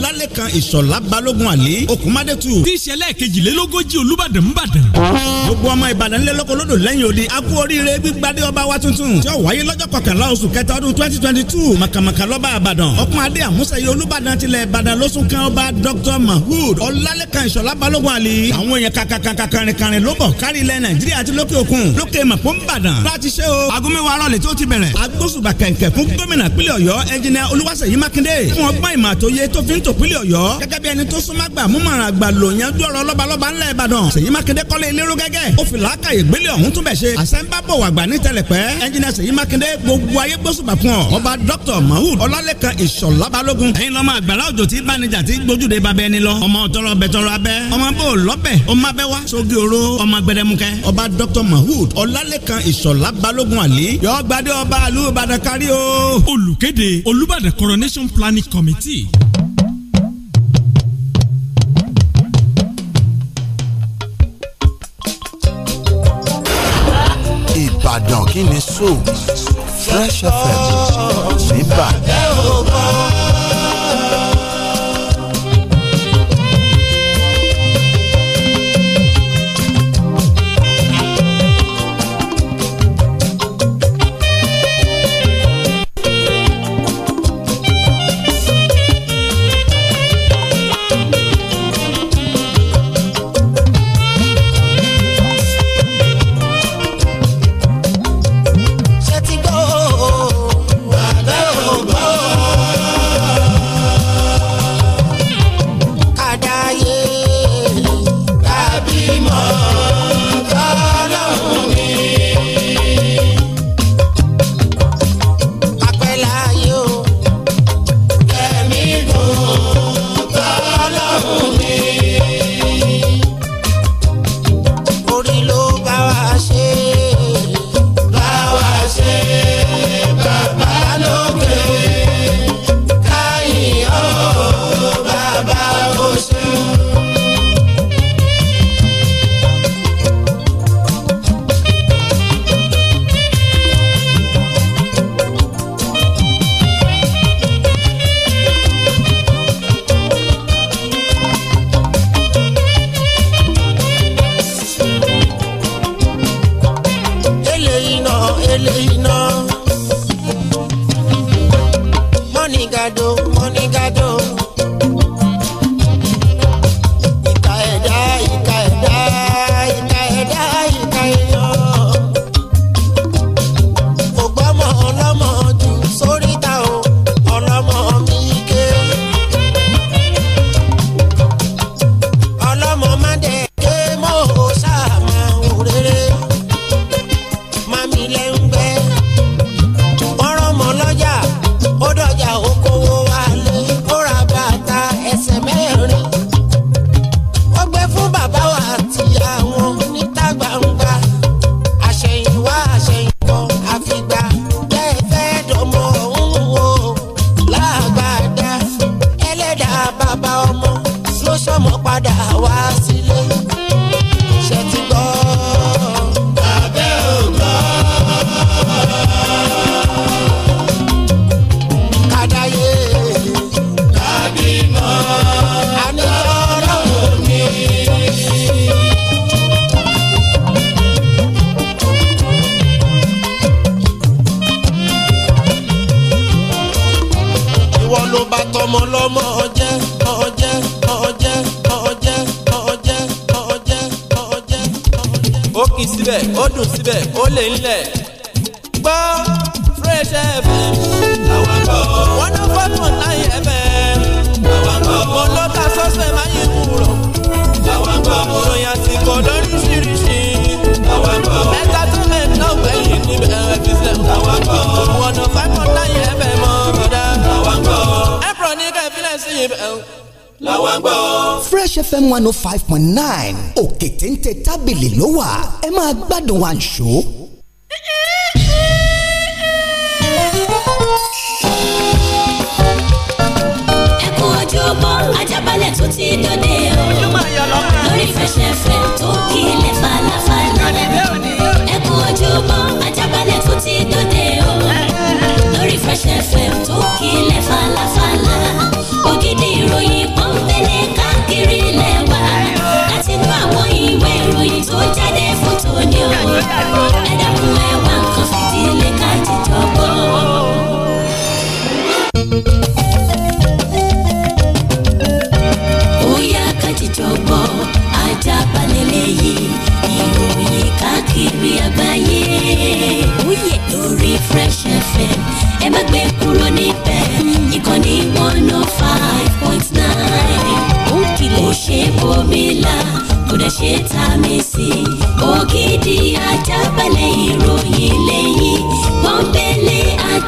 ọlálẹ́kan ìṣọ̀lá balógun àlẹ́ òkúmádẹ́tù. tí ìṣẹ̀lẹ̀ kejìlélógójì olúbàdàn ń bàdàn. gbogbo ọmọ ìbàdàn lé lóko lódò lẹ́yìn odi a kú oríire gbígbádé ọba wa tuntun tí ó wáyé lọ́jọ́ kọkànlá oṣù kẹta ọdún twenty twenty two màkàmàkà lọ́ba àbàdàn ọkùn adé àmúṣeyẹ olúbàdàn tilẹ̀ ìbàdàn lóṣù kan ọba dr mahud ọlálẹ́kan ìṣọ̀lá balógun àlẹ́ àwọn èèyàn kàkàkàkàkàrin ló bọ̀ kárí ilẹ̀ nàìjíríà àti lókè òkun lókè màpó ń bàdàn láti ṣe o agunmẹ́wàá rọ̀lẹ́ tó ti bẹ̀rẹ̀ agbóṣùbà kẹ̀kẹ́ fún gómìnà pínlẹ̀ ọ̀yọ́ ẹnjìnìà olúwaṣèyí mákindé fún ọgbọ́n ìmọ̀ àtòyé tó fi ń t tòpínlẹ̀ ọ̀yọ́ gẹ́gẹ́ bí ẹni tó súnmọ́ gbà múmọ̀ràn àgbà lòyànjú ọ̀rọ̀ lọ́balọ́ba ńlá ìbàdàn ṣèyí mákindé kọ́lé eléró gẹ́gẹ́ ó fi làákàyè gbélé ọ̀hún tún bẹ̀ ṣe àṣẹ́ńbàbọ̀ wàgbà ní tẹlẹ̀pẹ́ ẹnjìnìà ṣèyí mákindé gbogbo ayé gbósùbà fún ọ ọba dr mahud ọlálẹ́kan ìṣọ̀lá balógun ẹ̀yin lọ́mọ àgbàlá òjò tí bánijà tí gbójúde babẹ́ ni lọ ọmọ tọrọ bẹtọrọ abẹ ọmọ bò lọ́bẹ̀ ó má bẹ́ wá sógi oró ọmọ gbẹdẹmukẹ ọba dr mahud ọlálẹ́kan ìṣọ̀lá balógun àlí yọ gbadé ọba àlú ìbàdàn kárí o. olùkéde olùbàdàn coronation planning committee. kí ni so Fresh FM níbàdàn.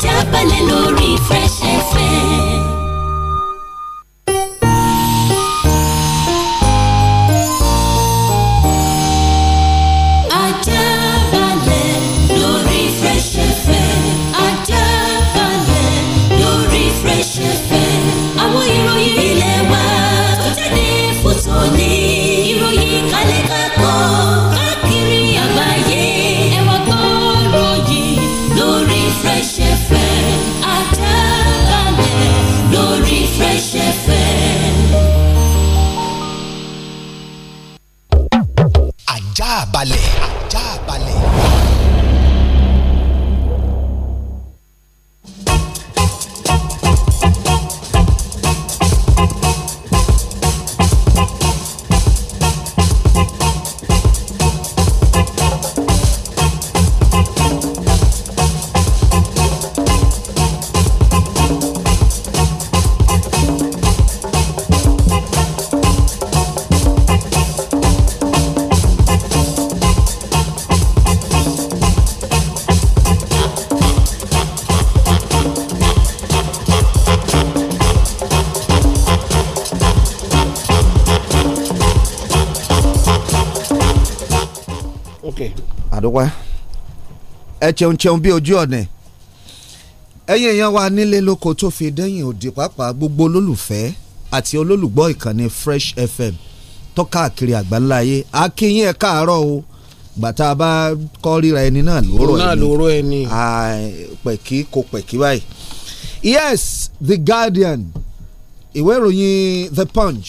a lórí Fresh ẹ̀chẹ̀un chẹun bí ojú ọ̀nà ẹ̀yin èèyàn wa nílé lóko tó fi dẹ́yìn òdì pàápàá gbogbo olólùfẹ́ àti olólùgbọ́ ìkànnì Fresh FM tó káàkiri àgbáńlá ayé akínyìn ẹ̀ káàárọ̀ o gbàtà bá kọ́ ríra ẹni náà lóró ẹni náà lóró ẹni pẹ̀kí kò pẹ̀kí báyìí yes The Guardian ìwé ìròyìn The Punch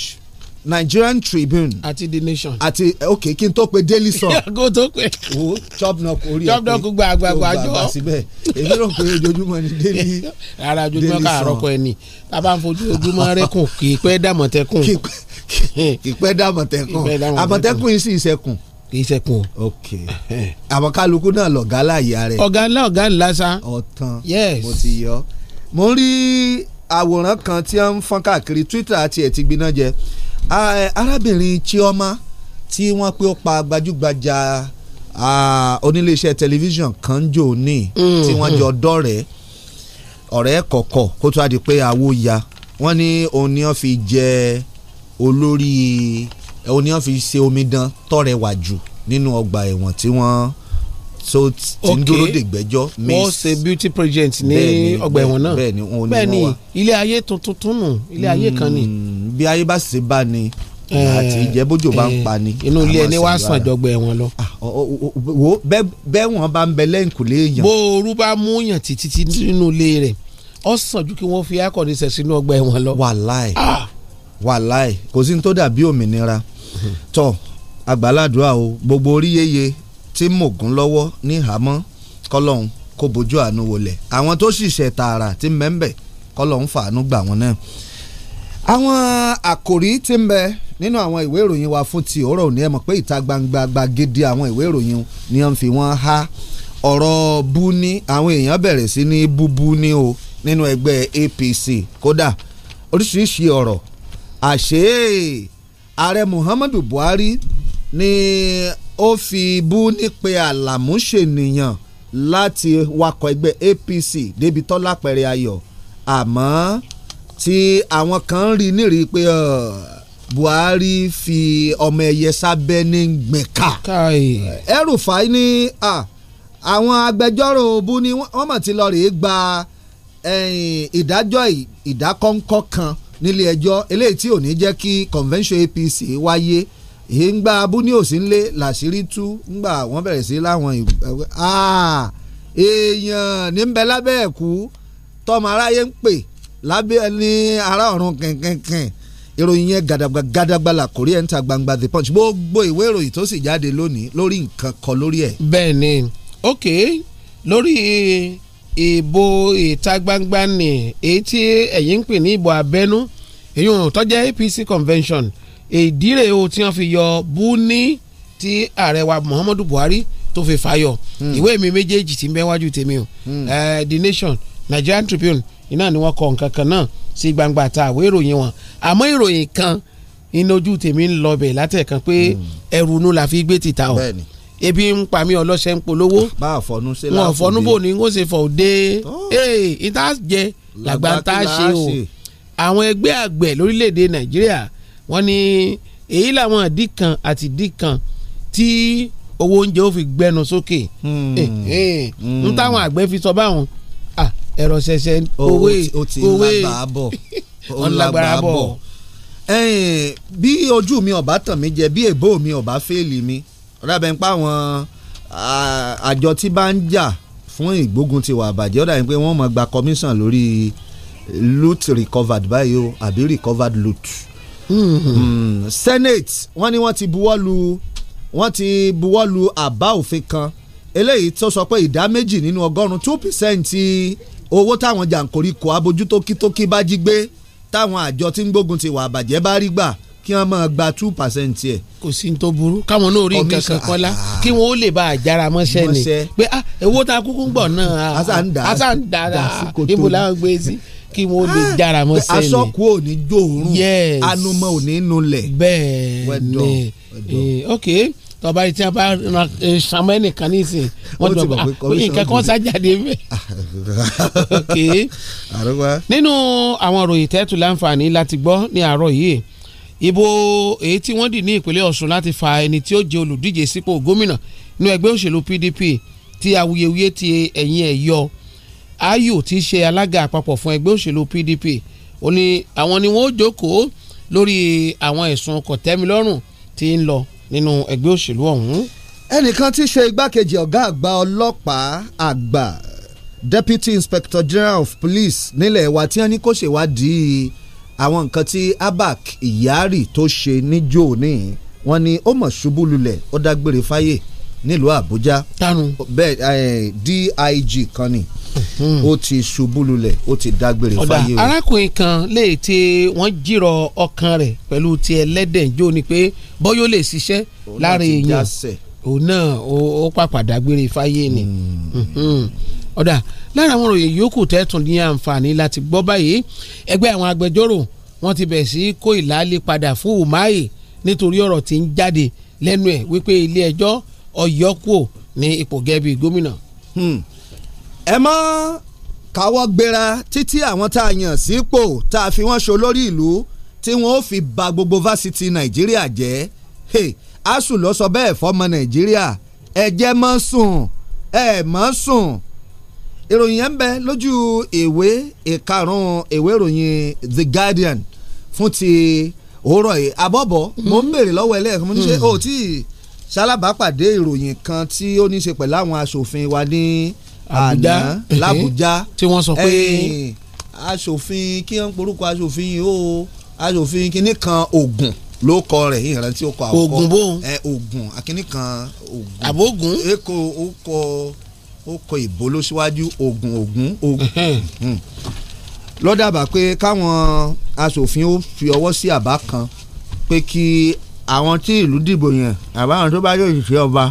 Nigerian Tribune àti The Nation àti ok kí n tó pe Daily Sun kó tó pe wo chop knock orí ẹ pé chop knock gba àgbàgbà jọ síbẹ̀ èmi rò pé ojoojúmọ́ ni Daily Sun ara ojoojúmọ́ ká àròkọ ẹni tá a bá ń fojú ojúmọ́ rẹ́kùn kì í pẹ́ dàmọ̀tẹ́kùn kì í pẹ́ dàmọ̀tẹ́kùn àmọ̀tẹ́kùn yìí sì ń sẹ́kùn kì í sẹ́kùn o. ok àwọn kálukú náà lọ̀gá láàyè rẹ̀. ọ̀gá ńlá ọ̀gá ńlá sa. ọ̀tàn yes mo ti yọ. mo ń rí àwòrán kan tí wọ́n ń fọ́n káàkiri Twitter àti ẹ̀ ti gbiná jẹ arábìnrin Chioma tí wọ́n pé ó pa gbajúgbajà oníléeṣẹ́ tẹlifíṣàn kan jò ní tí wọ́n mhm. jọ dọ́rẹ̀ẹ́ ọ̀rẹ́ kọ̀kọ̀ kó tó a di pé àwo ya wọ́n ní òun wọ́n fi jẹ olórí òun wọ́n fi ṣe omidan tọrẹwà jù nínú ọgbà ẹ̀wọ̀n tí wọ́n so ti ń dúró dègbẹ́jọ́ wọ́n ṣe beauty project ní ọgbà ẹ̀wọ̀n náà bẹ́ẹ̀ ni òun ni wọ́n wà ilé ayé tuntun tún nù ilé ayé kan ni. Hmm, bí ayé bá ṣe bá ni eh, àti ìjẹ́bójò bá ń eh, pa ni. inú ilé ẹni wá sàn jọgbọ ẹ̀wọ̀n lọ. Ah, wo bẹ́ẹ̀ wọ́n bá ń bẹ lẹ́ǹkùlé èèyàn. bóoru bá mú yàn títí nínú ilé rẹ̀ ó sàn ju kí wọ́n fi akọ̀nisẹ̀ sínú ọgbà ẹ̀wọ̀n lọ. wàláì ah! wàláì kò sí ní tó dàbí òmìnira hmm. tọ àgbàládùá o gbogbo orí yeye tí mògùn lọ́wọ́ ní ìhámọ́ kọ́lọ́hún kó bójú àánú wọlé àwọn tó ṣìṣẹ̀ tààrà tí mẹ́ńbẹ̀ kọ́lọ́hún fàánú gbà wọ́n náà. àwọn àkòrí tí ń bẹ nínú àwọn ìwé ìròyìn wa fún ti òórọ̀ òní ẹ̀ mọ̀ pé ìta gbangba gbàgede àwọn ìwé ìròyìn ni wọ́n fi wọ́n há ọ̀rọ̀ bú ní àwọn èèyàn bẹ̀rẹ̀ sí ní búbú ní o nínú ẹgbẹ́ APC kódà oríṣiríṣi ọ̀rọ̀ àṣé ààrẹ Muhammadu Buhari ní ó fi bú nípe àlàmú ṣènìyàn láti wakọ̀ ẹgbẹ́ APC débi tọ́lá pẹ̀rẹ̀ ayọ̀ àmọ́ tí àwọn kan rí nírí pé Buhari fi ọmọ ẹ̀yẹ sábẹ́ ní gbẹ̀ka El-Rufai ní àwọn agbẹjọ́rò bú ni wọ́n mọ̀ ti lọ rèé gba ìdájọ́ ìdákọ́ńkọ́ kan nílé ẹjọ́ eléyìí tí ò ní jẹ́ kí convention APC wáyé ìgbà abú ní òsì ńlé làṣírí tú ńgbà wọ́n bẹ̀rẹ̀ sí láwọn èèyàn ní bẹ lábẹ́ ẹ̀kú tọmọ aráyé ń pè lábẹ́ ní ará ọ̀run kẹ̀kẹ̀kẹ̀ ìròyìn yẹn gàdàgbà gàdàgbà là kò rí ẹ̀ ń ta gbangba the punch gbogbo ìwé ìròyìn tó sì jáde lónìí lórí nǹkan kọ lórí ẹ̀. bẹ́ẹ̀ ni ok lórí ìbò ìta gbangba ni èyí tí ẹ̀yin ń pè ní ìbò abẹ́nú èyí ò tọ́jẹ́ APC convention ìdírè o tí wọ́n fi yọ búní tí ààrẹ wa Muhammadu Buhari tó fi fàyọ hmm. ìwé mi méjèèjì tí ń bẹ wájú tèmi o hmm. eh, The Nation Nigerian Tribune iná ni wọ́n kọ nǹkan kan náà sí gbangba ta àwọn ìròyìn wọn àmọ́ ìròyìn kan iná ojú tèmi ń lọbẹ̀ látẹ̀kan pé hmm. ẹrù inú la fi gbé tìta o ebi ń pa mí ọlọ́sẹ̀ ń polówó wọn fọnú bò ní kó ṣe fọ òde ee ìta jẹ làgbà tá a ṣe o àwọn ẹgbẹ́ àgbẹ̀ lórílẹ̀‐èdè Nàìjíríà wọ́n ní èyí làwọn ìdí kan àti ìdí kan tí owó oúnjẹ ó fi gbẹnu sókè hmm. eh, eh, hmm. n táwọn àgbẹ̀ fi sọ báwọn ah, ẹ̀rọ ṣẹ̀ṣẹ̀ owó owó ó lágbára bọ̀ eh, bí ojú mi ò bá tàn mí jẹ bí èbó mi ò bá fẹ́ẹ̀lì mi ọ̀dà bẹ́ẹ̀ ń pa àwọn ah, àjọ tí bá ń jà fún ìgbógun ti wà bàjẹ́ ọ̀dà yìí pé wọ́n máa gba commission lórí loot recovered báyìí o àbí recovered loot Hmm. senate wọ́n ní wọ́n ti buwọ́ lu wọ́n ti buwọ́ lu àbá òfin kan eléyìí tó sọ pé ìdá méjì nínú ọgọ́rùn two percent owó táwọn jàǹkóríkò abojútókítókí bá jí gbé táwọn àjọ tí ń gbógun ti wà bàjẹ́ bá rí gbà kí wọ́n máa gba two percent yẹ. kò sí ní tó burú káwọn náà rí nǹkan kan kọ́lá ah, ah. kí wọ́n ó lè bá àjára mọ́ṣẹ́ ni pé ah, owó tá a kúkú ń gbọ̀ náà àṣà ń dà á ìbò làwọn gbé sí kí wọ́n lè ah, jára mọ́ sẹ́ni. asọ́kù ò ní jòòrùn anumọ ò nulẹ̀. bẹ́ẹ̀ ni eh, ok tọba tí a bá ran eh, ṣàmọ́ ẹnìkan nísìn wọ́n ti bọ̀ nǹkan kan ṣàjáde bẹ́ẹ̀. ok nínú àwọn òròyìn tẹ́tù láǹfààní láti gbọ́ ní àárọ̀ yìí ìbò èyí tí wọ́n dì ní ìpínlẹ̀ Ọ̀ṣun láti fa ẹni tí ó jẹ olùdíje sípò gómìnà nínú ẹgbẹ́ òṣèlú PDP tí awuyewuye ti ẹ̀yìn ẹ̀ yọ ayo ti ṣe alága àpapọ̀ fún ẹgbẹ́ òṣèlú PDP ó ní àwọn ni wọ́n ó jókòó lórí àwọn ẹ̀sùn kọ̀tẹ́milọ́rùn tí ń lọ nínú ẹgbẹ́ òṣèlú ọ̀hún. ẹnìkan tí í ṣe igbákejì ọ̀gá àgbà ọlọ́pàá àgbà Deputy Inspector General of Police nílẹ̀ wa tí wọ́n ní kó ṣèwádìí àwọn nǹkan tí Abak Iyari tó ṣe níjó ní wọ́n ní ó mọ̀ ṣubú lulẹ̀ ó dágbére fáyé nílùú Àbújá. tanu. bẹ́ẹ̀ DIG kan ni ó ti ṣubú lulẹ̀ ó ti dágbére fáyé o. arákùnrin kan lè ti wọ́n jírọ ọkàn rẹ̀ pẹ̀lú ti ẹlẹ́dẹ̀ jó ni pé bọ́yọ̀ lè ṣiṣẹ́ lára èèyàn òun náà ó pàpà dágbére fáyé ni hmm. Hmm. ọ̀dà lára àwọn òròyìn yòókù tẹ́tùn ní àǹfààní láti gbọ́ báyìí ẹgbẹ́ àwọn agbẹjọ́rò wọ́n ti bẹ̀ sí kó ìlàlẹ́ padà fún umahi nítorí ọ̀rọ̀ tí ń jáde lẹ́nu ẹ̀ wípé ilé ẹjọ́ ọ̀yọ́kùò ní ipò gẹ́bí gómìnà. Hmm ẹ mọ́ káwọ́ gbéra títí àwọn tá a yàn sípò tá a fi wọ́n ṣo lórí ìlú tí wọ́n ó fi ba gbogbo fásitì nàìjíríà jẹ́ asùn ló sọ bẹ́ẹ̀ fọmọ nàìjíríà ẹ jẹ́ mọ́ sùn ẹ mọ́ sùn ìròyìn yẹn ń bẹ lójú ìwé ìkarùn-ún ìwé ìròyìn The Guardian fún ti òórọ̀ yìí àbọ̀bọ̀ mo ń béèrè lọ́wọ́ ẹlẹ́ẹ̀kan mo ní ṣe ó hmm. tí ṣalábàápàdé ìròyìn kan tí ó ní ṣe pẹ̀lú àwọn aṣòfin wa ní. Ni àná eh, làbújá tí wọ́n sọ pé eh, aṣòfin kí wọ́n porúkọ aṣòfin yìí o aṣòfin kìíní kan Ògùn ló kọ rẹ̀ ìrántí ọkọ̀ àkọ́kọ́ Ògùn bò ẹ eh, Ògùn akínní kan Ògùn àbógun èkó ó kọ ó kọ ìbò ló síwájú Ògùn Ògùn Ògùn hmm. lọ́dàbà pé káwọn aṣòfin ó fi ọwọ́ sí àbá kan pé kí àwọn tí ìlú dìbò yẹn àbáwọn tó bá yóò ṣiṣẹ́ ọba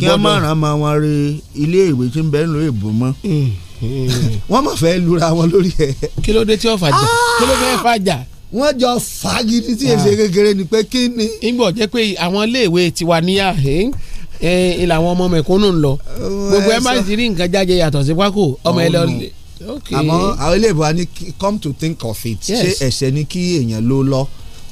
kí wọ́n máa ràn máa wọn rí ilé ìwé tí ń bẹ́ẹ̀ ló èbò mọ́ hmm, hmm. wọ́n mọ̀ fẹ́ lura wọn lórí ẹ̀. kí ló dé tí ó fàjà ah! kí ló fẹ́ fàjà. wọ́n jọ fagidi tí èsì ah. kékeré ni pé kí ni. ìgbọ̀ jẹ́ pé àwọn iléèwé tiwa níyà ìlà àwọn ọmọ mẹ̀kúnnù ń lọ gbogbo ẹ̀ máa ń ti rí nǹkan jáde yàtọ̀ sí pákó ọmọ ẹ̀ lọ àmọ́ àwọn ilé wa ní come to think of it ṣé ẹ̀ṣẹ̀ ni kí èèyàn ló lọ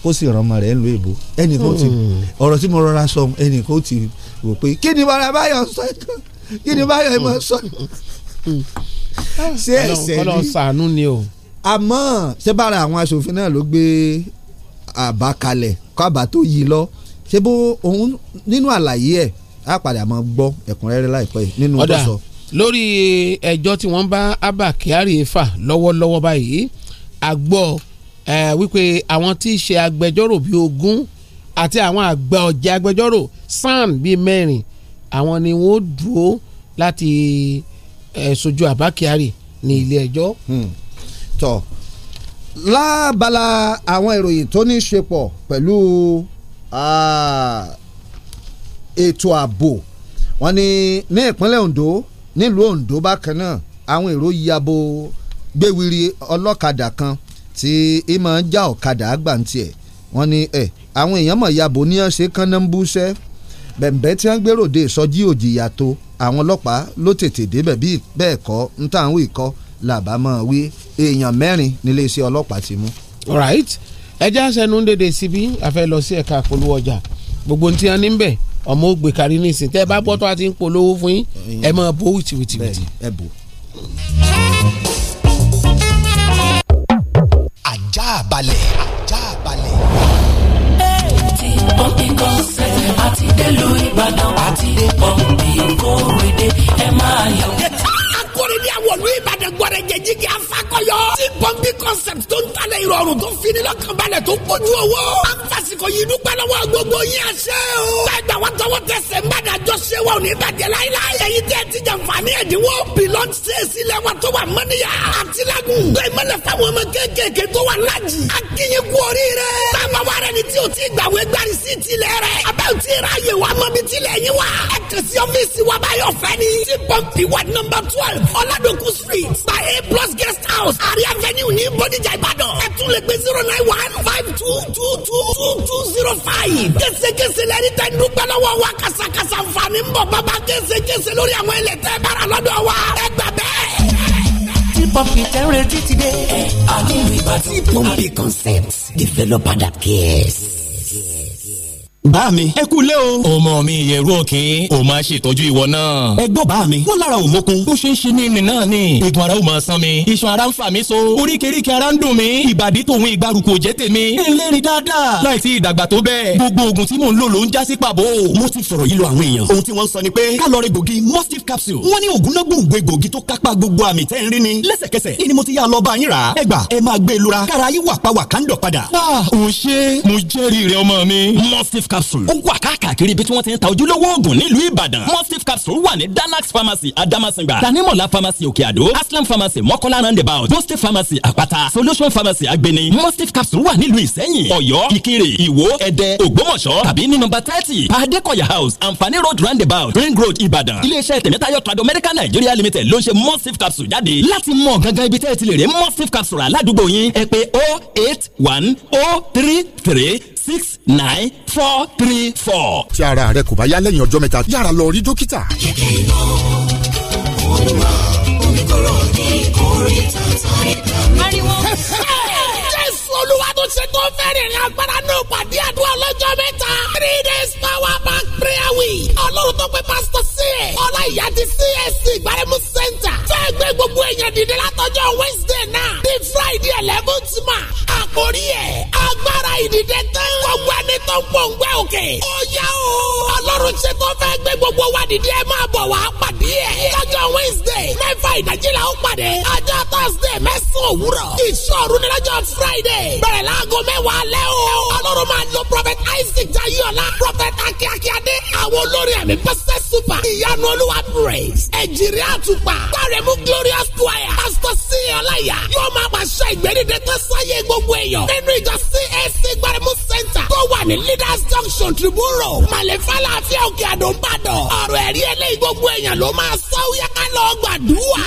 kó sì ràn ọmọ rẹ̀ lu èbó ẹnìkan ti hmm. ọ̀rọ̀ tí mo rọra sọ ẹnìkan ti wò pé kí ni bàrà báyọ̀ sọ ẹ̀kan kí ni báyọ̀ ẹ̀mọ sọ ṣé ẹsẹ̀ ni ọlọ́run ṣàánú ni o. àmọ́ ṣé bára àwọn aṣòfin náà ló gbé àbá kalẹ̀ kó àbá tó yí lọ ṣé bó òun nínú àlàyé ẹ̀ á padà máa gbọ́ ẹ̀kúnrẹ́rẹ́ láìpẹ́ nínú tó sọ. lórí ẹjọ́ tí wọ́n bá Abba Kyari fà lọ́wọ́lọ́wọ́ báyìí a wípé àwọn tí í ṣe agbẹjọ́rò bíi ogún àti àwọn àgbà ọ̀jẹ̀ agbẹjọ́rò SAN bíi mẹ́rin àwọn ni wọ́n dúró láti ṣojú Abba Kyari ní ilé ẹjọ́. Hmm. tọ́ lábala àwọn ìròyìn tó ní í ṣe pọ̀ pẹ̀lú ètò ààbò wọ́n ní ní ìpínlẹ̀ Ondo nílùú Ondo bákan náà àwọn èrò yabo gbéwìrì ọlọ́kadà kan tí ìmọ̀ já ọ̀kadà àgbàǹtì ẹ̀ wọ́n ẹ̀ àwọn èèyàn mọ̀ yàbò ní ọ̀sẹ̀ kan náà ń búṣẹ́ bẹ̀m̀bẹ̀ tí wọ́n gbèrò dé ìsọjí òjìyà tó àwọn ọlọ́pàá ló tètè débẹ̀ bí bẹ́ẹ̀ kọ́ ń tà ń wí kọ́ làbá mọ̀ wí èèyàn mẹ́rin níléeṣẹ́ ọlọ́pàá ti mú. right ẹja sẹnu ń dèdè síbí àfẹ lọ sí ẹ̀ka polówó ọjà gbogbo tí wọn ní ń ọmọ ògbè kárí nísìn tẹ bá bọ́ tó a ti ń polówó fún yín ẹ máa bó wìtìwìtì. bẹ́ẹ̀ ẹ bò. ajá balẹ̀ ajá balẹ̀. ti pọ́ǹpì kọ́sẹ̀ àti délùú Ìbàdàn àti pọ́ǹpì kórìdé ẹ máa yọ. akórìdé àwọn wọ̀lú ìbàdàn gbọ́dẹ̀jẹ̀ jíjẹ afakọyọ. tí pọ́ńpì concept tó ń talẹ̀ ìrọ̀rùn tó fini lọ́kànbalẹ̀ tó kojú owó. a ń fasikọ yìí dúpẹ́ lọ́wọ́ gbogbo yín àṣẹ o. gbàgbà wa tọwọ́ tẹsẹ̀ ń bàdà jọ ṣe wa ò ní bàjẹ́ láíláí. èyí tẹ́ ti jàǹfààní ẹ̀dínwó pilọ́t ṣèṣì lẹ́wà tó wà mọ́níyà. àtìlágùn tó ìmọ̀lẹ̀ fáwọn ọmọ kéékèèké tó wà lájì. a kì í kú oríire. sábà wa rẹ ni tí o ti gbàwé gbàrí sí tilẹ̀ rẹ̀. abẹ́ ò ti ra yẹ̀ wá mọ́ bí tilẹ̀ yín wa. ẹ kàn sí ọ́fíìsì circle street by a plus guest house àrí avenue ní bodijà ìbàdàn ẹ tún lè pe zero nine one five two two two two two zero five késekése lẹ́ni tẹ́ ń dúpẹ́ lọ́wọ́ wa kàṣàkàṣà nfààní ń bọ̀ bàbá késekése lórí àwọn ilẹ̀ tẹ́ bára lọ́dọ̀ wa ẹ gbà bẹ́ẹ̀ pọ́ǹpì tẹ́ ń retí ti dé. ẹ a nílùú ìbàdàn. pọ́ǹpì concept developer that cares bá mi. ẹ kú o. ọmọ mi ìyẹ̀rú òkè o máa ṣètọ́jú ìwọ náà. ẹ gbọ́ bá mi. wọ́n lára ò mókun. ó ṣe ń ṣe ní ìrìn náà ni. eegun ara ò máa san mi. iṣan ara ń fà mí so. oríkèéríkèé ara ń dùn mí. ìbàdí tòun ìgbàrúkọ jẹ́ tèmi. ẹ ń dáadáa. láì ìdàgbà tó bẹ́ẹ̀. gbogbo oògùn tí mò ń lò ló ń já sí pàbó. mo ti fọ̀rọ̀ yí lọ àwọn èèyàn. ohun tí wọ́n sọ ni pé kálọ̀rì capsule. wọ́n ní oògùn náà gbòǹgbò egbòogi ni. lẹ́sẹ̀kẹsẹ̀ ni mo ti yá lọ bá e lura. kára yín wà pa ah òun ṣe mo jẹ́rìí capsule ó wà káàkiri ibi tí wọ́n ti ń ta ojúlówó oògùn nílùú Ìbàdàn mustif capsule wà ní danax pharmacy Adamasingba tanimola pharmacy òkè aslam pharmacy Mọ́kọ́lá roundabout mustif pharmacy Àpáta solution pharmacy Agbeni mustif capsule wà nílùú Ìsẹ́yìn Ọ̀yọ́ Ìkirè Ìwó Ẹdẹ Ògbómọ̀ṣọ́ tàbí ní nọ́mbà thirty Pàdékọ̀yà house Anfani road roundabout ring road Ìbàdàn iléeṣẹ́ tẹ̀mẹ́tayọ̀ tradu America Nigeria limited ló ń ṣe mustif capsule jáde láti mọ̀ gangan ibi tẹ́ lè rí mustif capsule aládùúgbò yín ẹ pè oh eight one oh three three six nine four four three four. tí ara rẹ kò bá yá lẹ́yìn ọjọ́ mẹ́ta yára lọ rí dókítà. ariwo. ṣe tó fẹ́ rìnrìn agbára náà pàdé àdúrà lọ́jọ́ mẹ́ta. three days power bank prayer week. ọlọ́run tó pe pásítọ̀ sí ẹ̀. ọlá ìyá ti CAC gbaremu center. fẹ́ẹ́ gbé gbogbo èèyàn dìde látọjọ́ wednesday náà. ní friday eleventh march. àkórí ẹ̀ agbára ìdìde tán. gbogbo ẹni tó ń pọ̀ ń gbẹ́ òkè. ó yá o. ọlọ́run ṣe tó fẹ́ gbé gbogbo wa dìde ẹ máa bọ̀ wá pàdé ẹ̀. lọ́jọ́ wednesday mẹ́fà ìdájí la ó pàdé. ọjọ́ thursday mẹ́sàn-án òwúrọ̀. ìṣòro ni lọ́jọ́ friday. bẹ̀rẹ̀ láago mẹ́wàá lẹ́ o. ọlọ́run máa lo prophet isaac jayiola prophet akíakíadé àwọn olórí ẹ̀mí pẹ́sẹ́ super ìyanu olúwa praise ẹ̀jìrì àtùpà gbàrẹ̀mú glorious choir pastor c ọláyà yóò máa pàṣẹ ìgbẹ́dídé tó sáyé gbogbo èèyàn nínú ìjọ cac gbàrẹ̀mú center tó wà ní leaders junction tribune road malefala àti òkè àdó ń bàdàn ọ̀rọ̀ ẹ̀rí eléyìí gbogbo èèyàn ló máa sọ ó yẹ ká lọ́ọ́ gbàdúrà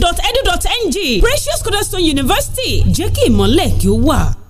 dot edu dot ng Precious Cornerstone University jẹ́ kí ìmọ̀lẹ̀ kí ó wà.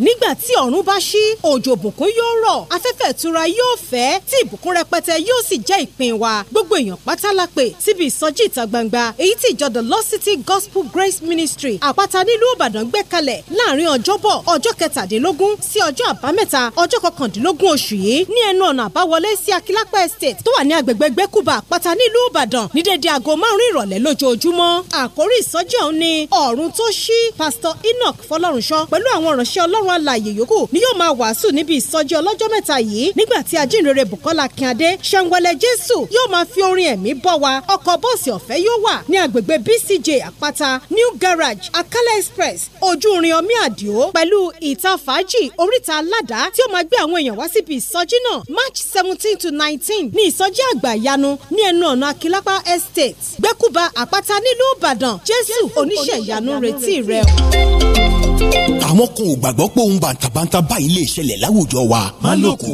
nígbà tí ọ̀run bá ṣí òjò bùkún yóò rọ̀ afẹ́fẹ́ ìtura yóò fẹ́ tí ìbùkún rẹpẹtẹ yóò sì jẹ́ ìpín wa gbogbo èèyàn pátá la síbi ìsọjí ìta gbangba èyí tí ìjọ the lost city gospel grace ministry àpáta nílùú ìbàdàn gbé kalẹ̀ láàrin ọjọ́bọ̀ ọjọ́ kẹtàdínlógún sí ọjọ́ àbámẹ́ta ọjọ́ kọkàndínlógún oṣù yìí ní ẹnu ọ̀nà àbáwọlé sí akílápá estate tó wà ní agbègbè gbẹ́kùbà àpáta nílùú ìbàdàn ní dédé aago márùn-ún ìrọ̀lẹ́ lójoojúmọ́ àkórí ìsọjí ọ̀hún ni ọ̀run tó ṣí pásítọ̀ enoch fọlọ́runṣọ́ pẹ̀lú àwọn ìránṣẹ́ táwọn alààyè yòókù ni yóò máa wàásù níbi ìsọjí ọlọ́jọ́ mẹ́ta yìí nígbà tí ajínrere Bùkọ́lá Akínyadé ṣẹ̀ǹwẹ̀lẹ̀ Jésù yóò máa fi orin ẹ̀mí bọ́ wa ọkọ̀ bọ́ọ̀sì ọ̀fẹ́ yóò wà ní agbègbè BCJ Àpáta New Garage Akala Express ojú irin omi àdìo pẹ̀lú ìta fàájì oríta aládàá tí ó máa gbé àwọn èèyàn wá síbi ìsọjí náà March seventeen to nineteen ní ìsọjí àgbà ìyanu ní ẹnu ọ̀nà Akilapa Estate gbẹ́kúba Àpáta nílùú Ìbàdàn Jésù oníṣẹ́ ìyanu retí rẹ. àwọn kan gbàgbọ́ pé ohun bàǹtàbàǹtà báyìí lè ṣẹlẹ̀ láwùjọ wa. má lò kù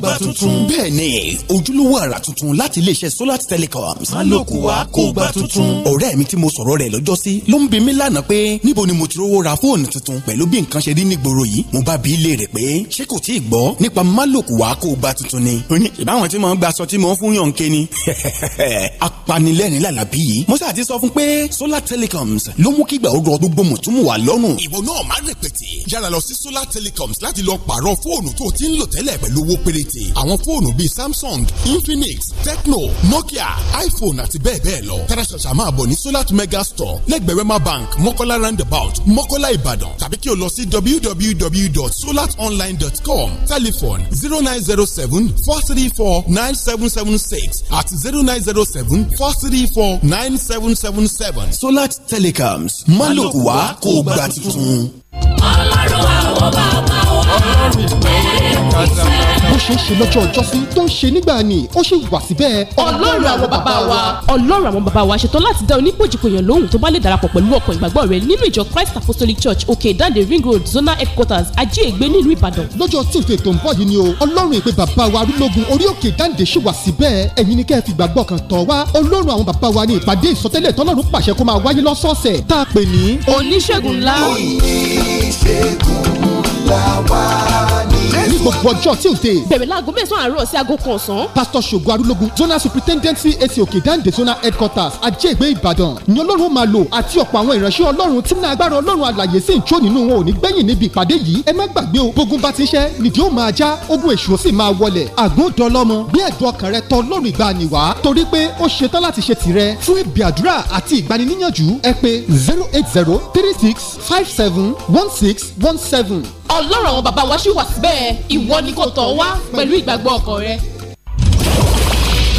wá tuntun. bẹ́ẹ̀ni ojúlówó àrà tuntun láti iléeṣẹ́ solar telecoms. má lò kù wá kó o gbà tuntun. ọ̀rẹ́ mi tí mo sọ̀rọ̀ rẹ̀ lọ́jọ́ sí ló ń bi mí lánàá pé níbo ni mo ti rówó ra fóònù tuntun pẹ̀lú bí nǹkan ṣe rí nígboro yìí mo bá bi í léèrè pé ṣé kò tí ì gbọ́ nípa má lò kù wá tuntun ni. ó tí mo ń gba aṣọ tí mo ń fún yàn ké ni. apanilẹ́rìn lálàbí yìí mo ṣáà ti sọ fún pé solar telecoms ló mú kígbà ó rọ gbogbo mùtúmùwà lọ́rùn. ìwọ náà solar telecoms láti lọ pààrọ̀ fóònù tó ti ń lò tẹ́lẹ̀ pẹ̀lú owó péréte àwọn fóònù bíi samsung infinix tecno nokia iphone àti bẹ́ẹ̀ bẹ́ẹ̀ lọ tara ṣàṣà máa bọ̀ ní solar mega store lẹ́gbẹ̀ẹ́ wema bank mọ́kọ́lá roundabout mọ́kọ́lá ìbàdàn tàbí kí o lọ sí www.solatonline.com telephone zero nine zero seven four three four nine seven seven six àti zero nine zero seven four three four nine seven seven seven solar telecoms má lòkùwá kó gbà tuntun ọlọ́run àwọn bàbá wa bó ṣe ń ṣe lọ́jọ́ ìjọsìn tó ń ṣe nígbà ni ó ṣì wà síbẹ̀. ọlọ́run àwọn bàbá wa. ọlọ́run àwọn bàbá wa ṣetán láti dá onípojìpòyàn lóhùn tó bá lè darapọ̀ pẹ̀lú ọkọ̀ ìgbàgbọ́ rẹ nínú ìjọ Christ Apostolic Church òkè ìdáǹdè ring road zona headquarters ajé ègbé nílùú Ìbàdàn. lọ́jọ́ tuesday tó ń bọ̀ yìí ni o ọlọ́run ìpè bàbá wa arúgbógun orí òkè ìdáǹdè ṣì wà síbẹ̀ ẹ̀yin ni kẹ́ ẹ kan tọ̀ wá ọlọ́run àwọn bàbá wa ni ìpàdé ìsọtẹ́lẹ̀ Chegou la wak gbogbo ọjọ́ tuesday. bẹ̀rẹ̀ láago mẹ́sàn-án àárọ̀ sí aago kan ọ̀sán. pastor ṣògo arúlógún zonal superintendency ac òkè dáǹdè zonal headquarters ajégbé ìbàdàn ni ọlọ́run máa lò àti ọ̀pọ̀ àwọn ìránṣẹ́ ọlọ́run tí náà agbára ọlọ́run àlàyé sì ń nínú wọn ò ní gbẹ̀yìn níbi ìpàdé yìí ẹ má gbàgbé o bógun bá ti ṣẹ́ nìdí ó máa já ogun èṣù ó sì máa wọlẹ̀ àgùndọ̀lọ́mọ ọlọ́run àwọn bàbá wa ṣì wà síbẹ̀ ìwọ ni kò tọ̀ wá pẹ̀lú ìgbàgbọ́ ọkàn rẹ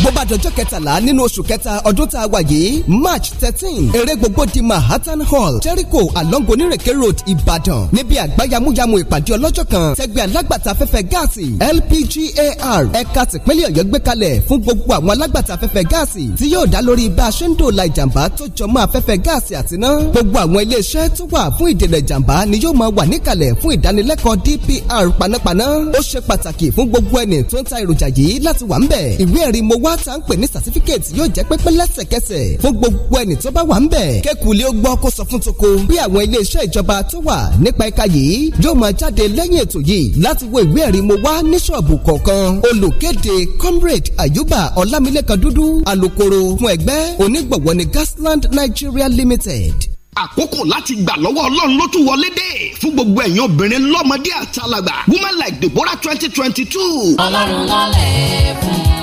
bó bá dọjọ́ kẹtàlá nínú oṣù kẹta ọdún tá a wà yìí march thirteen eré gbogbo di mahatan hall jericho along onírèké road ìbàdàn níbi àgbáyamúyamù ìpàdé ọlọ́jọ́ kan tẹgbẹ́ alágbàtà afẹ́fẹ́ gáàsì lpgar ẹ̀ka tìpínlẹ̀ ọ̀yọ́ gbé kalẹ̀ fún gbogbo àwọn alágbàtà afẹ́fẹ́ gáàsì tí yóò dá lórí bá a ṣe ń dòòlà ìjàmbá tó jọ mọ́ afẹ́fẹ́ gáàsì àtiná gbogbo àwọn iléeṣẹ́ tó wà fún ìdènà ìjàmbá ni yóò máa wà níkàlẹ̀ fún ìdánilẹ́kọ̀ọ́ dpr panápaná ó ṣe pàtàkì fún gbogbo ẹni tó ń ta èròjà yìí láti wà ń bẹ̀ ìwé ẹ̀rí mo wá wá tá ń pè ní certificate yóò jẹ́ pẹ́pẹ́ lẹ́sẹ̀kẹsẹ̀ fún gbogbo ẹni tó bá wà ń bẹ̀. kékulé ó gbọ́ kó sọ fún toko bí àwọn iléeṣẹ́ ìjọba tó wà nípa ẹ̀ka yìí yóò máa jáde lẹ́yìn ètò yìí láti wo ìwé ẹ̀rí mo wá ní ṣọ́ọ̀bù kọ̀ọ̀kan olùkéde comrade ayuba ọlámilékan dúdú alukoro fún ẹgbẹ́ onígbọ̀wọ́ ní gasland nigeria limited àkókò láti gbà lọ́wọ́ ọlọ́run ló tún wọlé dé fún gbogbo ẹ̀yin obìnrin lọ́mọdé àtàlàgbà women like deborah twenty twenty two. ọlọ́run lọ́lẹ̀ fún un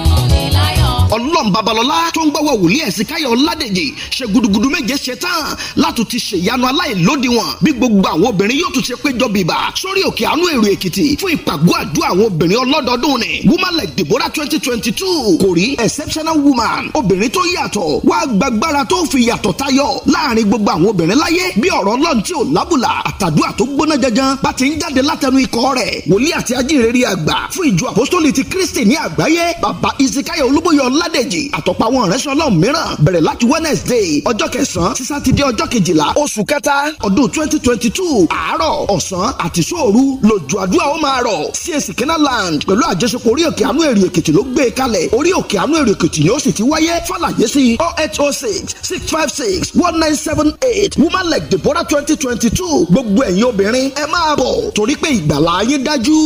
ọlọ́run babalọ́lá tó ń gbọ́wọ́ wòlíì ẹ̀sìn káyọ̀ ọ̀làdèjì ṣe gudugudu méje ṣe tán láti ti ṣèyanu aláìlódiwọ̀n bí gbogbo àwọn obìnrin yóò tún ṣe péjọ bìbà sórí òkè àánú èrò èkìtì fún ìpàgọ́ àdúrà àwọn obìnrin ọlọ́dọọdún ni woman like deborah twenty twenty two kò rí exceptional woman obìnrin tó yàtọ̀ wá gbàgbára tó fi yàtọ̀ tayọ láàrin gbogbo àwọn obìnrin láyé bí ọ̀rọ̀ ọlọ́run tí ò lábùlà àtàdúrà tó gbóná janjan bá ti ń jáde látẹnu ikọ̀ rẹ̀ wòlíì àti ajínrere àgbà fún ìjọ àpọ́sítọ́lì ti ní àgbáyé bàbá ìsìkáyọ̀ olúbóyọ̀ ọládèjì àtọ̀pọ̀ àwọn ìránṣẹ́ ọlọ́run mìíràn bẹ̀rẹ̀ láti wednesday ọjọ́ kẹsàn-án sí sátidé ọjọ́ kejìlá oṣù kẹta ọdún twenty twenty two àárọ̀ ọ̀sán àti sóòru lójú àdúrà ó máa rọ̀ csc kenaland pẹ̀lú àjọṣepọ̀ orí òkè àánú èrè èkìtì ló gbé e kalẹ̀ orí òkè àánú èrè èkìtì ni ó sì ti wáyé fàlàyé sí oh eight oh six six five six one nine seven eight woman like deborah twenty twenty two gbogbo ẹ̀yin obìnrin ẹ máa bọ̀ torí pé ìgbàlá yín dájú.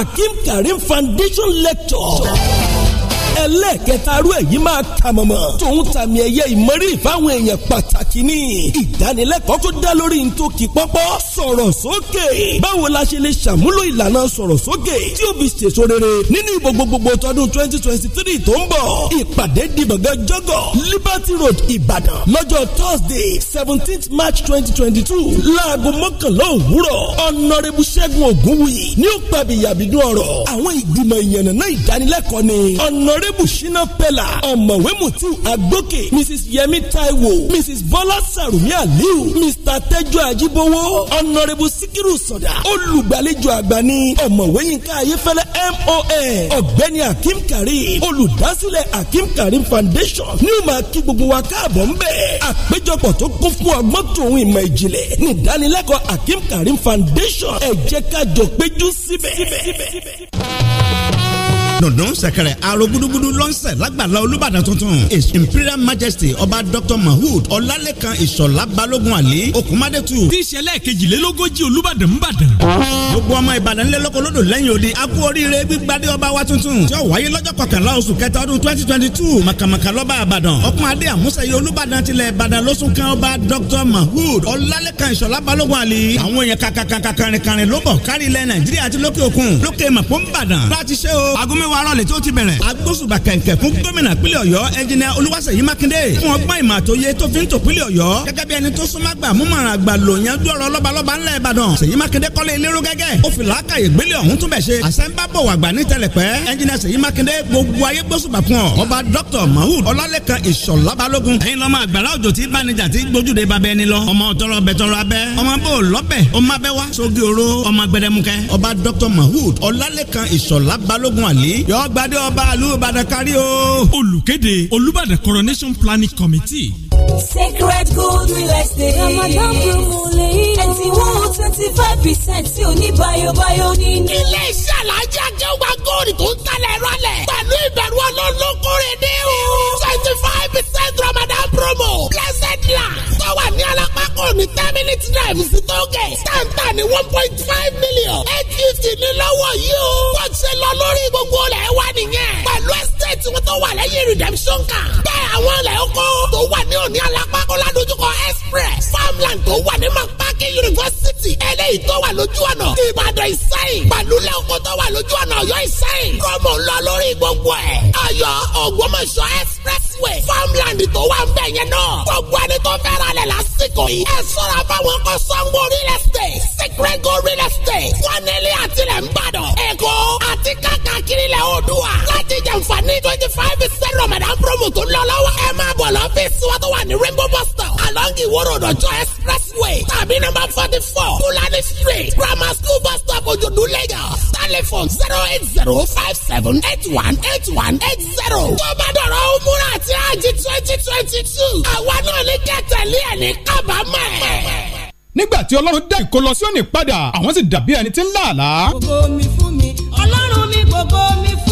akeem karim foundation lecture ẹlẹ́ẹ̀kẹta rú èyí máa kà mọ̀mọ́ tòun tàmì ẹ̀yẹ ìmọ̀rí ìfáwọn èèyàn pàtàkì ni ìdánilẹ́kọ̀ọ́ tó dá lórí ntòkì pọ́pọ́ sọ̀rọ̀ sókè báwo la ṣe lè ṣàmúlò ìlànà sọ̀rọ̀ sókè tí ó fi ṣèso rere nínú ìbò gbogbogbò tọdún twenty twenty three tó ń bọ̀ ìpàdé dìbọ̀gẹ́ jọ́gọ̀ Liberty Road Ìbàdàn lọ́jọ́ Thursday seventeenth March twenty twenty two láago mọ́kànlá òwúrọ̀ ọ̀nàrẹ́bù ṣẹ́gun ògúnwùyí ní ó pàbíyàbídún ọ̀rọ̀ àwọn ìgbìmọ̀ ìyànnà ìdánilẹ́kọ̀ọ́ ni ọ̀nàr ọ̀nàrẹ́bù ṣínà pẹ̀lá ọ̀mọ̀wé mutiu agbókè mrs yemi taiwo mrs bọ́lá sàrùmí aliu mr tẹ́jú Ajibowo, ọ̀nàrẹ́bù síkírù sọ̀dà olùgbàlejò àgbà ní ọ̀mọ̀wé yínká ayéfẹ́lẹ́ mon ọ̀gbẹ́ni akim karim olùdásílẹ̀ akim karim foundation ní o máa kí gbogbo wa káàbọ̀ ńbẹ̀ àpéjọpọ̀ tó kún fún ọgbọ́n tòun ìmọ̀ ìjìnlẹ̀ ní ìdánilẹ́kọ̀ọ́ akim karim foundation ẹ jẹ́ ká jọ péjú síbẹ̀ dùndún sẹ̀kẹ̀rẹ̀ àrò gúdúgúdú lọ́nsẹ̀ lágbàlá olúbàdàn tuntun his imperial majesty ọba dr mahood ọlálẹ́kan ìṣọ̀lá balógun àlí okùnmádẹ́tù. tí ìṣẹ̀lẹ̀ kejìlélógójì olúbàdàn ń bàdàn. gbogbo ọmọ ìbàdàn lélọ́kọ̀ lódò lẹ́yìn odi a kú oríire gbígbádé ọba wa tuntun tí ó wáyé lọ́jọ́ kọkànlá oṣù kẹta ọdún twenty twenty two màkàmàkà lọ́ba àbàdàn ọkùn adé àmúṣeyẹ olúbàdàn tilẹ̀ ìbàdàn lọ́sùn kan ọba dr mahood ọlálẹ́kan ìṣọ̀lá balógun àlí. àwọn èèyàn kàkàkàkàkàrìnkàrìn ló bọ̀ kárí ilẹ̀ nàìjíríà àti lókè òkun lókè màpó ń bàdàn. bá a lọ́wọ́ arọ́lẹ̀ tó ti bẹ̀rẹ̀. agbósùbà kẹ̀kẹ́ fún gómìnà pínlẹ̀ ọ̀yọ́ ẹnjìnìà olúwaṣèyí mákindé fún ọgbọ́n ìmọ̀ àtòyé tó fi ń tò pínlẹ̀ ọ̀yọ́ gẹ́gẹ́ bí ẹni tó súnmọ́ gbà múmọ̀ràn àgbà lò yanjú ọ̀rọ̀ lọ́balọ́ba ńlẹ̀ ìbàdàn ṣèyí mákindé kọ́lé elérò gẹ́gẹ́ ó fi làákàyè gbélé ọ̀hún tún bẹ̀ ṣe àṣẹ́ńbábọ̀ wàgbà ní tẹlẹ̀pẹ́ ẹnjìnìà ṣèyí mákindé yìí yọ gbadé ọba àlú ìbàdàn kárí o. olùkéde olùbàdàn coronation planning committee. sacred gold real estate. ramadan promo lè yí o. ẹ̀sìn one twenty five percent tí o ní bayobayo nínú. ilé iṣẹ́ alájà jẹ́ wa góòlù tó ń tẹ̀lé rọlẹ̀. pẹ̀lú ìbẹ̀rù ọlọ́lọ́kùnrin ní o. twenty five percent ramadan promo blessed land tó wà ní alápákó ní ten minute drive sí tóge tàǹtà ní one point five million eight fifty ní lọ́wọ́ yìí o kò ṣe lọ lórí gbogbo rẹ̀ wá nìyẹn pẹ̀lú estate wọn tó wà lẹ́yìn redemption kan bẹ́ẹ̀ àwọn ilẹ̀ oko tó wà ní òní alápákó ládojúkọ express farmland tó wà ní mapaki university eléyìí tó wà lójú ọ̀nà ìbàdàn ìsẹ́yìn pẹ̀lú ilẹ̀ oko tó wà lójú ọ̀nà ọ̀yọ́ ìsẹ́yìn rọ́mọ ńlọ lórí gbogbo ẹ̀ ọ̀yọ́ ògbómọ̀ṣọ́ expressway farmland tó wà ń bẹ̀yẹn náà gbogbo ẹni tó fẹ́ràn lásìkò yìí. ẹ sọ̀rọ̀ àbáwọn kan sango real estate segrego real estate wanilé àtìlẹ̀ ńbàdàn èkó àti kákàkiri lẹ̀ odua láti jàǹfààní twenty five percent ramadan promo tó lọ lọ́wọ́. ẹ máa bọ̀ lọ́fíìsì wa tó wà ní rainbow bus stop along iworo dọ̀jọ́ expressway tàbí number forty four fulani street grammar school bus stop ojúdúlé telephone zero eight zero five seven eight one eight one eight zero. tó bá dọ̀rọ̀ umura àti àjì twenty twenty two àwa náà ní kẹtẹ̀lé ẹ̀ ní kábàámọ̀ ẹ̀. nígbà tí ọlọ́run dá ìkólọ sí òní padà àwọn sì dàbí ẹni tí ń lá àlá. gbogbo mi fún mi ọlọ́run mi gbogbo mi fún mi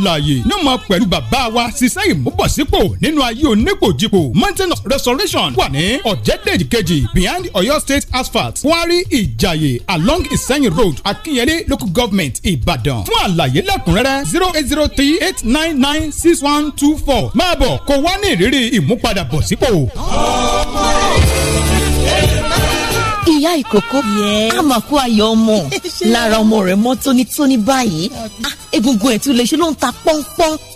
alààyè ní ọmọ pẹ̀lú bàbá wa ṣiṣẹ́ ìmúbọ̀sípò nínú ayé onípòjìpò mountain of restoration wà ní ọ̀jẹ̀dẹ̀jì kejì behind Ọ̀yọ́ state asphalt kwari ìjàyè along ìsẹ́yìn road akínyẹlé local government ìbàdàn fún àlàyé lẹ́kùnrẹ́rẹ́ zero eight zero three eight nine nine six one two four máa bọ̀ kó wá ní ìrírí ìmúpadàbọ̀sípò. ọmọ rẹ̀ ìyá ìkókó àmàkù ayọ̀ ọmọ lára ọmọ rẹ̀ mọ́ tónítóní báyìí ah, egungun ẹ̀ tún lè ṣe ló ń ta pọ́npọ́n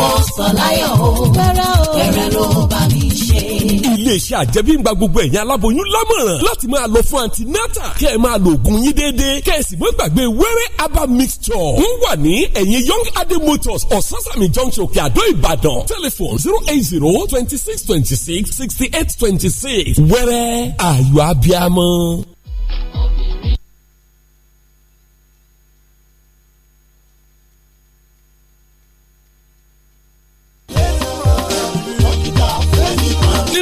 pásítọ̀ láyọ̀ o fẹ́rẹ́ o fẹ́rẹ́ ló bá mi ṣe. iléeṣẹ́ àjẹmíngba gbogbo ẹ̀yin aláboyún lámọ̀ràn láti máa lọ fún antinata kẹ́ ẹ máa lo oògùn yín déédéé kẹ́ ẹ sì mọ́ gbàgbé wẹ́rẹ́ aba mixture ń wà ní ẹ̀yìn young adé motors ososani junction kíadó ìbàdàn telephone zero eight zero twenty six twenty six sixty eight twenty six wẹ́rẹ́ ayọ̀ abiamọ.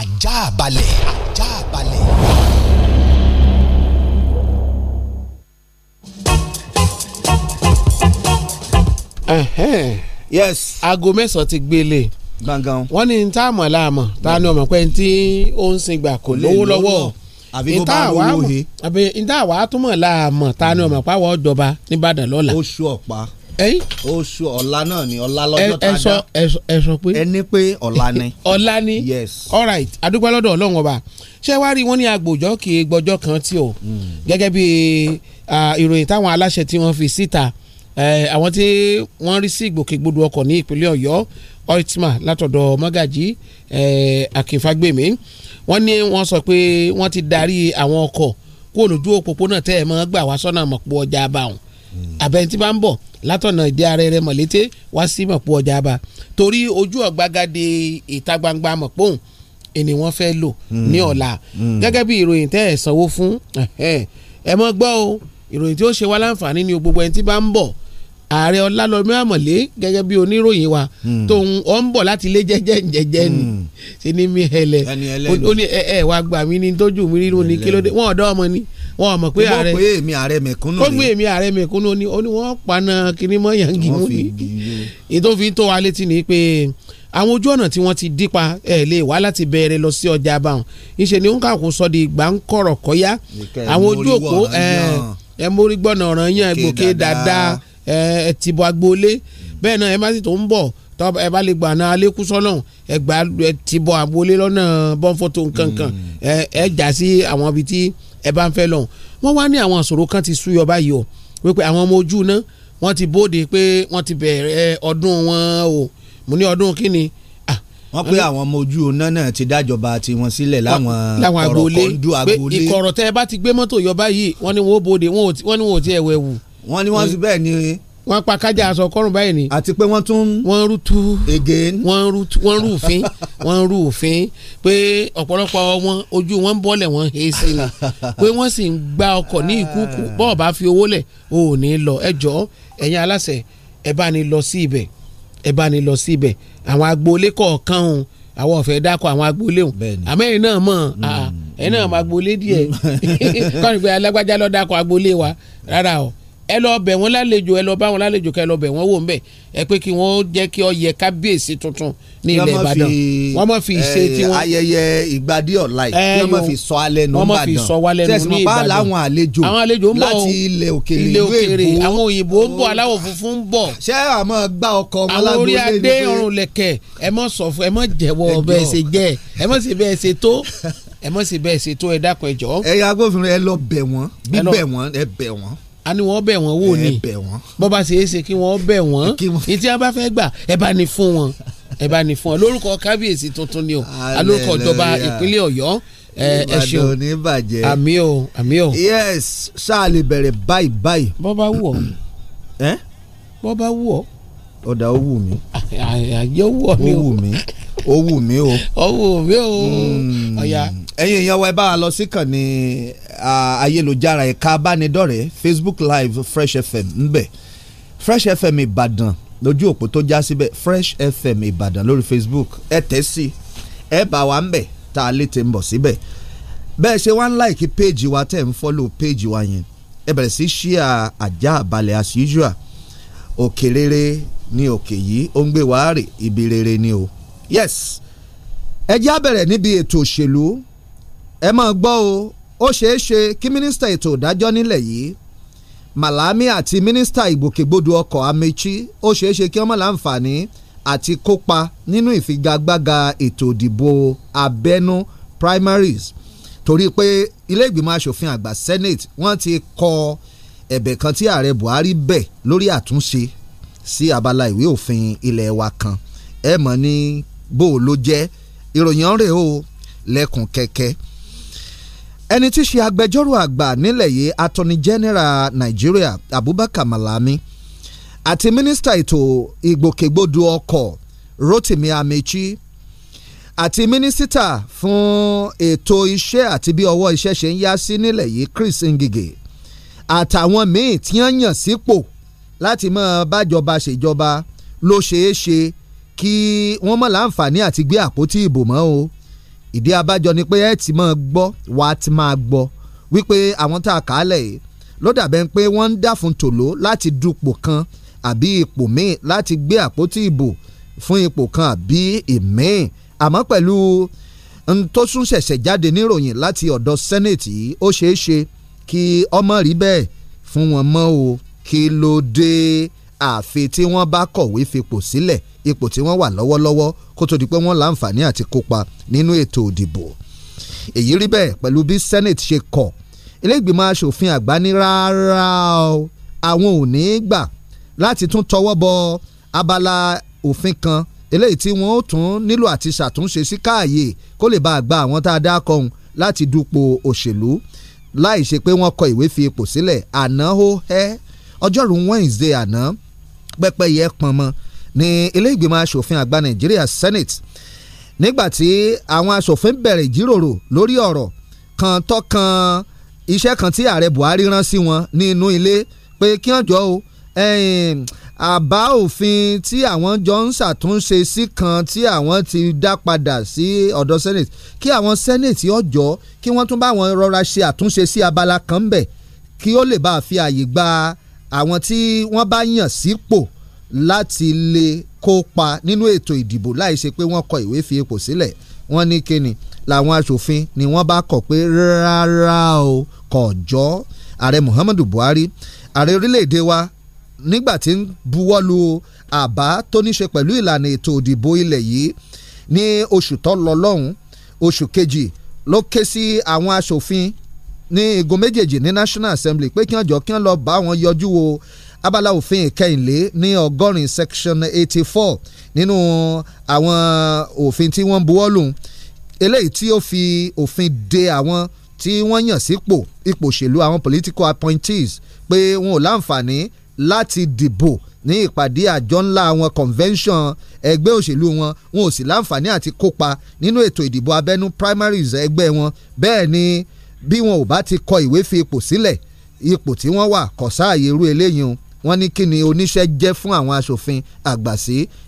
ajá balẹ̀ ajá balẹ̀. yes. aago mẹ́sàn-án ti gbélé gangan. wọ́n ní tá a mọ̀ láàmọ̀ tá a ní ọmọ pé tí ó ń sin gbà kò lówó lọ́wọ́ àbí bó bá lówó he. àbí níta àwa túmọ̀ láàmọ̀ tá a ní ọmọ pàwọ́ ọ̀dọ́ba nìbàdàn lọ́la. ó ṣú ọ̀pá oṣù ọ̀la náà ni ọ̀la lọ́jọ́ tá a dá ẹ sọ pé ẹni pé ọ̀la ni. ọ̀la ni yes all right adúpẹ́ lọ́dọ̀ ọlọ́run ọba ṣé wàá rí wọn ní agbòjọ́ kì í gbọ́jọ́ kan tí o hmm. gẹ́gẹ́ bí ìròyìn táwọn aláṣẹ tí wọ́n fi síta àwọn tí wọ́n rí sí ìgbòkègbodò ọkọ̀ ní ìpínlẹ̀ ọ̀yọ́ oitma látọ̀dọ̀ mọ́gàjì akínfàgbèmí wọ́n ní wọ́n sọ pé wọ́n ti darí àwọn ọkọ̀ kó lójú òpópónà tẹ́ ẹ̀ mọ́ gbà wá sọ́nà mọ̀pọ̀ ọjà báwọn àbẹ̀yìn tí bá ń bọ̀ látọ̀nà ìdí ààrẹ rẹ mọ̀lété wá sí mọ̀pọ̀ ọjà bá torí ojú ọ̀gbagadé ìta gbangba mọ̀pọ̀hún ni wọ́n fẹ́ lò hmm. ní ọ̀la hmm. gẹ́gẹ́ bí ìròyìn tẹ́ ẹ̀ sanwó fún ẹ mọ́ gbọ́ o ìròyìn tí ó ṣe wá láǹfààní ni gbogbo ẹni tí bá ń bọ̀ ààrẹ ọlálọmí àmọ̀lé gẹ́gẹ́ bí oníròyìn wa hmm. tóun ọ̀ ń bọ̀ láti ilé jẹ́jẹ́ jẹ́jẹ́ ni hmm. ṣe ni mi hẹlẹ̀ ó ní ẹ ẹ wàá gbà mí ní tójú mi rírun ní kílódé wọn ọ̀dọ́ ọmọ ni wọn ọmọ pé ààrẹ ó gbé èmi ààrẹ mẹ̀kúnnù ó gbé èmi ààrẹ mẹ̀kúnnù ni ó ní wọn paná kinní mọ́ yangi mú ni ìtòfin tó wa létí ni pé àwọn ojú ọ̀nà tí wọ́n ti dípa ẹ̀ lè wá láti bẹ̀rẹ̀ lọ sí ọjà báwọn ìṣe ni ó ń kàkó sọ di gbàǹkọ̀rọ̀ kọ́yá àwọn ojú òpó ẹ̀ mórí gbọ́nà ọ̀ràn yẹn gòkè dáadáa ẹ ti bọ agboolé bẹ́ẹ̀ náà ẹmbásí tó ń bọ̀ tọ́ ẹ bá lè gbà náà alékún sọ́nà ẹ gbà ẹ ti bọ agboolé lọ́nà bọ́ńfọ́tò nkankan mm. ẹ jà sí àwọn ibi tí ẹ bá ń fẹ́ lọ. wọ́n wá ní àwọn àṣòro kan ti súyọ báyìí o wípé àwọn ọmọ ojú náà wọ́n ti bóde pé wọ́n ti bẹ̀rẹ̀ ọdún wọn o mo ní ọdún kínni ah. wọ́n pé àwọn ọmọ ojú ọ̀nà náà ti dájọba tiwọn sílẹ̀ láwọn ọ̀rọ̀ kọ́ńdú agboolé ìkọ̀rọ̀ tẹ́ ẹ bá ti gbé mọ́tò yọ báyìí wọ́n ní wọ́n bóde wọ́n ní wọ́n ti ẹ̀wẹ̀ wù wọ́n ní wọ́n sì bẹ́ẹ̀ ni wọ́n pa kájà aṣọ kọ́rùn báyìí ni. àti pé wọ́n tún. wọ́n rútu. again. wọ́n rútu wọ́n rú òfin wọ́n rú òfin pé ọ̀pọ̀lọpọ̀ wọn ojú wọn ń bọ́lẹ̀ wọn he sí ni pé wọ́n sì ń gba ọkọ̀ ní ìkúùkù ah. bọ́ọ̀ bá fi owó lẹ̀ o ò ní lọ ẹ jọ̀ọ́ ẹ̀yin aláṣẹ ẹ bá ní lọ sí ibẹ̀ ẹ bá ní lọ sí ibẹ̀ àwọn agboolé kọ̀ọ̀kan òun àwọn ọ̀fẹ́ dákọ̀ àwọn agboolé òun àmẹ́yìn náà mọ̀ hmm. ẹ̀yin náà mọ agboolé díẹ̀ kọ́ni pé alágbájá lọ́ọ́ dákọ̀ agboolé wa rárá o ẹ lọ bẹ̀ wọ́n lálejò ẹ lọ bá wọn lálejò kẹ lọ bẹ̀ wọ́n wò ń bẹ̀ ẹ pé kí wọ́n jẹ́ kí ọ yẹ kábíyèsí tuntun ní ilẹ̀ Ìbàdàn wọ́n mọ̀ fi eh, ṣe tí wọ́n. ayẹyẹ ìgbàdí ọ̀la yìí wọ́n mọ̀ fi sọ alẹ́ nù Ìbàdàn wọ́n mọ̀ fi sọ wálẹ̀ nù ní Ìbàdàn tẹ̀sán bá làwọn àlejò àwọn àlejò ń bọ̀ láti ilẹ̀ òkèèrè ilé òkèèrè àwọn òyìnbó ń bọ̀ aláwọ̀ funfun ń bọ̀. ṣé àmọ́ gbá ọkọ wọn lágbo lé ní pé àwọn orí adé ọrùn lẹ̀kẹ̀ ẹ mọ̀ sọ fún ẹ mọ̀ jẹ́wọ́ bẹ́ẹ̀ ṣe jẹ́ ẹ mọ̀ ṣe bẹ́ẹ̀ ṣe tó ẹ mọ̀ ṣe bẹ́ẹ̀ ṣe tó ẹ dákun ẹ jọ. ẹ yà agbófinró ẹ lọ bẹ̀ wọ́n bíbẹ̀ wọ́n ẹ a ní wọ́n bẹ̀ wọ́n wò ní bọ́ bá ṣe é ṣe kí wọ́n bẹ̀ wọ́n ní tí a bá fẹ́ gbà ẹ bá ní fún wọn ẹ bá ní fún wọn lórúkọ kábíyèsí tuntun ni o alórúkọ ìjọba ìpínlẹ̀ ọ̀yọ́ ẹ ṣeun àmì o àmì o. yes sáà lè bẹ̀rẹ̀ báyìí báyìí. bọ́ bá wù ọ́ bọ́ bá wù ọ́ ọ̀dà ó wù mí. àyà yóò wù mí o ó wù o. ó wù mí o. ó wù mí o. Hmm. ọ̀ya ẹ̀yin èèyàn wa ẹ bá wa lọ sí kàn ní ayélujára ẹ̀ka abánidọ́rẹ̀ẹ́ Facebook Live Fresh FM ńbẹ̀ Fresh FM Ìbàdàn lójú òpó tó já síbẹ̀ Fresh FM Ìbàdàn lórí Facebook ẹ tẹ̀ sí ẹ bá wa ńbẹ̀ tá a lè ti ń bọ̀ síbẹ̀ bẹ́ẹ̀ ṣe wá ń láìkí péèjì wa tẹ̀ ń fọ́lò péèjì wa yẹn ẹ bẹ̀rẹ̀ sí ṣíà àjà àbálẹ̀ as usual òkè rere ni òkè yìí ó ń gbé wàá rè ibi rere ni o yes ẹ jẹ́ á níbi ètò òṣèlú ẹ máa gbọ́ o ó ṣeé ṣe kí mínísítà ètò ìdájọ́ nílẹ̀ yìí Malami àti mínísítà ìgbòkègbodò ọkọ̀ Amechi ó ṣeé ṣe kí wọ́n má láǹfààní àti kópa nínú ìfigagbága ètò ìdìbò abẹ́nú primaries torí pé ilé ìgbìmọ̀ asòfin àgbà senate wọ́n ti kọ ẹ̀bẹ̀ kan tí ààrẹ Buhari bẹ̀ lórí àtúnṣe sí abala ìwé òfin ilé wa kan ẹ mọ̀ ní bó ló jẹ́ ìròyìn ọ̀rẹ́ o lẹ́kùn kẹ̀kẹ́ ẹni tí í ṣe agbẹjọ́rò àgbà nílẹ̀ yìí attorney general Nàìjíríà Abubakar Malami àti mínísítà ètò ìgbòkègbodò ọkọ̀ Rotimi Amechi àti mínísítà fún ètò iṣẹ́ àti bí ọwọ́ iṣẹ́ ṣe ń yá sí nílẹ̀ yìí Chris Ngige àtàwọn míì tí wọ́n yàn sípò láti máa bájọba ṣèjọba ló ṣeé ṣe kí wọ́n mọ̀ láǹfààní àti gbé àpótí ìbò mọ́ o ìdí abájọ ni pé ẹ ti máa gbọ́ wàá ti máa gbọ́ wípé àwọn tá a kà á lẹ̀ yìí ló dàbẹ̀ pé wọ́n ń dà fún tòló láti dupò kan àbí ipò míì láti gbé àpótí ìbò fún ipò kan àbí ìmíì àmọ́ pẹ̀lú n tó sún ṣẹ̀ṣẹ̀ jáde níròyìn láti ọ̀dọ̀ senate yìí ó ṣeé ṣe kí ọmọ rí bẹ́ẹ̀ fún wọn mọ́ o kí ló dé àfi tí wọ́n bá kọ̀wé fipò sílẹ̀ ipò tí wọ́n wà lọ́wọ́lọ́wọ́ kó tó di pé wọ́n láǹfààní àti kópa nínú ètò òdìbò èyí rí bẹ́ẹ̀ pẹ̀lú bí senate ṣe kọ̀ ilé ìgbìmọ̀ asòfin àgbà ní rárá o àwọn ò ní í gbà láti tún tọwọ́ bọ abala òfin kan eléyìí tí wọ́n ó tún nílò àti ṣàtúnṣe sí káàyè kó lè bá a gba àwọn tá a dá kọ̀hún láti dupò òṣèlú láì ṣe pé wọ́n kọ ìwé fi ipò sílẹ̀ àná ó hẹ́ ọjọ́rùú Wednesday àná pẹ́pẹ́yẹ pọ̀n mọ́ ní ilé ìgbìmọ̀ asòfin àgbà Nàìjíríà Senate nígbàtí àwọn asòfin bẹ̀rẹ̀ ìjíròrò lórí ọ̀rọ̀ kan tọ́kan iṣẹ́ kan tí ààrẹ Buhari rán sí wọn ní inú ilé pé kí wọ́n jọ o àbá òfin tí àwọn jọ ń ṣàtúnṣe sí kan tí àwọn ti dá padà sí ọ̀dọ̀ Senate kí àwọn Senate ọjọ́ kí wọ́n tún bá wọn rọra ṣe àtúnṣe sí abala kan bẹ̀ kí ó lè bá a fi àyè gba àwọn tí wọ́n bá yàn sípò láti lè kópa nínú ètò ìdìbò láì ṣe pé wọ́n kọ ìwé fi ipò sílẹ̀ wọ́n ní kíni làwọn aṣòfin ni wọ́n bá kọ̀ pé rárá o kò jọ ààrẹ Muhammadu Buhari ààrẹ orílẹ̀-èdè wa nígbà tí ń buwọ́ lu àbá tó ní ṣe pẹ̀lú ìlànà ètò òdìbò ilẹ̀ yìí ní oṣù tó lọ lọ́hùn oṣù kejì ló ké sí àwọn aṣòfin ní igun méjèèjì ní National Assembly pé kí wọ́n jọ kí wọ́n lọ bá wọn yọjú wo abala òfin ìkẹyìnlé ní ọgọ́rin section eighty four nínú àwọn òfin tí wọ́n buwọ́ lù eléyìí tí ó fi òfin de àwọn tí wọ́n yàn sípò ipò òṣèlú àwọn political appointees pé wọn ò láǹfààní láti dìbò ní ìpàdé àjọ ńlá àwọn convention ẹgbẹ́ òṣèlú wọn wọn ò sì láǹfààní àti kópa nínú ètò ìdìbò abẹ́nú primaries ẹgbẹ́ wọn bẹ́ẹ̀ ni. Bẹ́ẹ̀ ni bí wọn ò bá ti kọ ìwé fi ipò sílẹ̀ ipò tí wọ́n wà kò sáàyè irú eléyìí o wọ́n ní kí ni oníṣẹ́ jẹ́ fún àwọn aṣòfin àgbà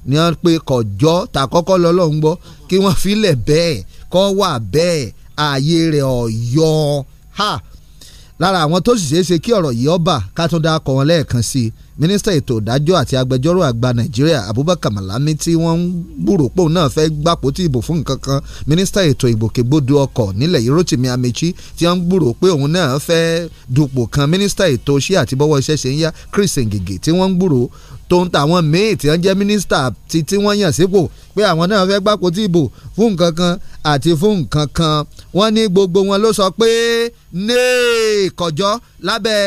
ni wọ́n pe kọjọ́ ta kọ́kọ́ lọ́lọ́ ń gbọ́ kí wọ́n filẹ̀ bẹ́ẹ̀ kọ́ wà bẹ́ẹ̀ ààyè rẹ̀ ọ̀yọ́ ha lára àwọn tó sì ṣeé ṣe kí ọ̀rọ̀ yìí ọba ká tún dá kọ wọn lẹ́ẹ̀kan sí i mínísítà ètò ìdájọ́ àti agbẹjọ́rò àgbà nàìjíríà abubakar malami tí wọ́n ń gbúrò pò náà fẹ́ gbapò tí ìbò fún nǹkan kan mínísítà ètò ìgbòkègbodò ọkọ̀ nílẹ̀ yìí rotimi amechi tí wọ́n ń gbúrò pé òun náà fẹ́ dupò kan mínísítà ètò iṣẹ́ àti bọ́wọ́ iṣẹ́ ṣe ń yá chris ngige tí wọ́n ń gbúrò tó ń ta àwọn míì tí wọ́n jẹ́ mínísítà ti tí wọ́n yàn sípò pé àwọn náà fẹ́ gbapò tí ìbò fún nǹkan kan àti fún nǹkan kan wọ́n ní gbogbo wọn ló sọ pé nee kọjọ́ lábẹ́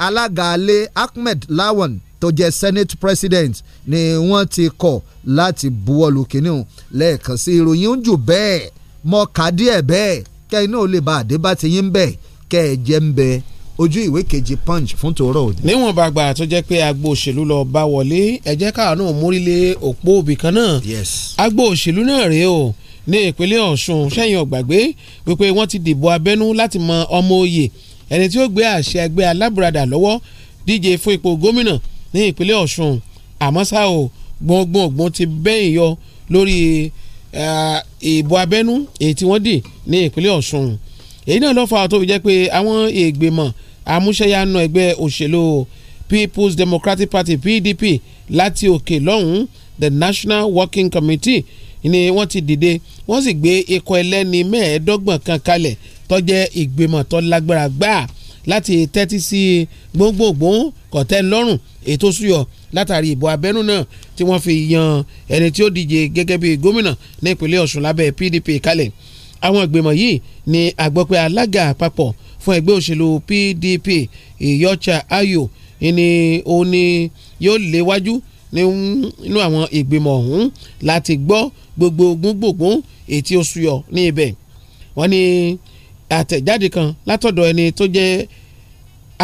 alága alẹ́ Ahmed Lawan tó jẹ́ senate president ni wọ́n ti kọ̀ láti buwọ́lu kìnìún lẹ́ẹ̀kan sí ìròyìn ń jù bẹ́ẹ̀ mọ díẹ̀ bẹ́ẹ̀ kẹ́ iná ò lè ba àdébá ti yín bẹ́ẹ̀ kẹ́ ẹ jẹ́ ń bẹ ojú ìwé kejì punch fún tòórọ́ òní. níwọ̀n bàgbà tó jẹ́ pé agbo òṣèlú lọ bá wọlé ẹ jẹ́ káà náà mórílé òpó òbí kan náà. yes. agbo òṣèlú náà rèé o ní ìpínlẹ̀ ọ̀ṣun sẹ́yìn ọ̀gbàgbé wípé wọ́n ti dìbò abẹ́nú láti mọ ọmọ òye ẹni tí ó gbé àṣẹ ẹgbẹ́ alábùradà lọ́wọ́ díje fún ipò gómìnà ní ìpínlẹ̀ Ọ̀ṣun àmọ́ ṣá o gbọ̀ngbọ̀ngbọ̀n ti bẹ́yìn yọ lórí ìbò abẹ́nú èyí tí wọ́n dì ní ìpínlẹ̀ Ọ̀ṣun èyí náà ló tó fi jẹ́ pé àwọn ìgbìmọ̀ amúṣẹ́yánu ẹgbẹ́ òṣèlú People's Democratic Party PDP láti òkè lọ́hùn-ún the National Working Committee ni wọ́n ti dìde wọ́n sì gbé ikọ̀ ẹlẹ́ni mẹ́ẹ̀ẹ́dọ́gbọ̀n kan kalẹ̀ tó jẹ́ ìgbìmọ̀ tó lágbára gbà láti tẹ́tí sí gbóngbòngbòn kọ̀tẹ́nlọ́rùn ètò súyọ látàrí ìbò abẹ́nú náà tí wọ́n fi yan ẹni tí ó díje gẹ́gẹ́ bí gómìnà ní ìpínlẹ̀ Ọ̀ṣun lábẹ́ PDP kalẹ̀ àwọn ìgbìmọ̀ yìí ni àgbọ̀pẹ́ alága àpapọ̀ fún ẹgbẹ́ òṣèlú PDP Ìyọ́chà Ayọ̀ ìní òun ni yóò léwájú nínú àwọn ìgbìmọ̀ ọ̀hún láti gbọ́ gbogbo gbogbogbò ètí oṣù yọ ní ibẹ̀ wọ́n ní. wani àtẹ̀jáde kan látọ̀dọ̀ ẹni tó jẹ́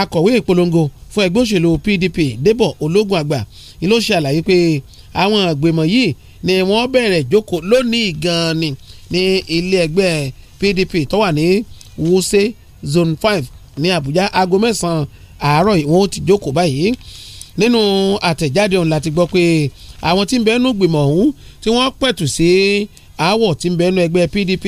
akọ̀wé ìpolongo fún ẹgbẹ́ òṣèlú PDP Débọ̀ Ológun Àgbà ni ló ṣe àlàyé pé àwọn ìgbìmọ̀ yìí ni wọ́n bẹ̀rẹ̀ jókòó lónìí gan-an ni ní ilé ẹgbẹ́ PDP tó wà ní Wuse Zone five ní Àbújá aago mẹ́sàn-án àárọ̀ wọn ó ti jókòó báyìí nínú àtẹ̀jáde ọ̀hún láti gbọ́ pé àwọn tí ń bẹ́nu gbìmọ̀ ọ̀hún tí wọ́n pẹ̀tù sí aáwọ̀ tí ń bẹ́nu ẹgbẹ́ PDP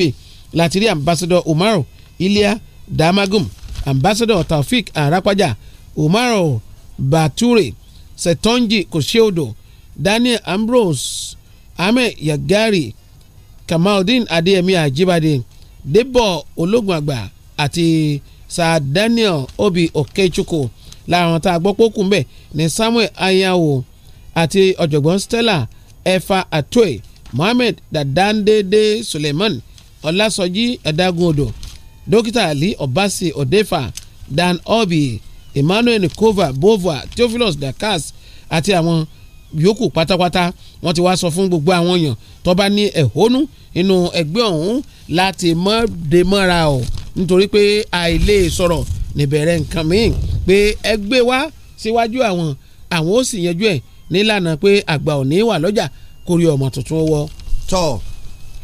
láti rí ambassador Umaru Ilia Damagum ambassador Taofik Arapaja Umaru Bature Setonji Kosheodo Daniel Ambrose Ahmed Yagari Kamaldeen Adeyemi Ajibade Debo Ológun Àgbà àti Sir Daniel Obi Okechukwu láwọn tá a gbọ́ pókùn bẹ́ẹ̀ ni Samuel Ayawo àti ọ̀jọ̀gbọ́n Stella Efa Atoe Mohammed Dadandede Suleiman Ọlásọjí Adágúnodò dókítà ali obasi odefa dan obi emmanuel kova bova theophilus dakas àti àwọn yòókù pátápátá wọ́n ti wá sọ fún gbogbo àwọn èèyàn tó bá ní ẹ̀hónú inú ẹgbẹ́ ọ̀hún láti mọ́de mọ́ra o nítorí pé àìlè sọ̀rọ̀ níbẹ̀rẹ̀ nǹkan míì pé ẹgbẹ́ wa síwájú àwọn àwọn ó sì yanjú ẹ̀ nílànà pé àgbà ò ní wà lọ́jà kórìí ọmọ tuntun wọ. tọ́ọ̀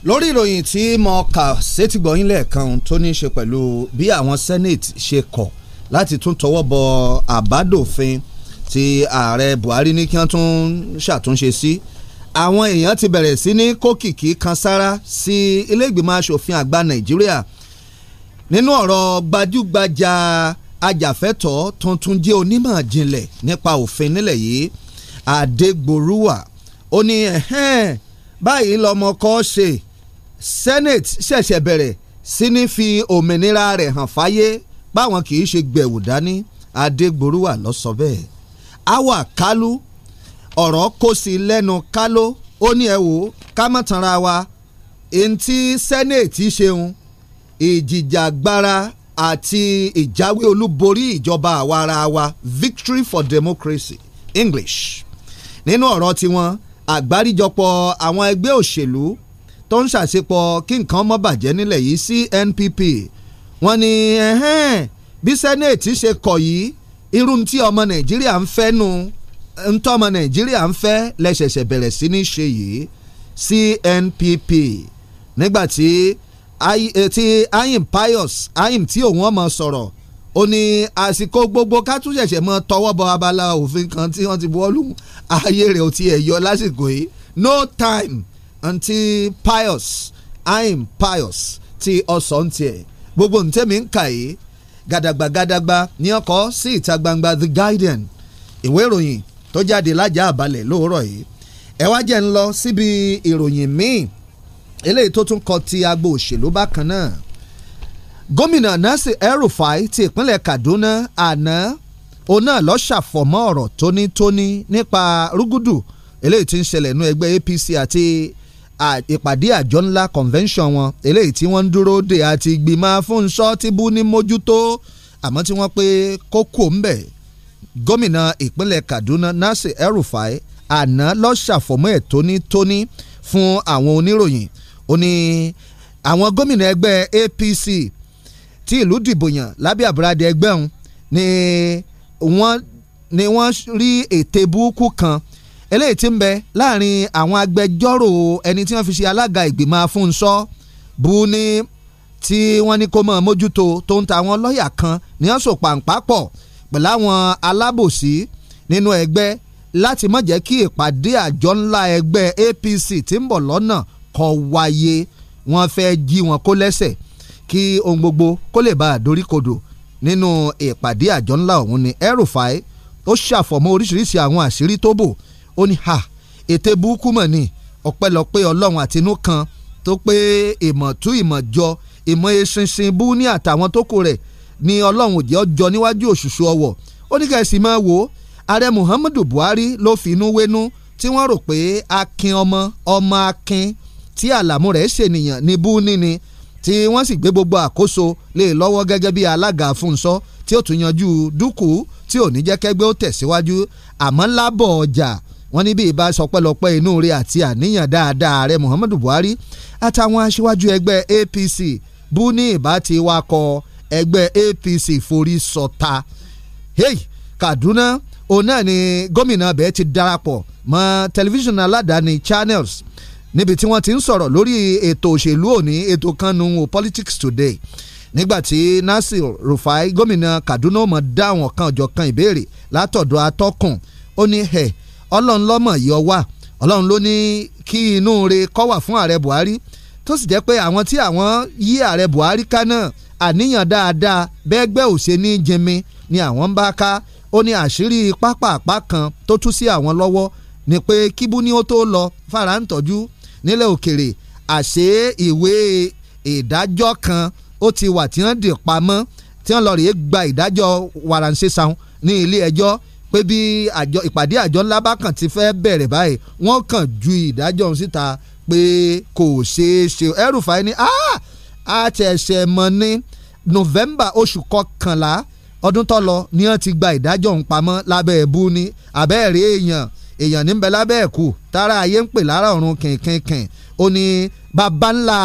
lórí ìròyìn tí mo kà sétí gbọ̀yìn lẹ́ẹ̀kan tó ní í ṣe pẹ̀lú bí àwọn senate ṣe kọ̀ láti tún tọwọ́ bọ àbádòfin tí ààrẹ Buhari ní kí wọ́n tún ṣàtúnṣe sí àwọn èèyàn ti bẹ̀rẹ̀ sí ní kókìkí kan sára sí ilé ìgbìmọ̀ asòfin àgbà Nàìjíríà nínú ọ̀rọ̀ gbajúgbajà ajàfẹ́tọ̀ọ́ tuntun jẹ́ onímọ̀ jinlẹ̀ nípa òfin nílẹ̀ yìí Adégbòrúwà ó ní báyìí lọmọ kọ́ ṣe senate ṣẹ̀ṣẹ̀ bẹ̀rẹ̀ sí ní fi òmìnira rẹ̀ hàn fáyé báwọn kì í ṣe gbẹ̀wò dání adégbòrúwà lọ sọ bẹ́ẹ̀ awa kálú ọ̀rọ̀ kò sí lẹ́nu kálú ó ní ẹ wò wa eŋti senate ṣeun ìjìjàgbara àti ìjáwé olúborí ìjọba àwa ara wa victory for democracy english nínú ọ̀rọ̀ tiwọn àgbáríjọpọ̀ àwọn ẹgbẹ́ òṣèlú tó ń ṣàṣepọ̀ kí nǹkan mọ́ bàjẹ́ nílẹ̀ yìí CNPP wọ́n ní bí senate ṣe kọ̀ yìí irú tí ọmọ nàìjíríà ń fẹ́ nu ntọ́mọ nàìjíríà ń fẹ́ lẹ́sẹ̀sẹ̀ bẹ̀rẹ̀ sí ní ṣe yìí CNPP nígbàtí ti eh, ayim pius ayim tí òun ọmọ sọ̀rọ̀ ó ní àsìkò gbogbo ká tún ṣẹ̀ṣẹ̀ mọ́ tọwọ́ bọ abala òfin kan tí wọ́n ti buwọ́lù ayé rẹ̀ ò tiẹ̀ yọ lásìkò yìí no time ntí pius im pius ti ọ̀sán tiẹ̀ gbogbo ntẹ́mi ń kà yìí gàdàgbà gàdàgbà ní ọkọ̀ sí ìta gbangba the guardian ìwé ìròyìn tó jáde lájà àbálẹ̀ lóòrọ̀ yìí ẹ wá jẹ́ ń lọ síbi ìròyìn míì eléyìí tó tún kọ ti agbo òṣèlú bákan náà gómìnà Nasir el ti ìpínlẹ̀ Kaduna àná òun náà lọ ṣàfọ̀mọ́ ọ̀rọ̀ tónítóní nípa rúgúdù eléyìí tí ń ṣẹlẹ̀ nú ẹgbẹ́ APC àti ìpàdé àjọ ńlá convention wọn eléyìí tí wọ́n ń dúró de àti ìgbìmọ̀ Fúnṣọ́ Tìbú ní mójútó àmọ́ tí wọ́n pé kókó ńbẹ̀ gómìnà ìpínlẹ̀ Kaduna Nasir El-Rufai àná ló ṣàfọ̀mọ́ ẹ̀ tónítóní fún àwọn oníròyìn ó ní àwọn gómìnà ẹgbẹ́ APC ti ìlú dìbò yàn lábẹ́ àbúradì ẹgbẹ́ òun ni wọ́n rí ète burúkú kan eléyìí ti ń bẹ láàrin àwọn agbẹjọ́rò ẹni tí wọ́n fi ṣe alága ìgbìmọ̀ afúnṣọ́ buni tí wọ́n ní kó mọ̀ mójútó tó ń ta àwọn lọ́ọ̀yà kan ní wọ́n sò pàǹpá pọ̀ pẹ̀lú àwọn alábòsí nínú ẹgbẹ́ láti má jẹ́ kí ìpàdé àjọ ńlá ẹgbẹ́ APC tí ń bọ̀ lọ́nà kó wáyé wọ́n fẹ́ jí wọn kó lẹ́sẹ̀ kí ohun gbogbo kó lè bá a doríkodò nínú ìpàdé àjọ ńlá ọ̀hún ni El-Rufai ó ṣàfọ̀mọ́ oríṣiríṣi àwọn àṣírí tó bò ó ní ha ète burúkú mọ̀ ni ọ̀pẹ́lọpẹ́ ọlọ́run àtinú kan tó pé ìmọ̀ tú ìmọ̀ jọ ìmọ̀ eṣinṣin bú ní àtàwọn tó kù rẹ̀ ni ọlọ́run òjẹ́ ọjọ́ níwájú òṣùṣù ọwọ̀ ó ní kẹ́sì máa wò ó ààrẹ Muhammadu Buhari ló fi inú wénú tí wọ́n rò pé akin ọmọ ọmọ akin tí àlàmú rẹ̀ ṣènìyàn ní bú níni tí wọ́n sì gbé gbogbo àkóso lé e lọ́wọ́ gẹ́gẹ́ bí alága Fúnṣọ́ tí ó tún yanjú dúkù tí ò ní jẹ́ ó tẹ̀síwájú àmọ́ lábọ̀ ọjà wọ́n ní bí ìbá sọpẹ́lọpẹ́ inú rẹ̀ àti àníyàn dáadáa ààrẹ Muhammadu Buhari àtàwọn aṣíwájú ẹgbẹ́ APC buni ní ìbá ti APC forí sọta hey Kaduna òun náà ni gómìnà bẹ́ẹ̀ ti darapọ̀ mọ́ tẹlifíṣàn aládàáni Channels níbi tí wọ́n ti ń sọ̀rọ̀ lórí ètò òṣèlú òní ètò kanu politics today nígbàtí Nasir Rufai gómìnà Kaduna ó máa dáhùn ọ̀kan ọ̀jọ̀kan ìbéèrè látọ̀dọ̀ atọ́kùn ó ní ẹ̀ hey, ọlọ́run lọ́mọ̀ yọ wá ọlọ́run ló ní kí inú re kọ́ wà fún ààrẹ Buhari tó sì jẹ́ pé àwọn tí àwọn yí ààrẹ Buhari ká náà àníyàn dáadáa bẹ́gbẹ́ òṣè ní jimi ni àwọn ń bá ká ó ní àṣírí pápápá kan tó tú sí àwọn lọ́wọ́ ni pé kíbú ni ó tó lọ fara ń tọ́jú nílẹ̀ òkèrè àṣé ìwé ìdájọ́ kan ó ti wà tí wọ́n dì pamọ́ tí wọ́n lọ rèé gba ìdájọ́ wàràǹṣeṣan ní ilé ẹjọ́ e pé bí àjọ ìpàdé àjọ ńlá bá kàn ti fẹ́ bẹ̀rẹ̀ báyìí wọ́n kàn ju ìdájọ́ ọ̀hún síta pé kò ṣeé ṣe El-Rufai ní àtẹ̀ṣẹ̀ mọ́ ní November oṣù kọkànlá ọdún tó lọ ni wọ́n ti gba ìdájọ́ ọ̀hún pamọ́ lábẹ́ ẹ̀bú ni àbẹ́ẹ̀rẹ̀ èèyàn èèyàn níbẹ̀ lábẹ́ ẹ̀kú tára ayé ń pè lára ọ̀run kìnkìnkìn ó ní baba ńlá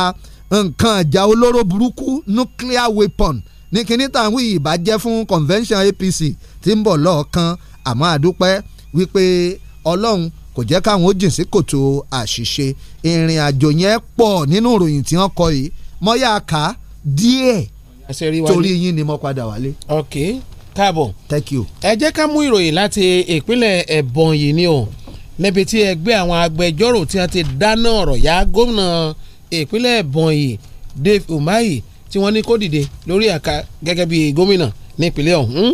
nǹkan ìjà olóró burúkú nuclear weapon ní kinní tàwọn ìbàjẹ́ fún convention APC tí ń bọ̀ lọ́ọ̀kan àmọ́ àdúpẹ́ wípé ọlọ́run kò jẹ́ káwọn ó jìn sí kòtò àṣìṣe ìrìn àjò yẹn pọ̀ nínú ìròyìn tí wọ́n kọ yìí mọ́yà ká díẹ̀ torí yín ni mo padà wálé. ok káàbọ̀ thank you. ẹ jẹ́ ká mú ìròyìn láti ìpínlẹ̀ Ebonyi ni o níbi tí ẹgbẹ́ àwọn agbẹjọ́rò tí wọ́n ti dáná ọ̀rọ̀ yá gómìnà ìpínlẹ̀ Ebonyi Dave Umahi tí wọ́n ní kó dìde lórí àká gẹ́gẹ́ bí gómìnà nípínlẹ̀ ọ̀hún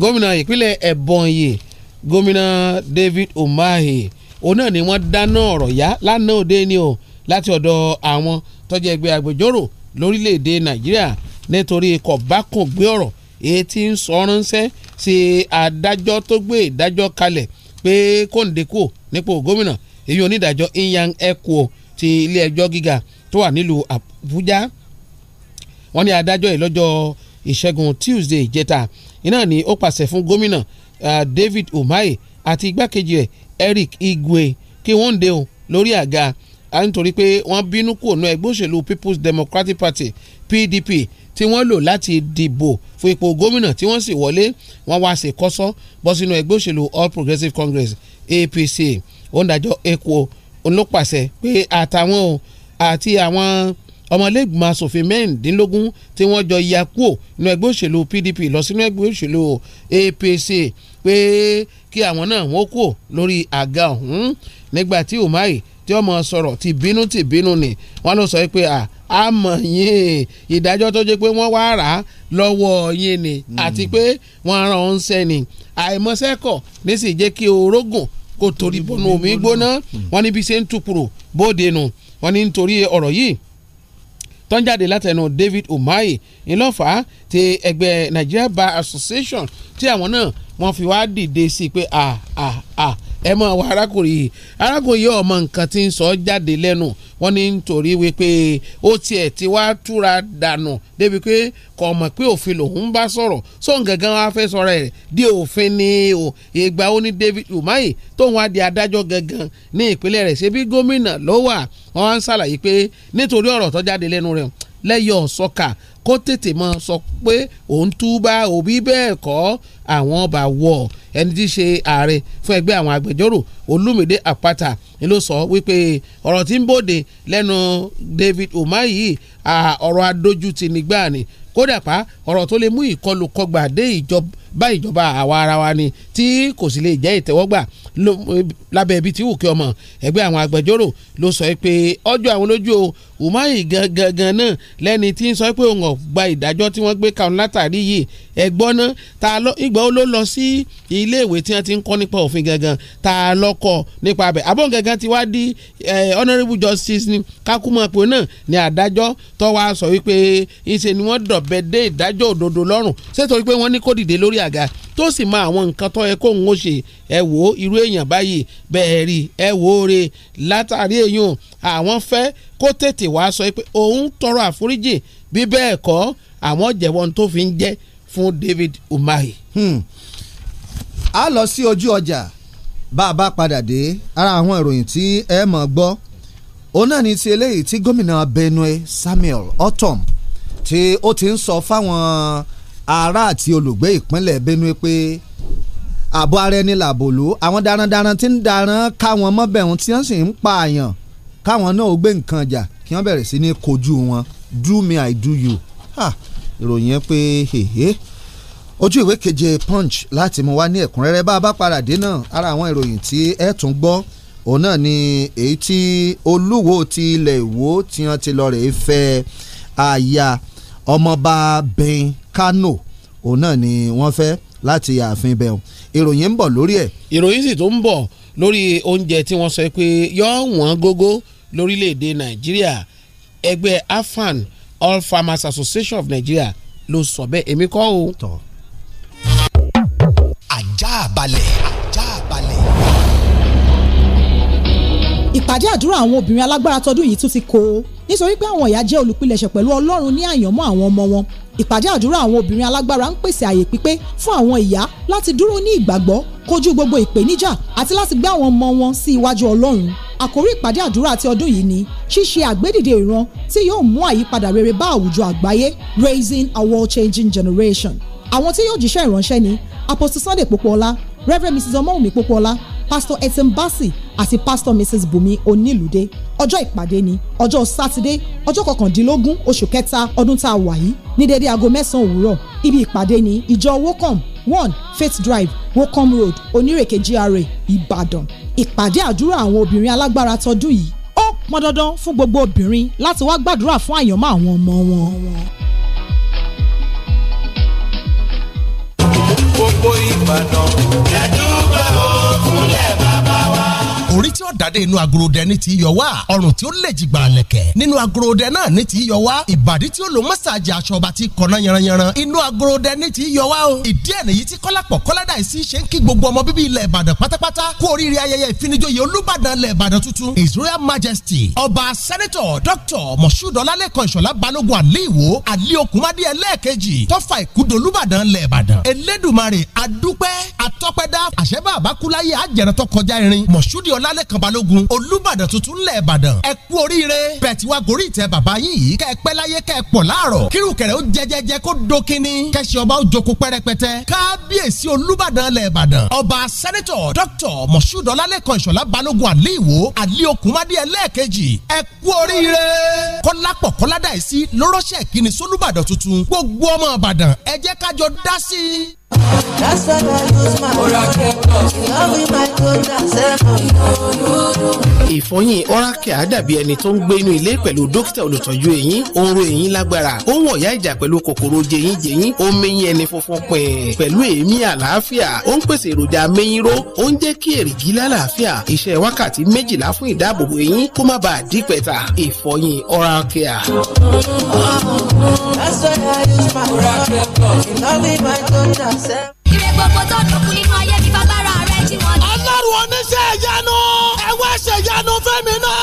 gómìnà ìpínlẹ̀ Ebonyi gómìnà David Umahi òun náà ni wọ́n dáná ọ̀rọ̀ yá lánàá òde ni o láti ọ̀dọ̀ àwọn tọ́jú ẹgbẹ́ agbẹjọ́rò lórílẹ̀‐èdè Nàìjíríà nítorí kọ̀bákùngbé ọ̀rọ̀ èyí tí ń sọ ránṣẹ́ sí adájọ́ tó gbé ìdájọ́ kalẹ̀ pé kóńdékò nípò gómìnà èyí onídàájọ́ Inyang Ekwo ti ilé ẹjọ́ gíga tó wà nílùú Àbújá wọ́n ní adájọ́ yìí ìṣẹ́gun Tuesday ìjẹta iná ni ó pàṣẹ fún gómìnà David Umahi àti igbákejì rẹ̀ Eric Igwe kí wọ́n ń deun lórí àga a nítorí pé wọ́n bínú kò ná ẹgbẹ́ òṣèlú People's Democratic Party PDP tí wọ́n lò láti dìbò fún ipò gómìnà tí wọ́n sì wọlé wọ́n wá sí kọ́sọ́ bọ́ sínú ẹgbẹ́ òṣèlú All Progressives Congress APC òǹdàjọ èkó ló pàṣẹ pé àtàwọn àti àwọn ọmọlẹ́gbìmọ̀ asòfin mẹ́rìndínlógún tí wọ́n jọ ya kúò nínú ẹgbẹ́ òṣèlú PDP lọ sínú ẹgbẹ́ òṣèlú APC pé kí àwọn náà wọ́n kúò lórí àga ọ̀hún nígbà tí Umahi tí ọmọ sọ̀rọ̀ ti bínú ti bínú ni wọ́n ló sọ pé à á mọ̀ yín ìdájọ́ tó jẹ́ pé wọ́n wá rà á lọ́wọ́ yín ni hmm. àti pé wọ́n ràn ọ́n sẹ́ni àìmọ́sẹ́kọ̀ nísì jẹ́ kí orógùn kó torí bọ́nú omi gbóná hmm. wọ́n níbi ṣe ń tukùrù bóde nù wọ́n ní nítorí ọ̀rọ̀ yìí tó ń jáde látẹnu David Umahi ńlọ́fà ti ẹgbẹ́ Nigeria Bar Association tí àwọn náà wọ́n fi wá dìde sí i pé à à à ẹ mọ̀ wá arákùnrin yìí arákùnrin yìí ọmọ nǹkan tí ń sọ jáde lẹ́nu wọ́n ní nítorí wípé ó tiẹ̀ ti wá túra dànù débi pé kò mọ̀ pé òfin lòun bá sọ̀rọ̀ sóun gangan wá fẹ́ sọ̀rọ̀ ẹ̀ di òfin ni o ìgbà ó ní David Umahi tóun wá di adájọ́ gangan ní ìpínlẹ̀ rẹ̀ ṣe bí gómìnà ló wà wọ́n wá ń ṣàlàyé pé nítorí ọ̀rọ̀ tó jáde lẹ́nu rẹ̀ lẹ́yọ̀ sọ́kà kó tètè mọ sọ pé òun túbà òbí bẹ́ẹ̀ kọ́ àwọn ọba wọ̀ ẹni tí í ṣe ààrẹ fún ẹgbẹ́ àwọn agbẹjọ́rò Olúmídé Àpáta ni ló sọ wípé ọ̀rọ̀ tí ń bòde lẹ́nu David Umahi yìí ọ̀rọ̀ adójútì nígbà ni kódà pa ọ̀rọ̀ tó lè mú ìkọlù kọgbà dé ìjọba bá ìjọba àwa ara wa ni tí kò sì lè jẹ́ ìtẹ́wọ́gbà lábẹ́ ibi tí wùkẹ́ ọmọ ẹgbẹ́ àwọn agbẹjọ́rò ló sọ pé ọjọ́ àwọn lójú o Umahi gangan náà lẹ́ni tí ń sọ pé òun ò ìdájọ́ tí wọ́n gbé kàún látàrí yìí ẹ̀gbọ́n náà ta lọ ìgbà ó ló lọ sí iléèwé tí wọ́n ti ń kọ́ nípa òfin gangan ta lọ́kọ̀ nípa abẹ̀ abọ́n gangan ti wá di honourable justice ni kákúmọ̀pọ̀ náà ni àdájọ́ tó wá sọ wípé ìṣe ni wọ́n dọ̀bẹ dé ìdájọ́ òdodo lọ́rùn ṣètò wípé wọ́n ní kó dìde lórí à gàgà tó sì mọ àwọn nǹkan tó yẹ kó ń ṣe ẹ wo irú èèyàn báyìí bẹ́ẹ̀ rí ẹ wo re látàrí èèyàn àwọn fẹ́ kó tètè wá sọ pé òun tọrọ àforíjì bí bẹ́ẹ̀ kọ́ àwọn jẹ̀wọ́n tó fi ń jẹ́ fún David Umahi. Hmm. a lọ sí ojú ọjà bá a bá padà dé ara àwọn ìròyìn tí ẹ mọ̀ gbọ́ òun náà ní ti eléyìí tí gómìnà Benue Samuel Otom tí ó ti ń sọ fáwọn ará àti olùgbé ìpínlẹ̀ Benue pé ààbò ara ẹni làbòlú àwọn darandaran tí ń daran káwọn mọ́bẹ̀rún tí wọ́n sì ń pa àyàn káwọn náà ó gbé nǹkan jà kí wọ́n bẹ̀rẹ̀ sí ní kojú wọn do me I do you ìròyìn yẹn pé hehe ojú ìwé keje punch láti mú wá ní ẹ̀kúnrẹ́rẹ́ bá a bá padà dé náà ara àwọn ìròyìn tí ẹ tún gbọ́ òun náà ni èyí tí olúwo ti ilẹ̀ ìwó tí wọ́n ti lọ rèé fẹ́ aya ọmọọba bẹ́ẹ̀ Kano òun náà ni wọ́n fẹ́ láti ààfin bẹ̀rù ìròyìn ń bọ̀ lórí ẹ̀. ìròyìn sì tó ń bọ̀ lórí oúnjẹ tí wọ́n sọ pé yọ wọ́n gógó lórílẹ̀ Nàìjíríà ẹgbẹ́ AFAN All Farmers Association of Nigeria ló sọ bẹ́ẹ̀ èmi kọ́ o. ajá ajá balẹ̀ ìpàdé àdúrà àwọn obìnrin alágbára tọdún yìí tún ti kó o nítorí pé àwọn ìyá jẹ́ olùpilẹ̀ṣẹ̀ pẹ̀lú Ọlọ́run ní àyànmọ́ àwọn ọmọ wọn ìpàdé àdúrà àwọn obìnrin alágbára ń pèsè àyè pípé fún àwọn ìyá láti dúró ní ìgbàgbọ́ kojú gbogbo ìpèníjà àti láti gbé àwọn ọmọ wọn sí iwájú Ọlọ́run àkórí ìpàdé àdúrà ti ọdún yìí ni ṣíṣe àgbédìde ìran tí yóò mú àyípadà rere bá àwùjọ àgbáyé raising a world changing generation àwọn tí yóò jíṣẹ́ ìránṣẹ́ ni Apostle Sunday Popoola reverend mrs ọmọwùmí pópóọlá pastor etim bassi àti pastor mrs bùnmi onílùdé ọjọ́ ìpàdé ni ọjọ́ sátidé ọjọ́ kọkàndínlógún oṣù kẹta ọdún tá a wà yìí ní dédé aago mẹ́sàn-án òwúrọ̀ ibi ìpàdé ni ìjọ wocom one faith drive wocom road onírèké GRA ìbàdàn ìpàdé àdúrà àwọn obìnrin alágbára tọdún yìí ó pọn dandan fún gbogbo obìnrin láti wá gbàdúrà fún àyànmọ́ àwọn ọmọ wọn. Ìbàdàn. Ẹ̀dúgbà ó kúnlẹ̀ bàbá wa. Orí tí ó dàdé inú agorodẹ ní ti yọ wá. Ọrùn tí ó lè jìgbà lẹ̀kẹ̀. Nínú agorodẹ náà ní ti yọ wá. Ìbàdí tí ó lo mọ́sáàjì aṣọ ọba ti kọ̀nà yanranyanran. Inú agorodẹ ní ti yọ wá o. Ìdí ẹ̀ nìyí tí Kọ́lápọ̀ Kọ́ládàísí ṣe ń kí gbogbo ọmọ bíbí ilẹ̀ Ìbàdàn pátápátá kú oríire ayẹyẹ ìfinijoyè Olúbàdàn ilẹ̀ Ìbàdàn tuntun. His Royal Majesty Ọba Sẹ́nẹ́tọ̀ Dr. Moshood Ọlálẹ́kan Ìṣọ̀lá Balógun Àlíwò Àlíokùnmádé ẹlẹ́ẹ̀kejì tó fa ìkúdolúbàdàn ilẹ̀ Ìbàdàn. Elédùmarè adúpẹ́ atọ́pẹ́dá àṣẹ́bà àbákúláyé àjẹrántọ́ kọjá irin mọ̀ṣúdì ọlálẹ́kan balógun olúbàdàn tuntun ńlẹ̀ ìbàdàn ẹ kú oríire bẹ̀tí wa gorí ìtẹ́ bàbá yín yìí kẹ́ ẹ pẹ́ láyé kẹ́ ẹ pọ̀ láàrọ̀ kírù kẹ̀rẹ́ ó jẹjẹjẹ kó do kínní kẹ́sì ọba ó joko pẹ́rẹpẹtẹ kábíyèsí olúbàdàn lẹ̀ ìbàdàn ọba sẹ́nẹ́tọ̀ dókítọ̀ mọ̀ṣúdì ọlálẹ́kan ìṣọ̀lá balógun àlí ìwò àlí okùnmádé ẹlẹ́ẹ̀kejì ẹ kú oríire kọ́lápọ̀ kọ́ládàísí lọ́rọ́ṣẹ̀ kíni sólúbàdàn tuntun gbogbo ọmọ ìbàdàn ẹ jẹ́ kájọ dá sí i. That's why I lose my mind. You love me, my daughter, seven. ìfọyín ọ́rákẹ́ àdàbí ẹni tó ń gbé inú ilé pẹ̀lú dókítà olùtọ́jú eyín ó ń ro eyín lágbára ó ń wọ̀yá ìjà pẹ̀lú kòkòrò jẹyín jẹyín ó mẹyín ẹni funfun pẹ̀ẹ́ pẹ̀lú èémí àlàáfíà ó ń pèsè èròjà mẹyìnró ó ń jẹ́ kí èrìgì lálàáfíà iṣẹ́ wákàtí méjìlá fún ìdáàbòbò eyín kó má bàa dípẹ̀ta ìfọyín ọ́rákẹ́ à. That's why I use my oracle block. In all in my daughter self. Ire gbogbo tó dòkun nínú ayé mi bàbá rà rẹ̀ jí wọn. Ọlọ́run oníṣẹ́ ìyanu, ẹ wá ṣèyanu fẹ́mi náà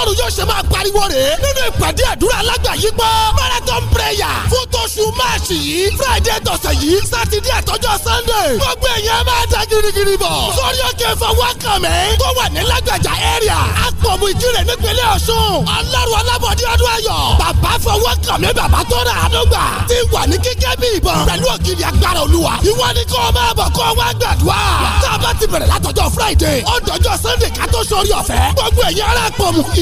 tọ́lọ́run yóò ṣe máa pariwo rèé nínú ìpàdé àdúrà alágbàyípọ̀ marathon prayer fún tóṣù máàṣì yìí friday tọ̀sẹ̀ yìí sátidé àtọ́jọ́ sunday gbogbo èèyàn máa da girigiri bọ̀ sórí òkè fọwọ́kànmẹ́ tó wà ní lágbàjá area àpọ̀mù ìjírẹ̀ nípínlẹ̀ ọ̀ṣun ọlọ́run ọlábọ̀dé ọdún ayọ̀ bàbá fọwọ́kànmẹ́ bàbá tó rà ánúgbà ti wà ní kíkẹ́ bí ìbọn pẹ̀lú ògiri agbára olúwa ìwọ ni kó máa bọ̀ kó wá gbàdúrà tá a bá ti bẹ̀rẹ̀ látọjọ́ friday ọdọjọ́ sunday ká sórí ọ̀fẹ́ gbogbo èèyàn ará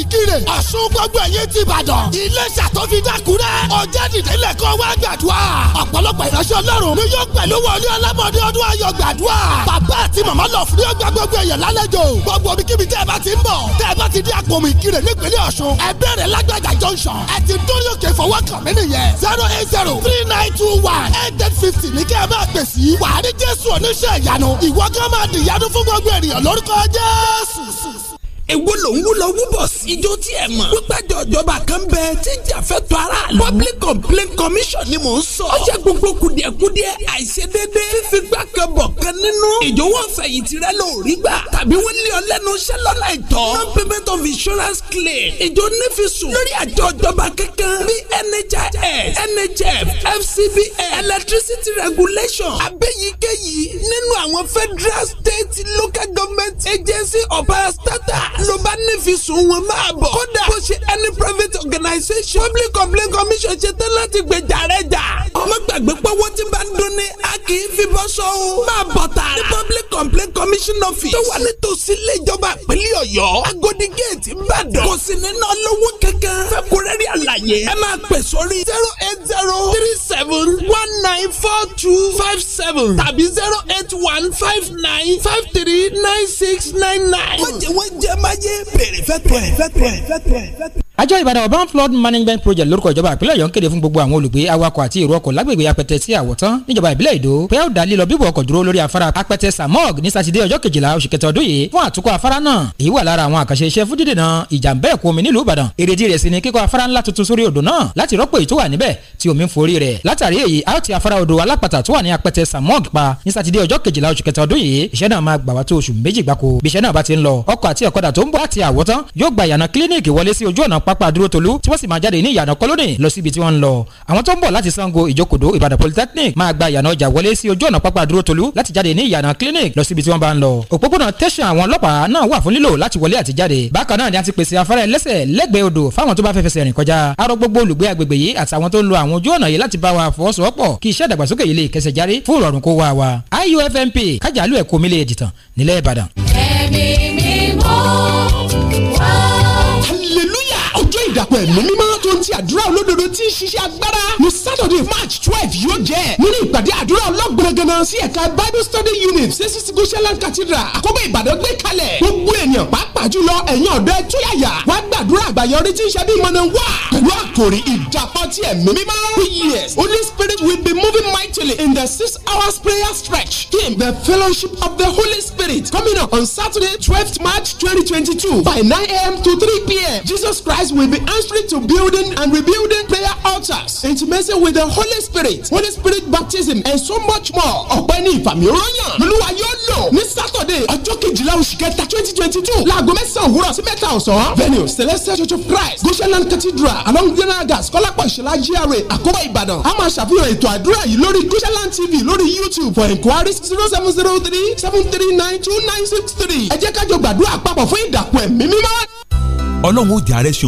ì kíkìrè ọ̀ṣun gbogbo ẹ̀yẹ ti ìbàdàn ilé ṣàtọ́fi dákúrẹ́ ọjọ́ ìdílé kan wá gbàdúrà ọ̀pọ̀lọpọ̀ ìránṣẹ́ ọlọ́run ni yóò pẹ̀lú wọlé ọlámọdé ọdún ayọ̀ gbàdúrà bàbá àti màmá lọ fún yóò gba gbogbo ẹ̀yẹ lálejò gbogbo omi kíbi tẹ́ ẹ bá ti ń bọ̀ tẹ́ ẹ bá ti dé àpòmù ìkírè nípínlẹ̀ ọ̀ṣun ẹ bẹ̀rẹ̀ lágbàdà junction ẹ ti dórí òkè fọwọ́kàn mí nìyẹn zero eight zero three nine two one eight eight fifty ní kẹ́ ẹ máa pè sí wàhálì jésù oníṣẹ́ ìyanu ìwọ kan máa dìyanu fún gbogbo ènìyàn lórúkọ jésù èwo ló ń wúlọ wúbọ̀ sí ijó tí ẹ mọ̀. pípẹ́jọ ìjọba kan bẹ tí jàfẹ́tọ̀ aráàlú. public complaint commission ni mò ń sọ. ó ṣe gbogbo kùdìẹ̀kudìẹ àìṣedédé fífi gbàkẹ́bọ̀ kan nínú. ìjọwọ́ fẹ̀yìntì rẹ ló rí gbà. tàbí wọ́n lé ọ lẹ́nu iṣẹ́ lọ́nà ìtọ́. non payment of insurance claim. ìjọ nífisùn lórí àjọ ìjọba kankan bí nhis nhf fcbn electricity regulation abẹ́yíkéyìí nínú àwọn federal state local government agency ọ̀bá stata ló bá nífi sùn wọn máa bọ̀. kódà bó ṣe any private organisation public complaint commission ṣe tán láti gbèjà rẹ̀ jà. ọmọ gbàgbé pọ́wọ́ tí bá ń dún ní á kì í fi bọ́ sọ́hún. máa bọ̀ tààrà. ní public complaint commission office. tó wà nítòsí ilé ìjọba ìpínlẹ̀ ọ̀yọ́. agodi gate ìbàdàn. kò sì ní ná lówó kankan. fẹ́kúrẹ́rì àlàyé. ẹ máa pè sórí zero eight zero three seven one nine four two five seven tàbí zero eight one five nine five three nine six nine nine. wọ́n jẹ́ wọ́n jẹ́ máa yé bèrè fẹ́ tẹ̀ fẹ́ tẹ̀ fẹ́ tẹ̀ àjọ ìbàdàn urban flood management project lórúkọ ìjọba ìpínlẹ̀ ọ̀yọ́ ń kéde fún gbogbo àwọn olùgbé awakọ̀ àti èrò ọkọ̀ lágbègbè apẹtẹ sí àwọ̀tán níjọba ìbílẹ̀ ìdó pé ó dá lílọ bíbọ̀ ọkọ̀ dúró lórí afárá apẹtẹ samog ní sátidé ọjọ́ kejìlá oṣù kẹta ọdún yìí fún àtúkọ̀ afárá náà èyí wà lára àwọn àkànṣe iṣẹ́ fún dídènà ìjàmbá ẹ̀kún omi nílùú ìbàdàn èrèdí rẹ̀ sì ni kíkọ́ afárá ńlá tuntun sórí odò náà láti rọ́pò èyí tó wà níbẹ̀ tí omi ń forí rẹ̀ látàrí èyí a ó ti samog pa ní sátidé ọjọ́ kejìlá oṣù kẹta ọdún yìí iṣẹ́ náà máa gbà wá tó oṣù méjì gbáko bí iṣẹ́ náà bá ti ń lọ ọkọ̀ pápá dúró tolú tí wọ́n sì máa jáde ní ìyànà kọ́lónì lọ síbi tí wọ́n ń lọ. àwọn tó ń bọ̀ láti sango ìjókòdó ìbàdàn polytechnic máa gba ìyànà ọjà wọlé sí ojú ọ̀nà pápá dúró tolú láti jáde ní ìyànà clinic lọ síbi tí wọ́n bá ń lọ. òpópónà tẹ̀sán àwọn ọlọ́pàá náà wà fún lílò láti wọlé àti jáde. bákan náà ni a ti pèsè ọjọ́ ìdàpọ̀ ẹ̀mí mímọ́ tó ń ti àdúrà olódodo tí ń ṣiṣẹ́ agbára ní Saturday March twelve yóò jẹ́ nínú ìpàdé àdúrà ọlọ́gbọ̀nrẹ̀gànà sí ẹ̀ka Bible study unit CCC Goshenland Cathedral àkọ́bẹ̀ Ìbàdàn gbé kalẹ̀ gbogbo ènìyàn pàápàá jùlọ ẹ̀yin ọ̀dọ́ ẹ túyàyà wá gbàdúrà àgbàyọrí tí ń ṣe bí mọ̀nà wá pẹ̀lú àkòrí ìdàpọ̀ ti ẹ̀mí mímọ́ oh, yes Holy Spirit will be moving mightily in the six hours prayer stretch in the fellowship of the Holy Spirit coming up on Saturday twelfth March twenty twenty two by nine a.m. to three p.m. Jesus Christ Christ will be answering to building and rebuilding prayer altars, intimacy with the Holy Spirit, Holy Spirit baptism, and so much more. Ọ̀pẹ́ ní ìfàmì òróyàn. Lolúwa yóò lò ní Sátọ̀dé ọjọ́ kejìlá oṣù kẹta twenty twenty two láago mẹ́sàn-án òwúrọ̀ sí mẹ́ta ọ̀sán. Venue Celestial Church of Christ, Goshenland Cathedral, along General Gas, Kọ́lápọ̀ Ìṣẹ̀lá GRA, Àkóbọ̀ Ìbàdàn. A máa ṣàfihàn ètò àdúrà yìí lórí Goshenland TV lórí YouTube for inquiries zero seven zero three seven three nine two nine six three. Ẹ jẹ́ ká jọ gbàdúrà papọ̀ fún ìdàpọ̀ ẹ̀mí mímọ́. Ọlọ́run ó jẹ́ àrẹ́ṣ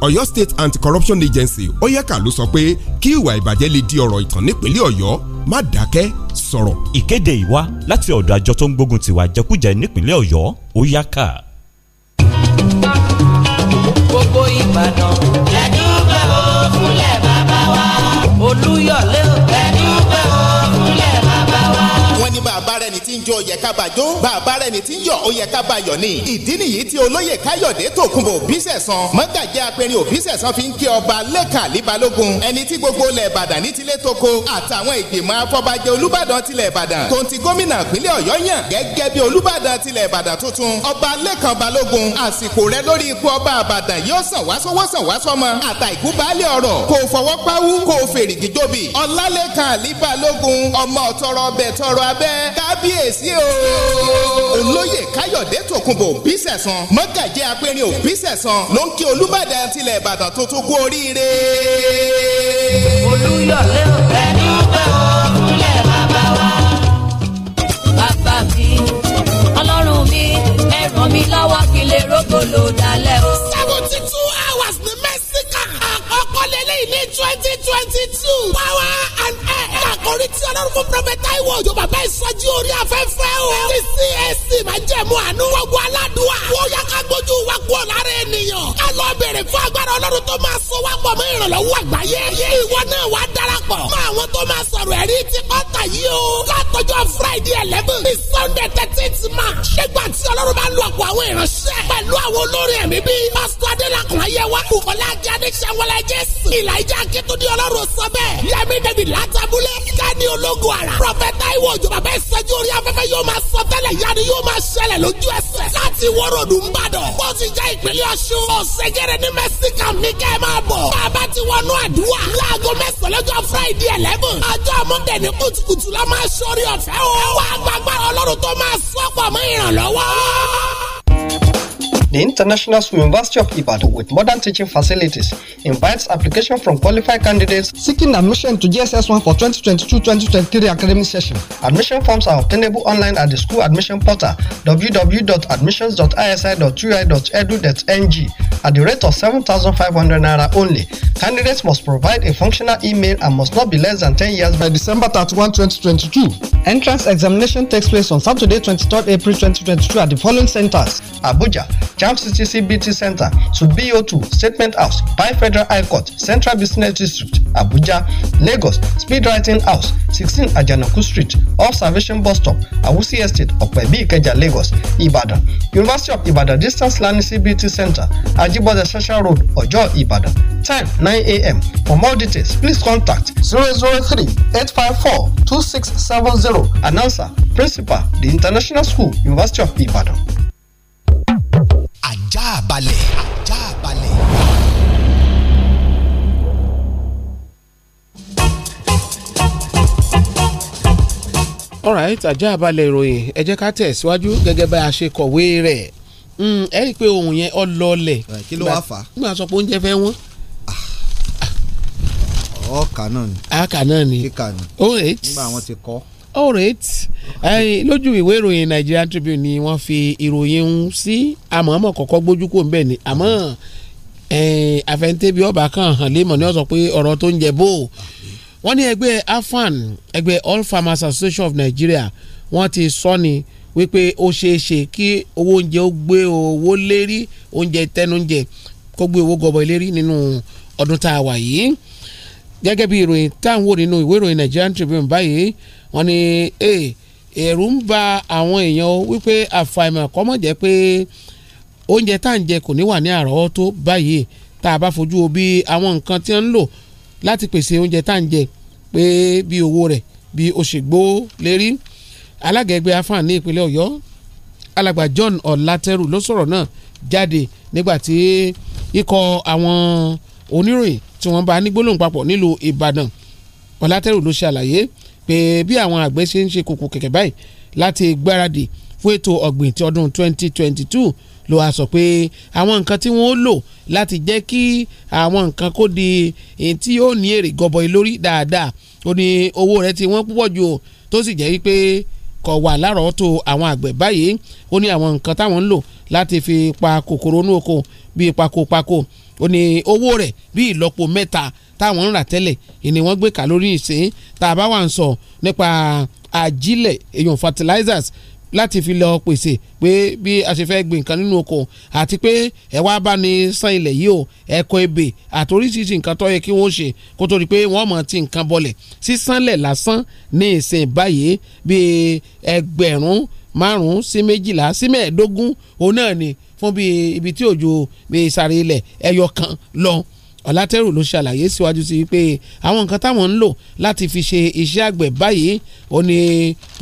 Ọ̀yọ́ State Anti-Corruption Agency oyeka ló sọ pé kí ìwà ìbàjẹ́ lè di ọ̀rọ̀ ìtàn nípínlẹ̀ Ọ̀yọ́ má dákẹ́ sọ̀rọ̀. Ìkéde yìí wá láti ọ̀dọ̀ àjọ tó ń gbógun tiwa jẹkújẹ nípínlẹ̀ Ọ̀yọ́ oyeka. gbogbo Ìbàdàn lẹ́dùn bẹ́ẹ̀ o fúnlẹ̀ bàbá wa Olúyọ̀lé yẹ ká bá jó bàbá rẹ̀ ní ti ń yọ̀ ó yẹ ká bá ni. ìdí nìyí tí olóyè káyọ̀dé tòkunbọ̀ òbísẹ̀sán mọ́gàjẹ́ apẹ̀rin òbísẹ̀sán fi ń kí ọba lẹ́kàn àlíbalógun ẹni tí gbogbo ilẹ̀ ìbàdàn ní tilé toko àtàwọn ìgbìmọ̀ afọbajẹ olúbàdàn tilẹ̀ ìbàdàn tó ń ti gómìnà ìpínlẹ̀ ọ̀yọ́ yàn gẹ́gẹ́ bí olúbàdàn tilẹ̀ ìbàdàn tuntun ọba lẹ́kàn balógun àsìkò rẹ lórí ikú ọba àbàdàn yóò sàn wásánwásán wásánmọ àtàìkú baálé ọ̀rọ̀ kò fọwọ́ páwú kò fèrègì jóbi ọlálẹ́kàn àlíbalógun ọmọ ọ̀tọ̀rọ̀ ọbẹ̀ tọrọ abẹ́ kábíyèsí o. olóyè káyọ̀dé tòkunbọ̀ òbí sẹ̀sán mọ́gàjì apẹ̀rin òbí sẹ̀sán ló ń kí olúbàdàn tilẹ̀ ìbàdàn tuntun kú oríire. olùyọ̀lé ọ̀fẹ́ ní ọgbẹ́ òkúnlẹ̀ bàbá wa. bàbá mi ọlọ́run mi ẹ ràn mí lọ́wọ́ kí n lè rógbòlò dalẹ̀ o. ní twenty twenty two power and air. àkòrí tí ọlọ́run fún pọfẹ́tà Táíwò Òjó bàbá ìsọjí orí afẹ́fẹ́ o. ti CAC máa jẹ̀mú àánú. gbogbo aládùúwà. wọ́n yà ká gbójú wa kú ọ̀lára ènìyàn. ká lọ bèrè fún agbára ọlọ́run tó máa so wá pọ̀ mọ́ ìrànlọ́wọ́ àgbáyé. ìwọ náà wàá darapọ̀. mọ àwọn tó máa sọ̀rọ̀ ẹ̀rí ti kọ́ta yìí o. látọjọ́ Friday eleven ní Sunday thirteenth March. nígbà tí ọlọ́run bá lu ọ̀pọ̀ àwọn ìránṣẹ́. pẹ̀lú àwọn olórin ẹ̀mí ìlàjà akíntúndí ọlọ́run sọ bẹ́ẹ̀ yẹmi david látàbúlé kání ológun ara prọfẹtà ìwọ òjò bàbá ìsẹjú orí afẹ́fẹ́ yóò máa sọ tẹ́lẹ̀ yáni yóò máa ṣẹlẹ̀ lójú ẹsẹ̀ láti wọ́rọ̀dù ń bàdàn bó ti jẹ́ ìpínlẹ̀ ọ̀ṣun ọ̀sẹ̀gẹ̀rẹ̀ ní mẹ́síkà ní kẹ́ ẹ máa bọ̀ bàbá ti wọnú àdúrà láago mẹ́sàn-án lọ́jọ́ friday eleven ọjọ́ monday ní kùtùkùtù la The International School University of Ibadan with modern teaching facilities invites application from qualified candidates seeking admission to GSS1 for 2022-2023 academic session. Admission forms are obtainable online at the school admission portal www.admissions.isi.ui.edu.ng e at the rate of 7,500 naira only. Candidates must provide a functional email and must not be less than 10 years by December 31, 2022. Entrance examination takes place on Saturday, 23rd April 2022 at the following centers: Abuja, CHAP66 BT Center to BO2 Statement House by Federal High Court Central Business District Abuja Lagos Speed Writing House 16 Ajanaku Street Observation Bus Stop Awusi Estate Ọ̀pẹ̀bí Ìkẹjà Lagos Ibadan. University of Ibadan Distance Learning CBT Center Ajibode Social Road Ojo, Ibadan. time 9am for more details please contact 003-854-2670 announcer principal the international school University of Ibadan ajá balẹ̀ ajá balẹ̀. alright ajá balẹ̀ ìròyìn ẹ jẹ́ ká tẹ̀síwájú gẹ́gẹ́ bá a ṣe kọ̀wé rẹ̀ hmm, ẹ rí i pé ohun yẹn ọlọlẹ̀ kí ló wá fà á nígbà sọ pé oúnjẹ fẹ́ wọ́n. Ah, ọkà náà ni ọkà náà ni kíkà ni oh, nígbà wọn ti kọ́. All alright lójú ìwé ìròyìn Nigerian Tribune ni wọ́n fi ìròyìn ń sí àmọ́mọ́ kọ́kọ́ gbójú kò ń bẹ̀ ni àmọ́ àfẹnitẹ́bí ọba kan hàn lémọ̀ ni wọ́n sọ pé ọ̀rọ̀ tó ń jẹ bó wọ́n ní ẹgbẹ́ AFAN ẹgbẹ́ All Farmers Association of Nigeria wọ́n ti sọ ni wípé ó ṣeé ṣe kí owó oúnjẹ ó gbé owó lérí oúnjẹ tẹnuoúnjẹ kó gbé owó gọbọ lérí nínú ọdún tá a wà yìí gẹ́gẹ́ bí ìròyìn táwọn wò nínú ìwé ìròyìn Nigerian Tribune báyìí wọ́n ní ẹ̀rù ń ba àwọn èèyàn wípé àfàìmọ̀ kó má jẹ́ pé oúnjẹ tá à ń jẹ kò ní wà ní àrọ́wọ́tó báyìí tá a bá fojú o bí àwọn nǹkan tí wọ́n ń lò láti pèsè oúnjẹ tá à ń jẹ pé bí owó rẹ̀ bí o ṣe gbó lérí alága ẹgbẹ́ ní ìpínlẹ̀ ọ̀yọ́ alàgbà John Ọ̀làtẹ́rù ló sọ̀rọ̀ náà jáde nígbà tí ikọ̀ àwọn oníròyìn tí wọ́n bá ní gbólóhùn papọ̀ nílùú Ìbàdàn Ọ̀làtẹ́rù ló ṣàlàyé pé bí àwọn àgbẹ̀ ṣe ń ṣe kòkò kẹ̀kẹ́ báyìí láti gbáradì fún ètò ọ̀gbìn ti ọdún 2022 ló wá sọ pé àwọn nǹkan tí wọ́n lò láti jẹ́ kí àwọn nǹkan kó di èyí tí ó ní èrè gọbọi lórí dáadáa ó ní owó rẹ̀ tí wọ́n púpọ̀ jù tó sì jẹ́ wípé kò wà lárọ̀ọ́tò àwọn àgbẹ̀ báyìí ó ní àwọn nǹkan táwọn ń lò láti fi pa kòkòrò inú oko bíi pakopako ó ní owó rẹ̀ bí ìlọ́po mẹ́ta táwọn ń rà tẹ́lẹ̀ ìní wọ́n gbé kàlórí ìsìn tá a bá wà ń sọ nípa àjílẹ̀ èèyàn fertilizers láti fi lọ pèsè pé bí a ṣe fẹ́ gbìn nǹkan nínú oko àti pé ẹ wá bá ní san ilẹ̀ yìí o ẹ̀kọ́ ebè àti oríṣiríṣi nǹkan tó yẹ kí wọ́n ṣe kó tó di pé wọ́n mọ̀ ti nǹkan bọlẹ̀ sísánlẹ̀ lásán ní ìsìn báyìí bíi ẹgbẹ̀rún márùn-ún sí méjìlá sí mẹ́ẹ̀ẹ́dógún òun náà ni fún bí ibi tí òjò bí sáré ilẹ̀ ẹyọ kan lọ ọ̀làtẹ́rù ló ṣàlàyé síwájú sí pé àwọn nǹkan táwọn ń lò láti fi ṣe iṣẹ́ àgbẹ̀ báyìí ó ní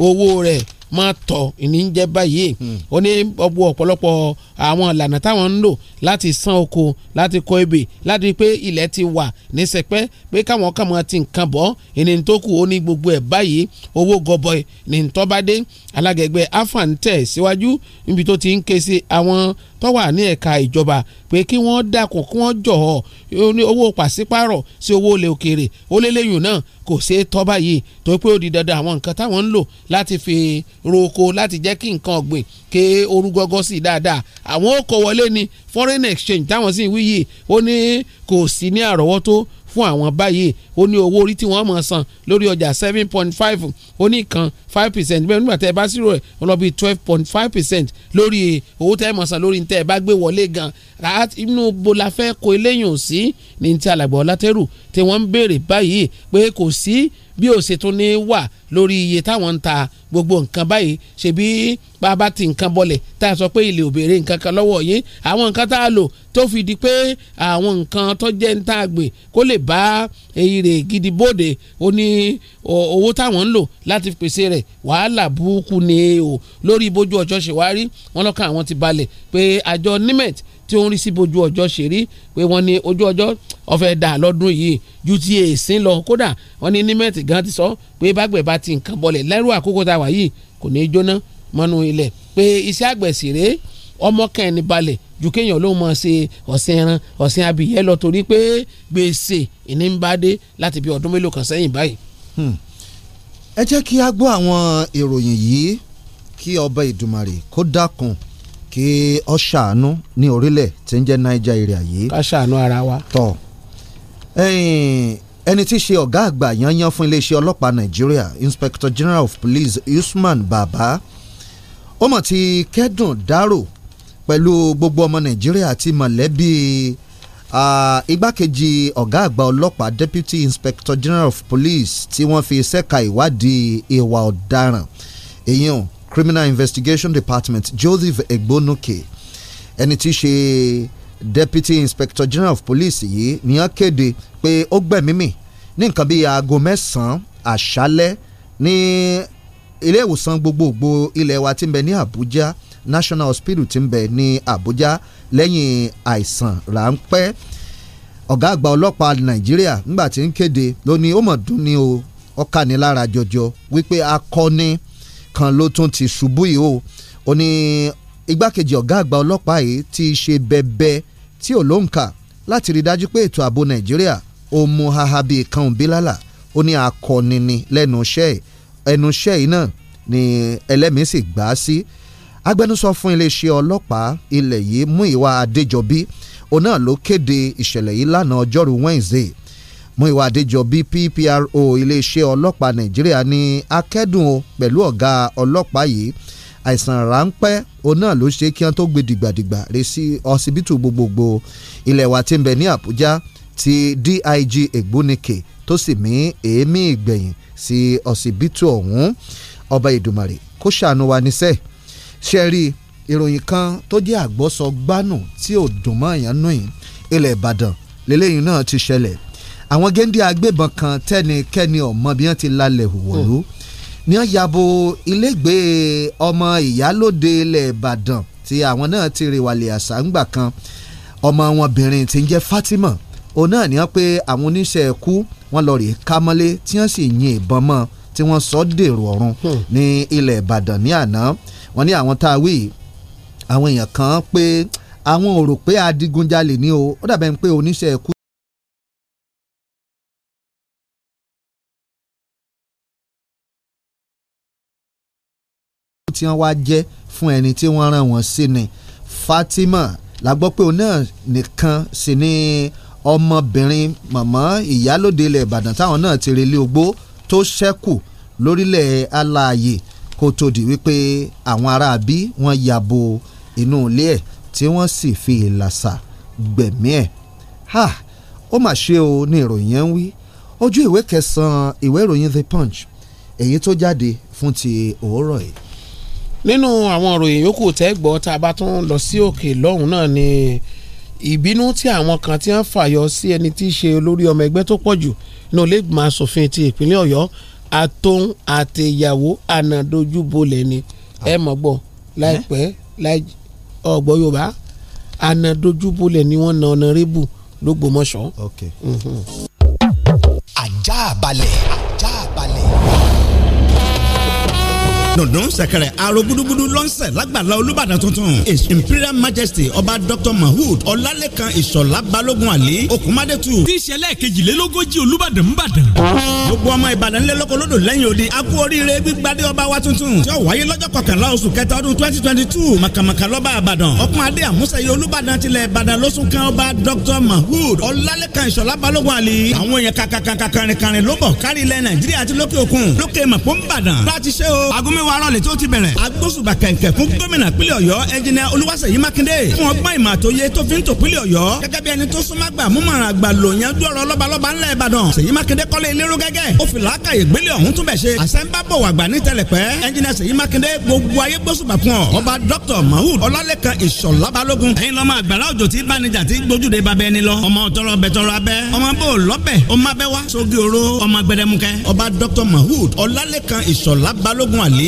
owó rẹ̀ máa tọ̀ ní báyìí hmm. ó ní ọ̀pọ̀lọpọ̀ àwọn ìlànà táwọn ń lò láti san oko láti kọ ebè láti pé ilẹ̀ ti wà ní sẹpẹ́ pé káwọn kàmọ́ ti nǹkan bọ́ ìní tó kù ó ní gbogbo ẹ̀ báyìí owó gọbọi ní tọ́badé alágẹ̀gbẹ́ afan tẹ̀ síwájú níbi tó ti ń ké sí àwọn tó wà ní ẹ̀ka ìjọba pé kí wọ́n dákun kí wọ́n jọ̀ọ́ owó pàṣípàrọ̀ sí owó ilẹ̀ òkèèrè ó lélẹ́yìn náà kò ṣeé tọ́ báyìí tó pé ó di dandan àwọn nǹkan táwọn ń lò láti fi ro láti jẹ́ kí nǹkan ọ̀gbìn ké orúgọ́gọ́ sí dáadáa àwọn ó wọlé ní foreign exchange táwọn sì ń wí yìí ó ní kò sí ní àrọ́wọ́tó fún àwọn báyìí ó ní owó orí tí wọ́n mọ̀ san lórí ọjà seven point five ó ní kan five percent bẹ́ẹ̀ nígbà tẹ́ ẹ bá ṣírò ẹ̀ ó lọ bí twelve point five percent lórí owó tẹ́ ẹ mọ̀ san lórí tẹ́ ẹ bá gbé wọlé gan inú bo la fẹ́ kó eléyìí ò sí ní ti alàgbà ọ̀làtẹ́rù tí wọ́n ń béèrè báyìí pé kò sí bí o ṣe tún ní wà lórí iye táwọn ń ta gbogbo nǹkan báyìí ṣebí bàbá ti nǹkan bọlẹ̀ tá a sọ pé ilé òbèrè nǹkan kan lọ́wọ́ yín àwọn nǹkan tá a lò tó fi di pé àwọn nǹkan tó jẹ́ ń tá a gbìn kó lè bá èrè gidi bóde ó ní owó táwọn ń lò láti pèsè rẹ̀ wàhálà burúkú ni o lórí ìbojú ọjọ́ ṣèwárí wọn lọ́kàn àwọn ti balẹ̀ pé àjọ nimet tí ó ń rí sí bójú ọjọ́ ṣe rí pé wọ́n ní ojú ọjọ́ ọ̀fẹ́ dà lọ́dún yìí ju ti èsín lọ kódà wọ́n ní nímẹ̀tì gan ti sọ pé bágbẹ̀ bá ti nǹkan bọlẹ̀ lẹ́rù àkókò tá a wà yìí kò ní í jóná mọ́nú ilẹ̀ pé iṣẹ́ àgbẹ̀ sì rèé ọmọ kẹ́ni balẹ̀ ju kéèyàn ló mọ̀ ṣe ọ̀sìn ẹran ọ̀sìn abìyẹ́ lọ torí pé gbèsè ìní ń bá dé láti bí ọdún mélòó kan sẹ́yìn báyìí. Hmm. ẹ jẹ́ kí a gbọ́ àwọn ìròyìn yìí kí ọba ìdùmarè kó dákun kí ọ ṣàánú ní orílẹ̀ tí ń jẹ́ Nàìjíríà yìí. ká ṣàánú ara wa. tọ ẹni tí í ṣe ọ̀gá àgbà yanyan fún iléeṣẹ́ ọlọ́pàá Nàìjíríà Inspector General of Police Usman Baba ó mọ̀ ti kẹ́dùn dárò pẹ̀lú gbogbo ọmọ Nàìjíríà àti mọ̀lẹ́bí igbákejì ọ̀gá àgbà ọlọ́pàá Deputy Inspector General of Police tí wọ́n fi ṣẹ́ka ìwádìí ìwà ọ̀daràn èyí Criminal Investigation Department Joseph Egbonoke ẹni tí í ṣe Deputy Inspector General of Police yìí ni wọ́n kéde pé ó gbẹ̀mímì ní nǹkan bíi aago mẹ́sàn-án àṣálẹ́ ní ilé ìwòsàn gbogbogbò ilẹ̀ wa tí ń bẹ ní Àbújá National Hospital tí ń bẹ ní Àbújá lẹ́yìn àìsàn ráńpẹ́ ọ̀gá àgbà ọlọ́pàá Nàìjíríà ńgbà tí ń kéde ló ní ó mọ̀ dún ni o ọ̀kanilára jọjọ wípé akọni kan ló tún ti ṣubú yìí o ó ní igbákejì ọ̀gá àgbà ọlọ́pàá yìí ti ṣe bẹ̀bẹ̀ tí ò lóǹkà láti rí dájú pé ètò ààbò nàìjíríà ó mú haha bíi kan òbílálà ó ní akọni ni lẹ́nu iṣẹ́ ẹnu iṣẹ́ yìí náà ni ẹlẹ́mìí sì gbà á sí agbẹnusọ fún iléeṣẹ́ ọlọ́pàá ilẹ̀ yìí Múyìwá Adéjọbí òun náà ló kéde ìṣẹ̀lẹ̀ yìí lánàá ọjọ́rú Wednesday Múyìwá Adéjọbí PPRO iléeṣẹ́ ọlọ́pàá Nàìjíríà ní akẹ́dùn o pẹ̀lú ọ̀gá ọlọ́pàá yìí àìsàn ráńpẹ́ òun náà ló ṣe kí wọ́n tó gbé dìgbàdìgbà rè sí ọsibítù gbogbogbò ilẹ̀ wa tí ń bẹ ní Àbújá ti DIG Egbunike tó sì mí èémí ìgbẹ̀yìn sí ọsibítù ọ̀hún ọba Èdùmàrè kó ṣàánú wa níṣẹ́ ṣe rí ìròyìn kan tó jẹ́ àgbọ́sọ gbánù tí ò dùn mọ́ èèyàn nù yìí ilẹ̀ Ìbàdàn lélẹ́yìn náà ti ṣẹlẹ̀ àwọn géńdé agbébọn kan tẹ́nikẹ́ni ọ̀mọ́ bí wọ́n ti lálẹ́ wọ̀lú hmm. ni wọ́n yabo ilégbé ọmọ ìyálóde ilẹ̀ Ìbàdàn tí àwọn náà ti rèwàlẹ̀ àṣà ńgbà kan ọmọ wọn obìnrin tí ń jẹ́ Fatima òun náà ni wọ́n pé àwọn oníṣẹ́ ẹ̀kú wọn lọ rè é kámọ́lé tí wọ́n sì yin ìbọn mọ́ tí wọ́n sọ dèrò ọ̀run hmm. ní ilẹ̀ Ìbàdàn ní àná wọ́n ní àwọn tá a wí àwọn èèyàn kan pé àwọn ò rò pé adigunjalè ni o ó dàbẹ̀ ń pé oníṣẹ́ ẹ̀kú tí wọ́n wá jẹ́ fún ẹni tí wọ́n rán wọn sí ni Fatima la gbọ́ pé òun náà nìkan sì ni ọmọbìnrin mọ̀mọ́ ìyálòde ilẹ̀ Ìbàdàn táwọn náà ti relé ogbó tó ṣẹ́kù lórílẹ̀ alààyè kó tó di wípé àwọn aráabí wọ́n ya bo inú ilé ẹ̀ tí wọ́n sì fi ìlàsà gbẹ̀mí ẹ̀ ha ó mà ṣe o ní ìròyìn yẹn ń wí ojú ìwé kẹsàn-án ìwé ìròyìn The Punch èyí tó jáde fún ti òórọ̀ yìí nínú àwọn ìròyìn yòókù tẹ́ gbọ́ tá a bá tún lọ sí òkè lọ́hùn náà ni ìbínú tí àwọn kan ti ń fàyọ sí ẹni tí í ṣe olórí ọmọ ẹgbẹ́ tó pọ̀ jù ní olóògbìmọ̀ asòfin ti ìpínlẹ̀ ọ̀yọ́ àtòun àtẹ̀yàwó ànàdójúbolẹ̀ ni ah. ẹ mọ̀ gbọ́ láìpẹ́ ọgbọ́ yorùbá ànàdójúbolẹ̀ ni wọ́n na ọ̀nà rébù lógbòmọ̀ṣọ́. àjà mhm. balẹ̀. Okay. dùndún sẹ̀kẹ̀rẹ̀ àrò gúdúgúdú lọ́nsẹ̀ lágbàlá olúbàdàn tuntun his imperial majesty ọba dr mahood ọlálẹ́kan ìṣọ̀lá balógun àlí okumadetu. tí ìṣẹ̀lẹ̀ kejìlélógójì olúbàdàn ń bàdàn. gbogbo ọmọ ìbàdàn lé lókolódò lẹ́yìn odi a kú oríire gbígbádé ọba wa tuntun tí ó wáyé lọ́jọ́ kọkànlá oṣù kẹta ọdún twenty twenty two màkàmàkà lọ́ba àbàdàn ọkùn adé àmúṣeyẹ olúbàdàn tilẹ̀ ìbàdàn lóṣù kan ọba dr mahood ọlálẹ́kan ìṣọ̀lá balógun àlí. àwọn èèyàn kàkàkàkàkàrìnkàrìn ló bọ̀ kárí ilẹ̀ nàìjíríà àti lókè òkun lókè màpó ń bàdàn. o wa rọlẹ̀ tó ti bẹ̀rẹ̀. agbósùbà kẹ̀kẹ́ fún gómìnà pínlẹ̀ ọ̀yọ́ ẹnjìnìà olúwaṣèyí mákindé fún ọgbọ́n ìmọ̀ àtòyé tó fi ń tò pínlẹ̀ ọ̀yọ́ gẹ́gẹ́ bí ẹni tó súnmọ́ gbà múmọ̀ràn àgbà lòyàn dúró lọ́balọ́ba ńlẹ̀ ìbàdàn ṣèyí mákindé kọ́lé eléró gẹ́gẹ́ ó fi làákàyè gbélé ọ̀hún tún bẹ̀ ṣe àṣẹ́ńbàbọ̀ wàgbà ní tẹlẹ̀pẹ́ ẹnjìnìà ṣèyí mákindé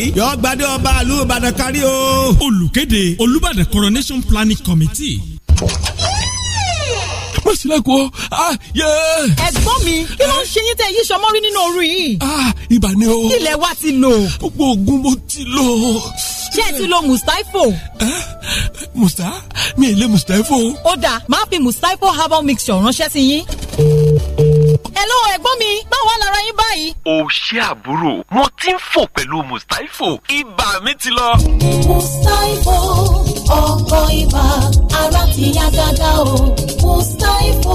yìí yọ gbadé ọba àlú Ìbàdàn kárí o. olùkéde Olúbàdàn coronation planning committee má sílẹ̀ kú ọ. ẹ̀gbọ́n mi kí ló ń ṣe yín tẹ yí sọmọ rí nínú òru yìí. ibà ah, ni o. ilẹ̀ wa ti lò. gbogbo oògùn mo ti lò. ṣé ẹ ti lo mustapho. musa mi ì lé mustapho. ó dáa máa fi mustapho herbal mixture ránṣẹ́ sí yín. Hello ẹ̀gbọ́n mi báwo wà lára yín báyìí. o ṣé àbúrò wọn ti ń fò pẹ̀lú Mustapho ibà mi ti lọ. Mustapho ọkọ ibà ara ti yá gágá o Mustapho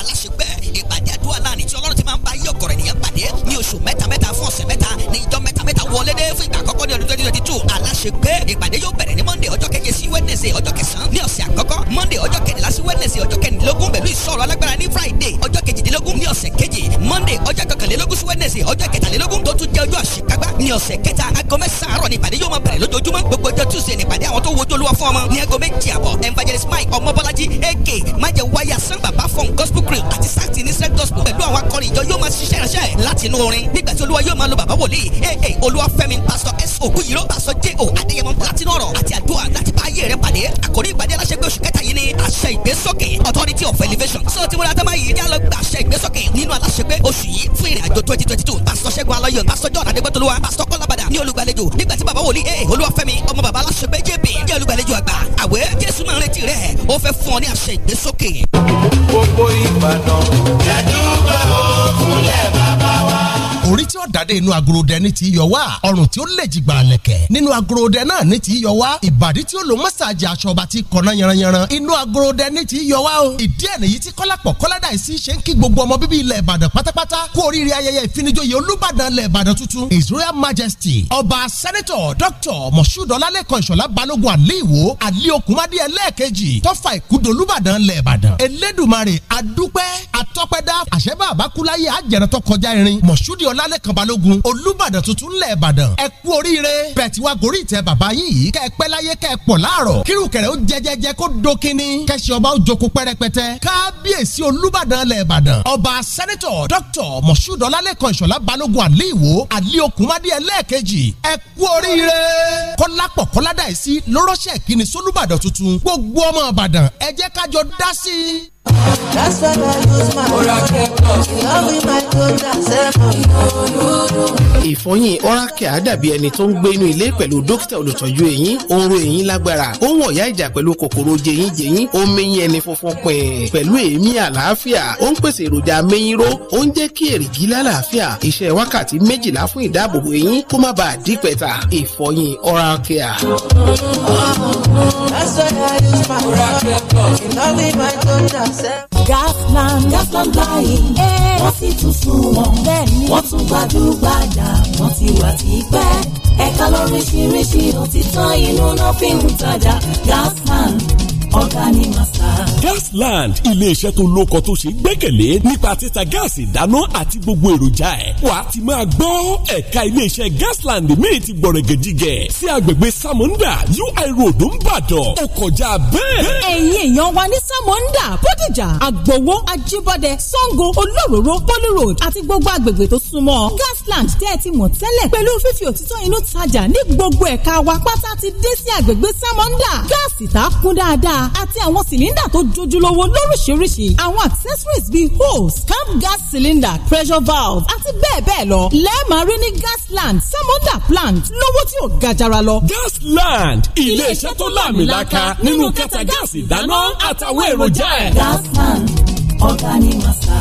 aláṣepẹ́ ìpàdé àdúrà náà ní tí ọlọ́run ti máa ń bá yí ọ̀gọ̀rọ̀ ènìyàn pàdé ní oṣù mẹ́ta mẹ́ta fún ọ̀sẹ̀ mẹ́ta ní ìjọ mẹ́ta mẹ́ta wọlé dé fún ìgbà àkọ́kọ́ ní ọdún twenty twenty two aláṣepẹ́ ìpàdé yóò bẹ̀rẹ̀ ní monday ọjọ́ keje sí wednesday ọjọ́ kẹsàn-án ní ọ̀sẹ̀ àkọ́kọ́ monday ọjọ́ kẹrìnlá sí wednesday ọjọ́ kẹrìndínlógún pẹ̀lú ìsọ̀rọ̀ alágbára ní friday ọjọ́ kejìdínlógún ní ọ̀sẹ̀ kejì monday ọjọ́ kọkànlélógún sí wednesday ọjọ́ kẹtàlélógún tó tún jẹ́ ọjọ́ àṣepẹ́ ní ọ̀sẹ̀ kẹta aago mẹ́sàn-án àárọ̀ ní ìpàdé yóò máa bẹ̀rẹ̀ lójoojúmọ́ gbogbo ọjọ́ tuesday ní ìpàdé àwọn tó wojú olúwa fún ọmọ ní aago méjì àbọ̀ evangelist mike ọmọbọ́lájí ak májẹ̀ wáyà sàn bàbá fún gospel crew àti sáàtì ní sẹ́t gospel pẹ̀lú àwọn akọrin ìjọ yóò máa ṣiṣ ránṣẹ́ láti inú orin nígbà tí olúwa yóò máa lo bàbá wòlíì aa olúwafẹ́mi pásítọ̀ s ògúnyìró pásítọ̀ j o adéyẹmọ látinú ọ̀rọ̀ àti àdúrà láti bá ayé rẹ pàdé àkórí ìpàdé aláṣẹgbé oṣù kẹta yìí ni àṣẹ ìgbésókè authority of elevation sọ ti múra tẹ́lẹ̀ yìí yálọ gba àṣẹ ìgbésókè nínú aláṣẹgbé oṣù yìí fún ìrìn àjò twenty twenty two pásítọ̀ ṣẹ́gun aláyọ̀ pásítọ̀ john adégbòtolúwa pásítọ̀ kọ́lábàdà ní olùgbàlejò nígbà tí bàbá wòlíì aa olúwafẹ́mi ọmọ bàbá aláṣẹgbé jp jẹ́ olùgbàlejò àgbà àwẹ̀ jésù máa retí rẹ̀ ó fẹ́ fún ọ ní àṣẹ ìgbésókè. gbogbo ìbàdàn ẹ̀dùn bá mulher orí tí ó dàdé inú agorodẹ ní ti yọ wá ọrùn tí ó lè jìgbà lẹ̀kẹ̀ nínú agorodẹ náà ní ti yọ wá ìbàdí tí ó lo mọ́sàájì aṣọ ọba ti kọ̀nà yanranyanran inú agorodẹ ní ti yọ wá o ìdí ẹ̀ nìyí tí kọ́lápọ̀ kọ́ládàísí ṣe ń kí gbogbo ọmọ bíbí ilẹ̀ ìbàdàn pátápátá kú oríire ayẹyẹ ìfinijoyè olúbàdàn ilẹ̀ ìbàdàn tuntun his royal majesty ọba sẹ́nẹ́tọ̀ dr mọ̀ṣúdọ̀lálẹ́kọ̀ ìṣọ̀lá balógun àlíwò àlíokùnmádé ẹlẹ́ẹ̀kejì tọ́fà ìkúdolúbàdàn ilẹ̀ ìbàdàn elédùmarè adúpẹ́ atọ́pẹ́dá àṣẹ́bà àbákúláyé àjẹrẹ́tọ́ kọjá irin mọ̀ṣúdì ọlá ọlálẹ́kan balógun olúbàdàn tuntun ńlẹ̀ ìbàdàn ẹ kú oríire bẹ̀ẹ̀ tí wàá gorí ìtẹ́ bàbá yín yìí kẹ́ ẹ láyé kẹ́ ẹ pọ̀ láàrọ̀ ó jẹjẹjẹ kó dokini kẹ́sì ọba ó jókòó pẹ́rẹpẹtẹ kábíyèsí olúbàdàn ńlẹ̀ ìbàdàn ọba sẹ́nẹ́tọ̀ dókítọ̀ mọ̀ṣúdọ̀ ọlálẹ́kan ìṣọ̀lá balógun àlíwò àlí okùnmádé ẹlẹ́ẹ̀kejì ẹ kú oríire kọ́lápọ̀ kọ́ládàísí lọ́rọ́ṣẹ̀ kíni sólúbàdàn tuntun gbogbo That's why I use my phone. Love with my daughter, seven. Ìfọyín Oracle àdàbí ẹni tó ń gbé inú ilé pẹ̀lú dókítà olùtọ́jú eyín, oró eyín lágbára, ó ń wọ̀yá ìjà pẹ̀lú kòkòrò jẹyín jẹyín, ó mẹyín ẹni funfun pin, pẹ̀lú èémí àlàáfíà, ó ń pèsè èròjà mẹyìnró, ó ń jẹ́ kí èrìgì lálàáfíà, iṣẹ́ wákàtí méjìlá fún ìdáàbòbò eyín kó má bàa dí pẹ̀tà. Ìfọyín Oracle. That's why I use my phone. Love themselves. Gasland Gasland báyìí wọ́n sì tún sunwọ̀n wọ́n tún gbajúgbajà wọ́n ti wà tipẹ́ ẹ̀ka lóríṣiríṣi ọtí tán inú náà fi ń tajà Gasland ọ̀gá ni Gasland ilé-iṣẹ́ tó lóko tó ṣe gbẹ́kẹ̀lé nípa títa gáàsì ìdáná àti gbogbo èròjà ẹ̀. wà á ti máa gbọ́ ẹ̀ka ilé Gasland míì ti gbọ̀rẹ̀gẹ̀ jíjẹ sí agbègbè Samonda UI road ńbàdàn ó kọjá bẹ́ẹ̀. ẹ̀yin èèyàn wa ní Samonda Bódìjà Àgbòwó Ajíbọ́dẹ Sango Olóròró Poly road àti gbogbo agbègbè tó súnmọ́ Gasland tẹ́ ẹ ti mọ̀ tẹ́lẹ̀ pẹ̀lú fífi òtítọ́ inú tajà ní gbogbo ẹ̀ka wa pátá ti dé sí agbègbè Samonda gáàsì tá a kún dáadáa dáadáa àti àwọn cylinder tó jojúlówó lóríṣiríṣi àwọn accessories bíi hose camp gas cylinder pressure valve àti bẹ́ẹ̀ bẹ́ẹ̀ lọ lẹ́ẹ̀máa rí ní gasland samoda plant lówó tí ò ga jara lọ. gasland ilé-iṣẹ́ tó láàmìlaka nínú kẹta gáàsì ìdáná àtàwọn èròjà ẹ̀. gasland ọ̀gá ni màsà.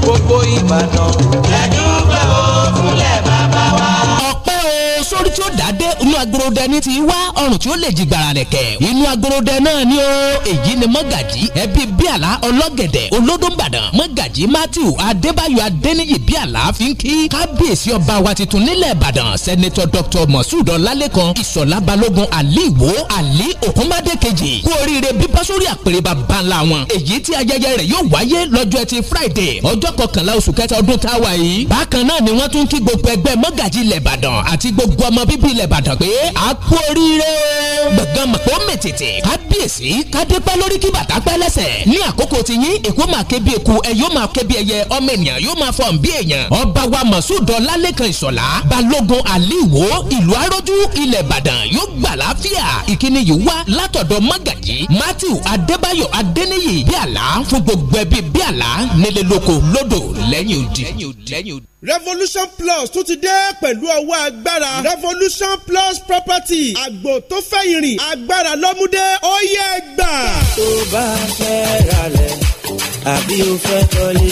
gbogbo ìbàdàn ẹ̀dùn gbà ó fúnlẹ̀ bàbá wa. ọ̀pẹ́ o olórí tí ó dádé inú agorodẹ ní ti wá ọrùn tí ó lè jí gbàrà lẹ̀kẹ̀ inú agorodẹ náà ni ó èyí ni mọ́gàjì ẹbí bíàlà ọlọ́gẹ̀dẹ̀ olódóńbàdàn mọ́gàjì matthew adébáyọ̀ adéníyì bíàlà fi ń kí kábíyèsí ọba wa tuntun nílẹ̀ ìbàdàn sẹ́nẹ́tọ̀ dr mosud ọlálékan ìṣọ̀lá balógun ali iwo ali òkúnmádé kejì kú oríire bíbá sórí àpèrè bàbá ńlá wọn èyí tí ayẹyẹ rẹ̀ yóò wáyé lọ́jọ́ ẹtì friday ọjọ́ kọkànlá oṣù kẹta ọdún táwa yìí bákan náà ni wọ́n tún kí gbogbo ẹgbẹ́ mọ́gàjì ilẹ̀ ìbàdàn àti gbogbo ọmọ bíbí ilẹ̀ Ìbàdàn pé a kú oríire o. gbọ̀ngàn mọ̀pọ̀ mètètè kábíyèsí kádépẹ́ lórí kí bàtà pẹ́ lẹ́sẹ̀. ní àkókò ti yín èkó máa ké bí eku ẹ yóò máa ké bí ẹyẹ ọmọ ènìyàn yóò máa fọ̀n bí èèyàn. ọba wa mọ̀súdọ̀ lálẹ́kan ìṣọ̀lá balógun àlìwò ìlú arójú ilẹ̀ Ìbàdàn yóò gbà láfíà. ìkíni yìí wá látọ̀dọ̀ mọ́gàjì Matthew Adébáyọ̀ Adéníyì bíàlá fún gbogbo ẹbí bíàlá nílé lóko lódò lẹ́yìn odi revolution plus tún ti dé pẹ̀lú ọwọ́ agbára revolution plus property àgbò tó fẹ́ ìrìn agbára lọ́múdé ó yẹ gbà. tó bá fẹ́ ralẹ̀ àbí o fẹ́ tọ́lé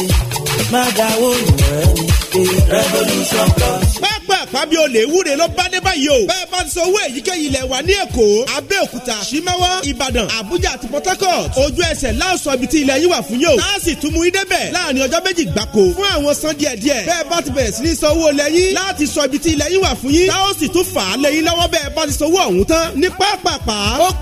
má dáwọ́ ìwọ̀n ẹni pé revolution plus àpábí olè wúre ló bá dé báyìí o. bẹ́ẹ̀ bá ń san owó èyíkéyìí ilẹ̀ wà ní èkó abẹ́òkúta simawa ìbàdàn àbújá àti port harcourt ojú ẹsẹ̀ láòsàn ibi tí ilẹ̀ yìí wà fún yóò. láàsì tún mú idẹ́bẹ̀ láàrin ọjọ́ méjì gbáko fún àwọn san díẹ̀ díẹ̀. bẹ́ẹ̀ bá ti bẹ̀rẹ̀ sí ní san owó ilẹ̀ yín láti sọ ibi tí ilẹ̀ yín wà fún yín. láòsì tún fà á lẹ́yìn lọ́wọ́ bẹ́ẹ̀ bá ti sanwó ọ̀hún tán oh oh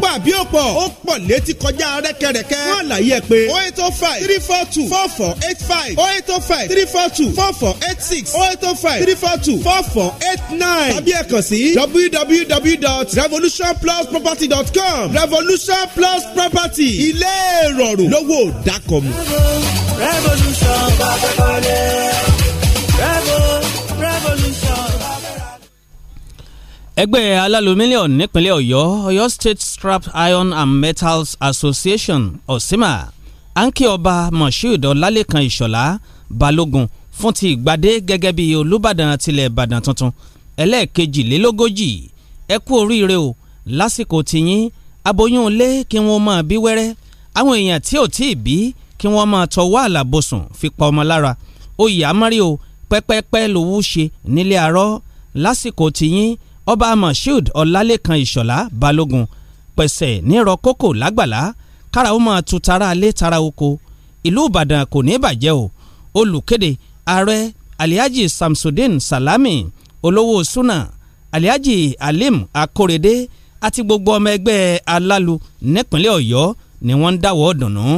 three four two four four eight five oh eight oh three four two four four eight six oh eight three four two four four eight nine tàbí ẹ kàn sí www.revolutionplusproperty.com revolution plus property ilé ìrọ̀rùn lówó dákọ̀mù. revolution revolution ẹgbẹ́ alálùmílíọ̀nù nípínlẹ̀ ọ̀yọ́ ọ̀yọ́ state scrap iron and metals association osima ànkẹ́ ọba moshood ọlálékan ìṣọ̀lá balógun fún ti ìgbàdé gẹ́gẹ́ bí olùbàdàn tilẹ̀ ìbàdàn tuntun ẹlẹ́ẹ̀kejìlélógójì ẹ kú oríire o lásìkò tìyín aboyún ilé kí wọ́n máa bí wẹ́rẹ́ àwọn èèyàn tí ò tí ì bí kí wọ́n máa tọwọ́ àlàbòsùn fi pa ọmọ lára oyè amárí o pẹ́pẹ́pẹ́ lòwú ṣe nílé àárọ̀ lásìkò tìyín ọba moshood ọlálékan ìṣọ̀lá balógun pẹ̀sẹ̀ nírọ̀ kókò lágbàlá kára máa tu tara alé tara oko ìlú ìbàdàn kò ní bàjẹ́ o olùkéde ààrẹ alihaji samsudin salami olówó suna alihaji alim akorede àti gbogbo ọmọ ẹgbẹ́ alálù nípínlẹ̀ ọ̀yọ́ ni wọ́n ń dáwọ́ dùnú. No?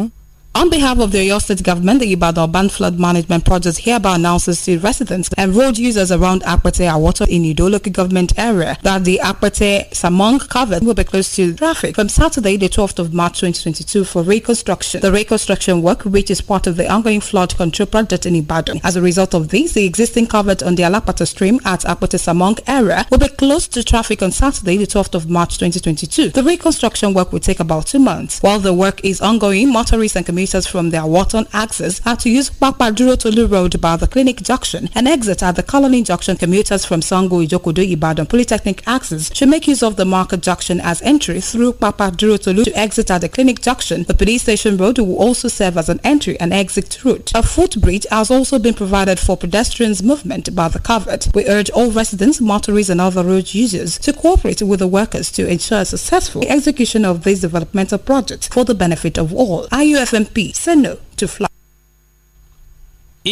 On behalf of the Oyo State Government, the Ibadan Urban Flood Management Project hereby announces to residents and road users around Akwete Water in Ido local government area that the Akwete Samong Covered will be closed to traffic from Saturday, the 12th of March 2022 for reconstruction. The reconstruction work, which is part of the ongoing flood control project in Ibadan. As a result of this, the existing covered on the Alapata stream at Akwete Samong area will be closed to traffic on Saturday, the 12th of March 2022. The reconstruction work will take about two months. While the work is ongoing, motorists and commuters kilometers from their Wharton axis are to use Bakpaduro Tolu Road by the Clinic Junction and exit at the Colony Junction. Commuters from Sango Ijokudu Ibadan Polytechnic axis should make use of the Market Junction as entry through Papaduro Tolu to exit at the Clinic Junction. The police station road will also serve as an entry and exit route. A footbridge has also been provided for pedestrians' movement by the covered. We urge all residents, motorists and other road users to cooperate with the workers to ensure successful execution of this developmental project for the benefit of all. IUFM P said no to fly.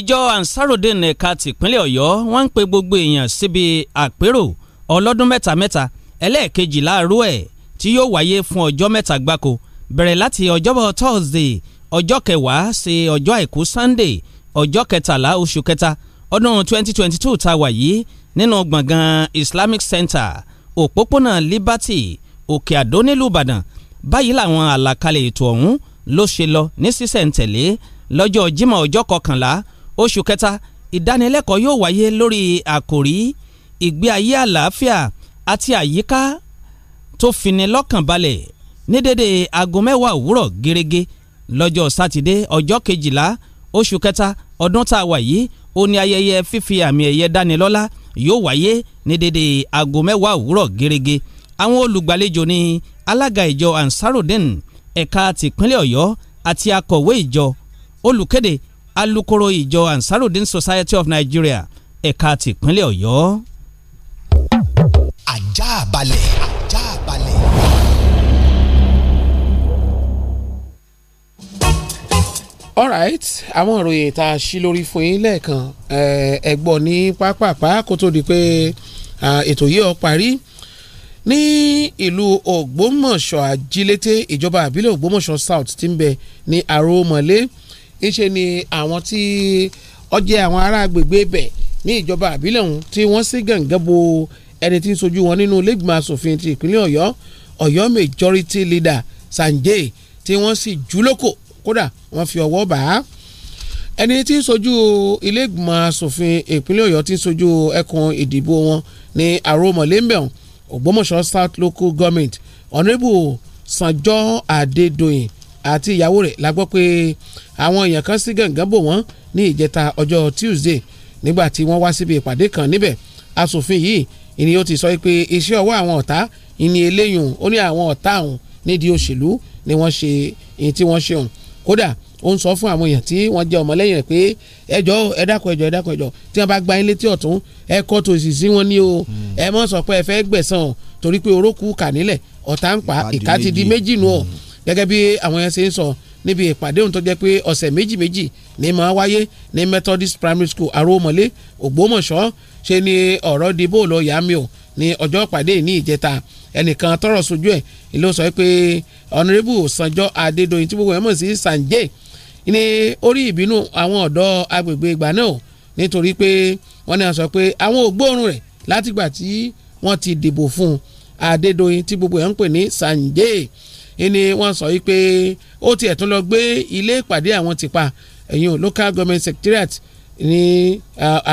ìjọ ansarudin ẹ̀ka tìpínlẹ̀ ọ̀yọ́ wọ́n ń pe gbogbo èèyàn síbi àpérò ọlọ́dún mẹ́ta mẹ́ta ẹlẹ́ẹ̀kejì láàárú ẹ̀ tí yóò wáyé fún ọjọ́ mẹ́ta gbáko bẹ̀rẹ̀ láti ọjọ́bọ̀ thursday ọjọ́ kẹwàá sí ọjọ́ àìkú sunday ọjọ́ kẹtàlá oṣù kẹta ọdún 2022 ta wà yìí nínú gbọ̀ngàn islamic center òpópónà liberty òkè àdó nílùú ìbàdàn báyìí làwọn àlàkalẹ̀ ètò ọ̀hún ló ṣe lọ ní sísẹ̀ǹtẹ̀lé lọ́jọ́ Jímọ̀ ọjọ́ kọkànlá oṣù kẹta ìdánilẹ́kọ̀ọ́ yóò wáyé lórí àkòrí ìgbé ayé àlàáfíà àti àyíká tó fini lọ́kàn balẹ̀ ní dédé aago mẹ́wàá òwúrọ̀ gẹ́rẹ́gẹ́ lọ́jọ́ sátidé ọjọ́ kejìlá oṣù kẹta ọdún tá a wà yìí ó ní ayẹyẹ fífi àmì ẹ̀yẹ dánilọ́lá yóò wáyé ní dédé aago mẹ́wàá òwúrọ̀ gẹ́rẹ́gẹ́ àwọn olùgbàlejò ní alága ìjọ ansarudin ẹ̀ka tìpínlẹ̀ ọ̀yọ́ àti akọ̀wé ìjọ olùkéde alukoro ìjọ ansarudin society of nigeria ẹ̀ka tìpínlẹ̀ ọ̀yọ́. ajá balẹ̀ ajá balẹ̀. alright àwọn ìròyìn tá a ṣí lórí fún yín lẹ́ẹ̀kan ẹ̀gbọ́n ní pápápá kó tó di pé ètò yìí ó parí ní ìlú Ògbómọ̀ṣọ́ àjílété ìjọba àbílẹ̀ Ògbómọ̀ṣọ́ South ti ń bẹ ní àròmọ̀lé ńṣe ni àwọn tí ọjẹ́ àwọn ará agbègbè bẹ̀ ní ìjọba àbílẹ̀ ọ̀hún tí wọ́n sí gàǹgàn bo ẹni tí ń sojú wọn nínú lẹ́gbìmọ̀ asòfin ti ìpínlẹ̀ Ọ̀yọ́ Ọ̀yọ́ majority leader Sanjay tí wọ́n sì júlókò kódà wọ́n fi ọwọ́ bá a ẹni tí ń sojú ilé ìgbìmọ̀ asòfin ìpínlẹ̀ Ọ̀yọ́ tí ń sojú ẹkùn ìdìbò wọn ní àròmọ̀lé Ògbómọ̀ṣọ́ South Local Government Honourable Sanjọ́ Adédoyin àti ìyàwó rẹ̀ la gbọ́ pé àwọn èèyàn kan sí gàngán bò wọ́n ní ìjẹta ọjọ́ Tuesday nígbà tí wọ́n wá síbi ìpàdé kan níbẹ̀ asòfin yìí ìní ó ti sọ pé iṣẹ́ ọwọ́ àwọn ọ̀tá ìní eléyìí ó ní àwọn ọ̀tá àwọn nídìí òṣèlú ni wọ́n ṣe èyí tí wọ́n ṣe òun kódà ó ń sọ fún àwọn èèyàn tí wọ́n jẹ́ ọmọlẹ́yìn rẹ̀ pé ẹjọ́ ẹ dákun ẹjọ́ ẹ dákun ẹjọ́ tí wọ́n bá gba ilé tí ọ̀tún ẹ kọ́ tòsì sí wọn ní o hmm. ẹ mọ̀ sọ pé ẹ fẹ́ gbẹ̀san o torí pé orókù kà nílẹ̀ ọ̀tá ń pa ìka ti di méjì nù ọ̀ hmm. gẹ́gẹ́ bí àwọn yẹn ṣe ń sọ níbi ìpàdé òun tó jẹ́ pé ọ̀sẹ̀ méjì méjì ní máa wáyé ní Methodist Primary School Aromole Ògbómọ̀ṣọ́ ṣe ni ọ̀rọ̀ di bóòlù ọ̀yà mi ò ní ọjọ́ ìpàdé ní ìjẹta ẹnìkan tọrọ sojú ẹ̀ ló sọ pé Honourable Sanjọ Adédoyin tí gbogbo ẹ̀ mọ̀ sí Sanjay ní orí ìbínú àwọn ọ̀dọ́ agbègbè ìgbà náà nítorí pé wọ́n ní a sọ pé àwọn ò gbóòórùn rẹ̀ látìgbà tí wọ́n ti dìbò fún Adédoyin tí gbogbo ẹ̀ ń pè ní Sanjay ni wọ́n sọ wípé ó tiẹ̀ tún lọ gbé ilé ìpàdé àwọn tìpa ẹ̀yìn local government secretariat ní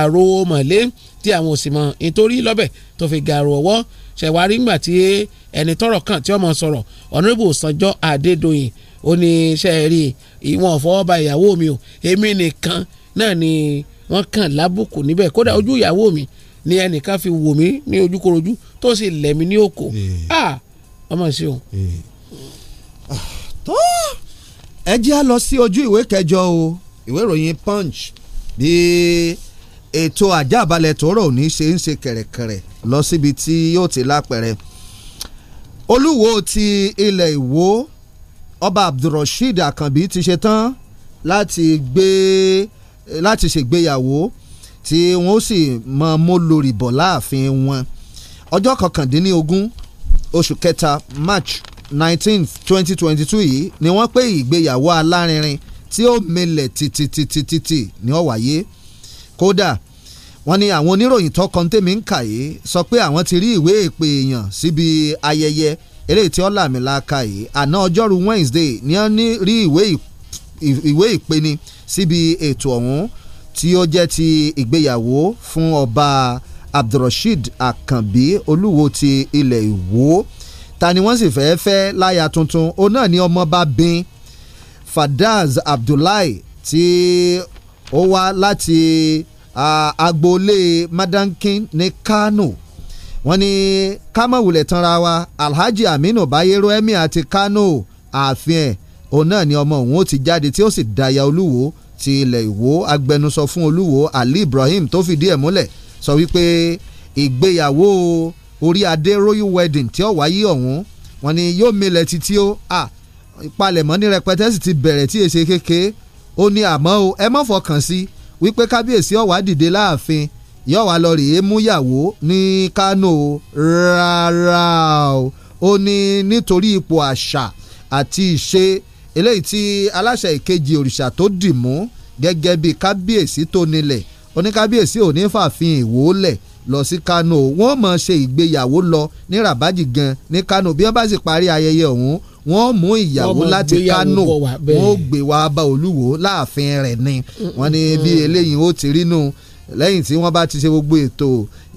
àrò mọ̀lé tí àwọn ò sì mọ̀ nítorí lọ́bẹ̀ tó fi gàrò ọwọ́ ṣẹ̀wárí ńgbà tí ẹni tọrọ kàn tí ọmọ sọ̀rọ̀ Honorable Sanjọ́ Adédoyin ó ní iṣẹ́ rí ìwọ̀n ọ̀fọwọ́ba ìyàwó mi o èmi nìkan náà ni wọ́n kàn lábùkù níbẹ̀ kódà ojú ìyàwó mi ni ẹnìkan fi wò mí ní ojúkorojú tó sì lẹ̀ mí ní òkò ọmọ sí o. tó ẹ jẹ́ à lọ sí ojú ìwé kẹjọ o ìwé ìròyìn punch bí ètò àjàbalẹ̀ tòró òní ṣe ń ṣe kẹ̀rẹ̀kẹ̀rẹ̀ lọ síbi tí yóò ti lápẹ̀rẹ̀ olúwo ti ilẹ̀ ìwó ọba abdulrasheed akànbí ti ṣe tán láti gbé láti ṣègbéyàwó tí wọn ó sì mọ mólórí bọ̀ láàfin wọn ọjọ́ kọkàndínlógún oṣù kẹta march nineteenth twenty twenty two yìí ni wọ́n pé ìgbéyàwó alárinrin tí ó milẹ̀ tìtìtìtìtì ni ó wáyé kódà wọ́n ní àwọn oníròyìn tó kọ́ńtẹ́mì ń kà yìí sọ pé àwọn ti rí ìwé ìpè èèyàn síbi ayẹyẹ si eléyìí tí ó làmì láàka yìí àná ọjọ́rú Wednesday ni wọ́n ní rí ìwé ìpeni síbi ètò ọ̀hún tí ó jẹ́ ti ìgbéyàwó fún ọba Abdulrasheed Akànbí olúwo ti ilẹ̀ Ìwó ta ni wọ́n sì fẹ́ẹ́ fẹ́ láya tuntun òun náà ni ọmọọba bin Fadaz Abdullahi tí ó wá láti agboolé Madankin ní Kano wọ́n ní kámọ̀wulẹ̀ tanra wa Alhaji Aminu Bayero emir ti Kano ààfin ẹ̀ òun náà ni ọmọ òun ó ti jáde tí ó sì daya olúwo ti ilẹ̀ ìwó agbẹnusọ fún olúwo Ali Ibrahim tó fìdí ẹ̀ múlẹ̀ sọ wípé ìgbéyàwó orí adé royal wedding tí ó wáyé ọ̀hún wọ́n ní yóò milẹ̀ títí ó à palẹ̀mọ́ ní rẹpẹtẹ sì ti bẹ̀rẹ̀ tí èsè kéke ó ní àmọ́ o ẹ má fọkàn sí wípé kábíyèsí ó dìde láàfin yóò wá lọ rèé múyàwó ní Kánò rárá o ó ní nítorí ipò àṣà àti ìṣe eléyìí tí aláṣẹ ìkejì òrìṣà tó dì mú gẹ́gẹ́ bí kábíyèsí tó nílẹ̀ oníkábíyèsí ò ní fàfin ìwò lẹ̀ lọ sí Kánò wọ́n mọ̀ ṣe ìgbéyàwó lọ ní Rabaji gan ní Kánò bí wọ́n bá sì parí ayẹyẹ ọ̀hún wọ́n mú ìyàwó láti Kánò wọ́n gbé wá bá olúwo láàfin rẹ̀ ni wọ́n ní bí eléyìí ó ti rí nù lẹ́yìn tí wọ́n bá ti ṣe gbogbo ètò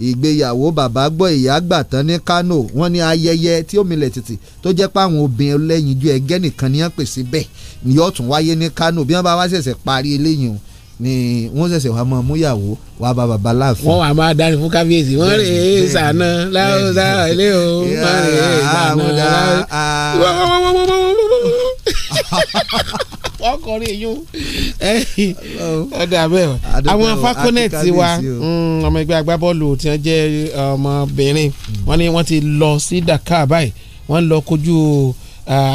ìgbéyàwó bàbá gbọ́ ìyá gbà tán ní Kano wọ́n ní ayẹyẹ tí ó milẹ̀ títì tó jẹ́ pé àwọn obìnrin ẹlẹ́yinjú ẹgẹ́ nìkan ni wọ́n pè sí bẹ́ẹ̀ ni yóò tún wáyé ní Kano bí wọ́n bá wá ṣẹ̀ṣẹ̀ parí eléyìí ni wọ́n ṣẹ̀ṣẹ̀ wá máa múyàwó wá bá baba láàfin. wọ́n wà máa dání fún kábíyèsí wọ́n rè é sànà láwùjọ ilé o wọ́n rè é sànà láwùjọ. ọkùnrin yìí ọ̀dà bẹ́ẹ̀ àwọn fakọ́nẹ̀tì wa mm, ọmọ ẹgbẹ́ agbábọ́ọ̀lù tí wọ́n jẹ́ ọmọbìnrin wọ́n ní wọ́n ti lọ sí Dakar báyìí wọ́n lọ kojú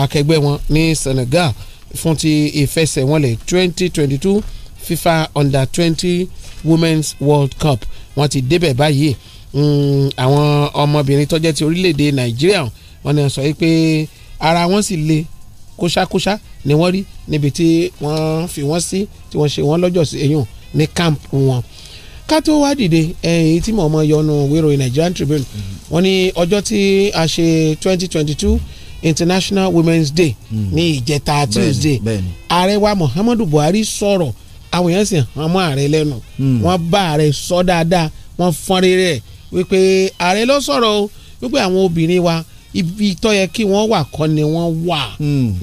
akẹgbẹ́ wọn ní Senegal fún ti ìfẹsẹ̀wọnsẹ̀ twenty twenty two FIFA under twenty Women's World Cup wọ́n ti débẹ̀ báyìí mm, àwọn ọmọbìnrin tó ti orílẹ̀ Nàìjíríà wọ́n ní wọ́n sọ yìí pé ara wọn sì le kóṣákóṣá ni wọ́n rí níbi tí wọ́n fi wọ́n sí tí wọ́n ṣe wọ́n lọ́jọ́ sí eyín ní camp wọn ká tó wá dìde ẹ̀yìn tí mọ̀ọ́mọ́ yọnu wíro Nigerian Tribune wọ́n ní ọjọ́ tí a ṣe twenty twenty two International Women's Day ní hmm. ìjẹta Tuesday ààrẹ wa Muhammadu Buhari sọ̀rọ̀ àwọn èèyàn sì hàn mọ́ ààrẹ lẹ́nu hmm. wọ́n bá ààrẹ sọ dáadáa wọ́n fọ́n rere wípé ààrẹ ló sọ̀rọ̀ o wípé àwọn obìnrin wa ibi tó yẹ kí wọ́n wà kọ́ ni wọ́n wà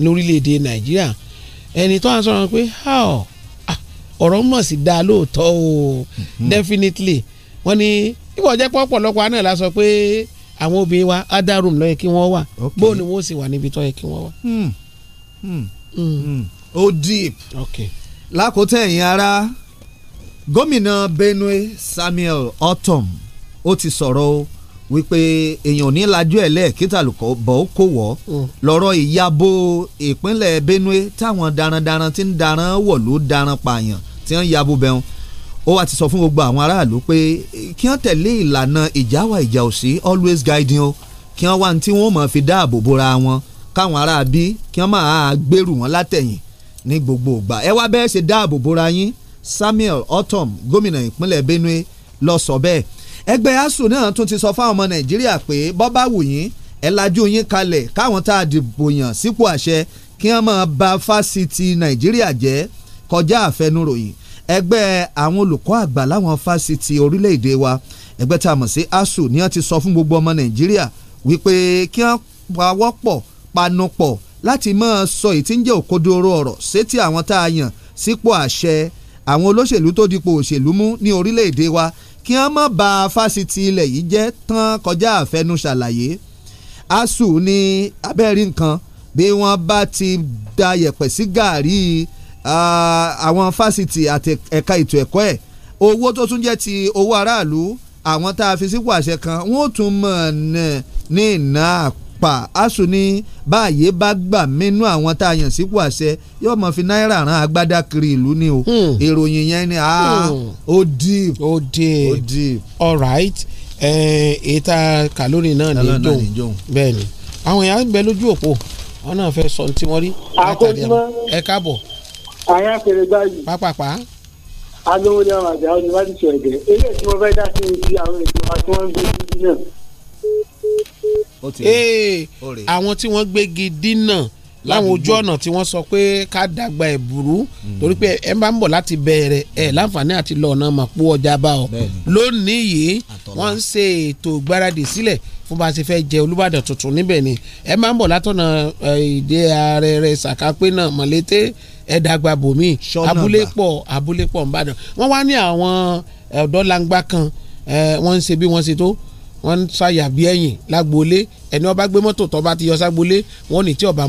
lórílẹ̀‐èdè hmm. nàìjíríà ẹni tó ń sọ̀rọ̀ pé ah, ọ̀rọ̀ mọ̀ sí dáa lóòótọ́ o hmm. definitely wọ́n ní ìwọ jẹ́ pọ̀pọ̀lọpọ̀ àná la sọ pé àwọn obìnrin wa adarum ló yẹ kí wọ́n wà bóun ni wọ́n sì wà níbi tó yẹ kí wọ́n wà. Hmm. ó deep lákòótẹ́ ẹ̀yin ara gómìnà Benue Samuel Ortom ó ti sọ̀rọ̀ o wípé èèyàn ò ní lajú ẹ̀ lẹ́ẹ̀kítàlùkọ́ bọ̀ ó kò wọ́ mm. lọ́rọ̀ ìyàbò ìpínlẹ̀ Benue táwọn darandaran ti ń daran wọ̀ ló daran pààyàn tí wọ́n ń yàbò bẹ́hùn ó wá ti sọ fún gbogbo àwọn aráàlú pé kí wọ́n tẹ̀lé ìlànà ìjà ìjà ò always guiding o kí wọ́n wá ní tí wọ́n mọ̀ fi dáàbò bora wọn káwọn aráabí kí wọ́n máa gbèrú wọn látẹ̀yìn ní gbogbo ìgbà ẹ wá bẹ́ẹ̀ ṣe dáàbò bora yín Samuel Otom gómìnà ìpínlẹ̀ Benue lọ bẹ́ẹ̀ ẹgbẹ́ asuu náà tún ti sọ fáwọn ọmọ nàìjíríà pé bọ́ bá wù yín ẹ lajú yín kalẹ̀ káwọn tá a dìbò yàn sípò àṣẹ kí wọ́n máa ba fásitì nàìjíríà jẹ́ kọjá àfẹnuròyìn ẹgbẹ́ àwọn olùkọ́ àgbà láwọn fásitì orílẹ̀-èdè wa ẹgbẹ́ tá a mọ̀ sí asuu ni wọ́n ti sọ fún gbogbo ọmọ nàìjíríà wípé kí wọ́n pawọ́pọ̀ panupọ̀ láti máa sọ èyí ń jẹ́ òkodoro ọ̀rọ̀ sétí àwọn tá a yàn sípò àṣẹ àwọn olóṣèlú tó dipò òṣèlú mú ní orílẹ̀-èdè wa kí wọ́n má bà fásitì ilẹ̀ yìí jẹ́ tán kọjá àfẹnu ṣàlàyé asuu ní abẹ́rí nǹkan bí wọ́n bá ti da yẹ̀pẹ̀ sí gàárì àwọn fásitì àti ẹ̀ka ètò ẹ̀kọ́ ẹ̀ owó tó tún jẹ́ ti owó aráàlú àwọn tá a fi sípò àṣẹ kan wọ́n tún mọ̀ ní ìná àpò pa asu ní báàyè bá gbà mínú àwọn tá a yàn sípò àṣẹ yóò mọ̀ fi náírà ran agbádá kiri ìlú ni o hmm. ìròyìn yẹn ni ah, hmm. ó deep ó deep all right ètà kàlórí náà ní jòun bẹ́ẹ̀ ni àwọn èèyàn ń bẹ lójú òpó wọn náà fẹ́ sọ tí wọ́n rí látàrí ẹ káàbọ̀. àyà fèrè gbáyìí. pápápá alówó ni àwọn àjà ọdún wá ti eré tí fẹ́ dá sí ti àwọn ètò àti wọ́n gbé síbí náà àwọn tí wọ́n gbégi dínà láwọn ojú ọ̀nà tí wọ́n sọ pé ká dàgbà ẹ̀ burú hmm. torí pé ẹ bá ń bọ̀ láti bẹ̀rẹ̀ ẹ̀ hmm. láǹfààní àti lọ ọ̀nà mà pọ̀ ọjà bá ọ lónìí yìí wọ́n ń ṣe ètò ìgbáradì sílẹ̀ fún bá a ṣe fẹ́ jẹ Olúbàdàn tuntun níbẹ̀ ni ẹ máa ń bọ̀ látọ̀nà ìdí ààrẹ rẹ̀ ṣàkápé náà mọ̀lété ẹ̀ dàgbà bòmí abúlé pọ̀ abúlé pọ̀ ń wọ́n wá ní àwọn ọ̀dọ́ kan wọ́n ń ṣe bí wọ́n ṣe tó wọ́n ń ṣàyàbí ẹ̀yìn lágboolé ẹni ọba gbé mọ́tò tó bá ti yọ ságboolé wọ́n ní tí ọba mú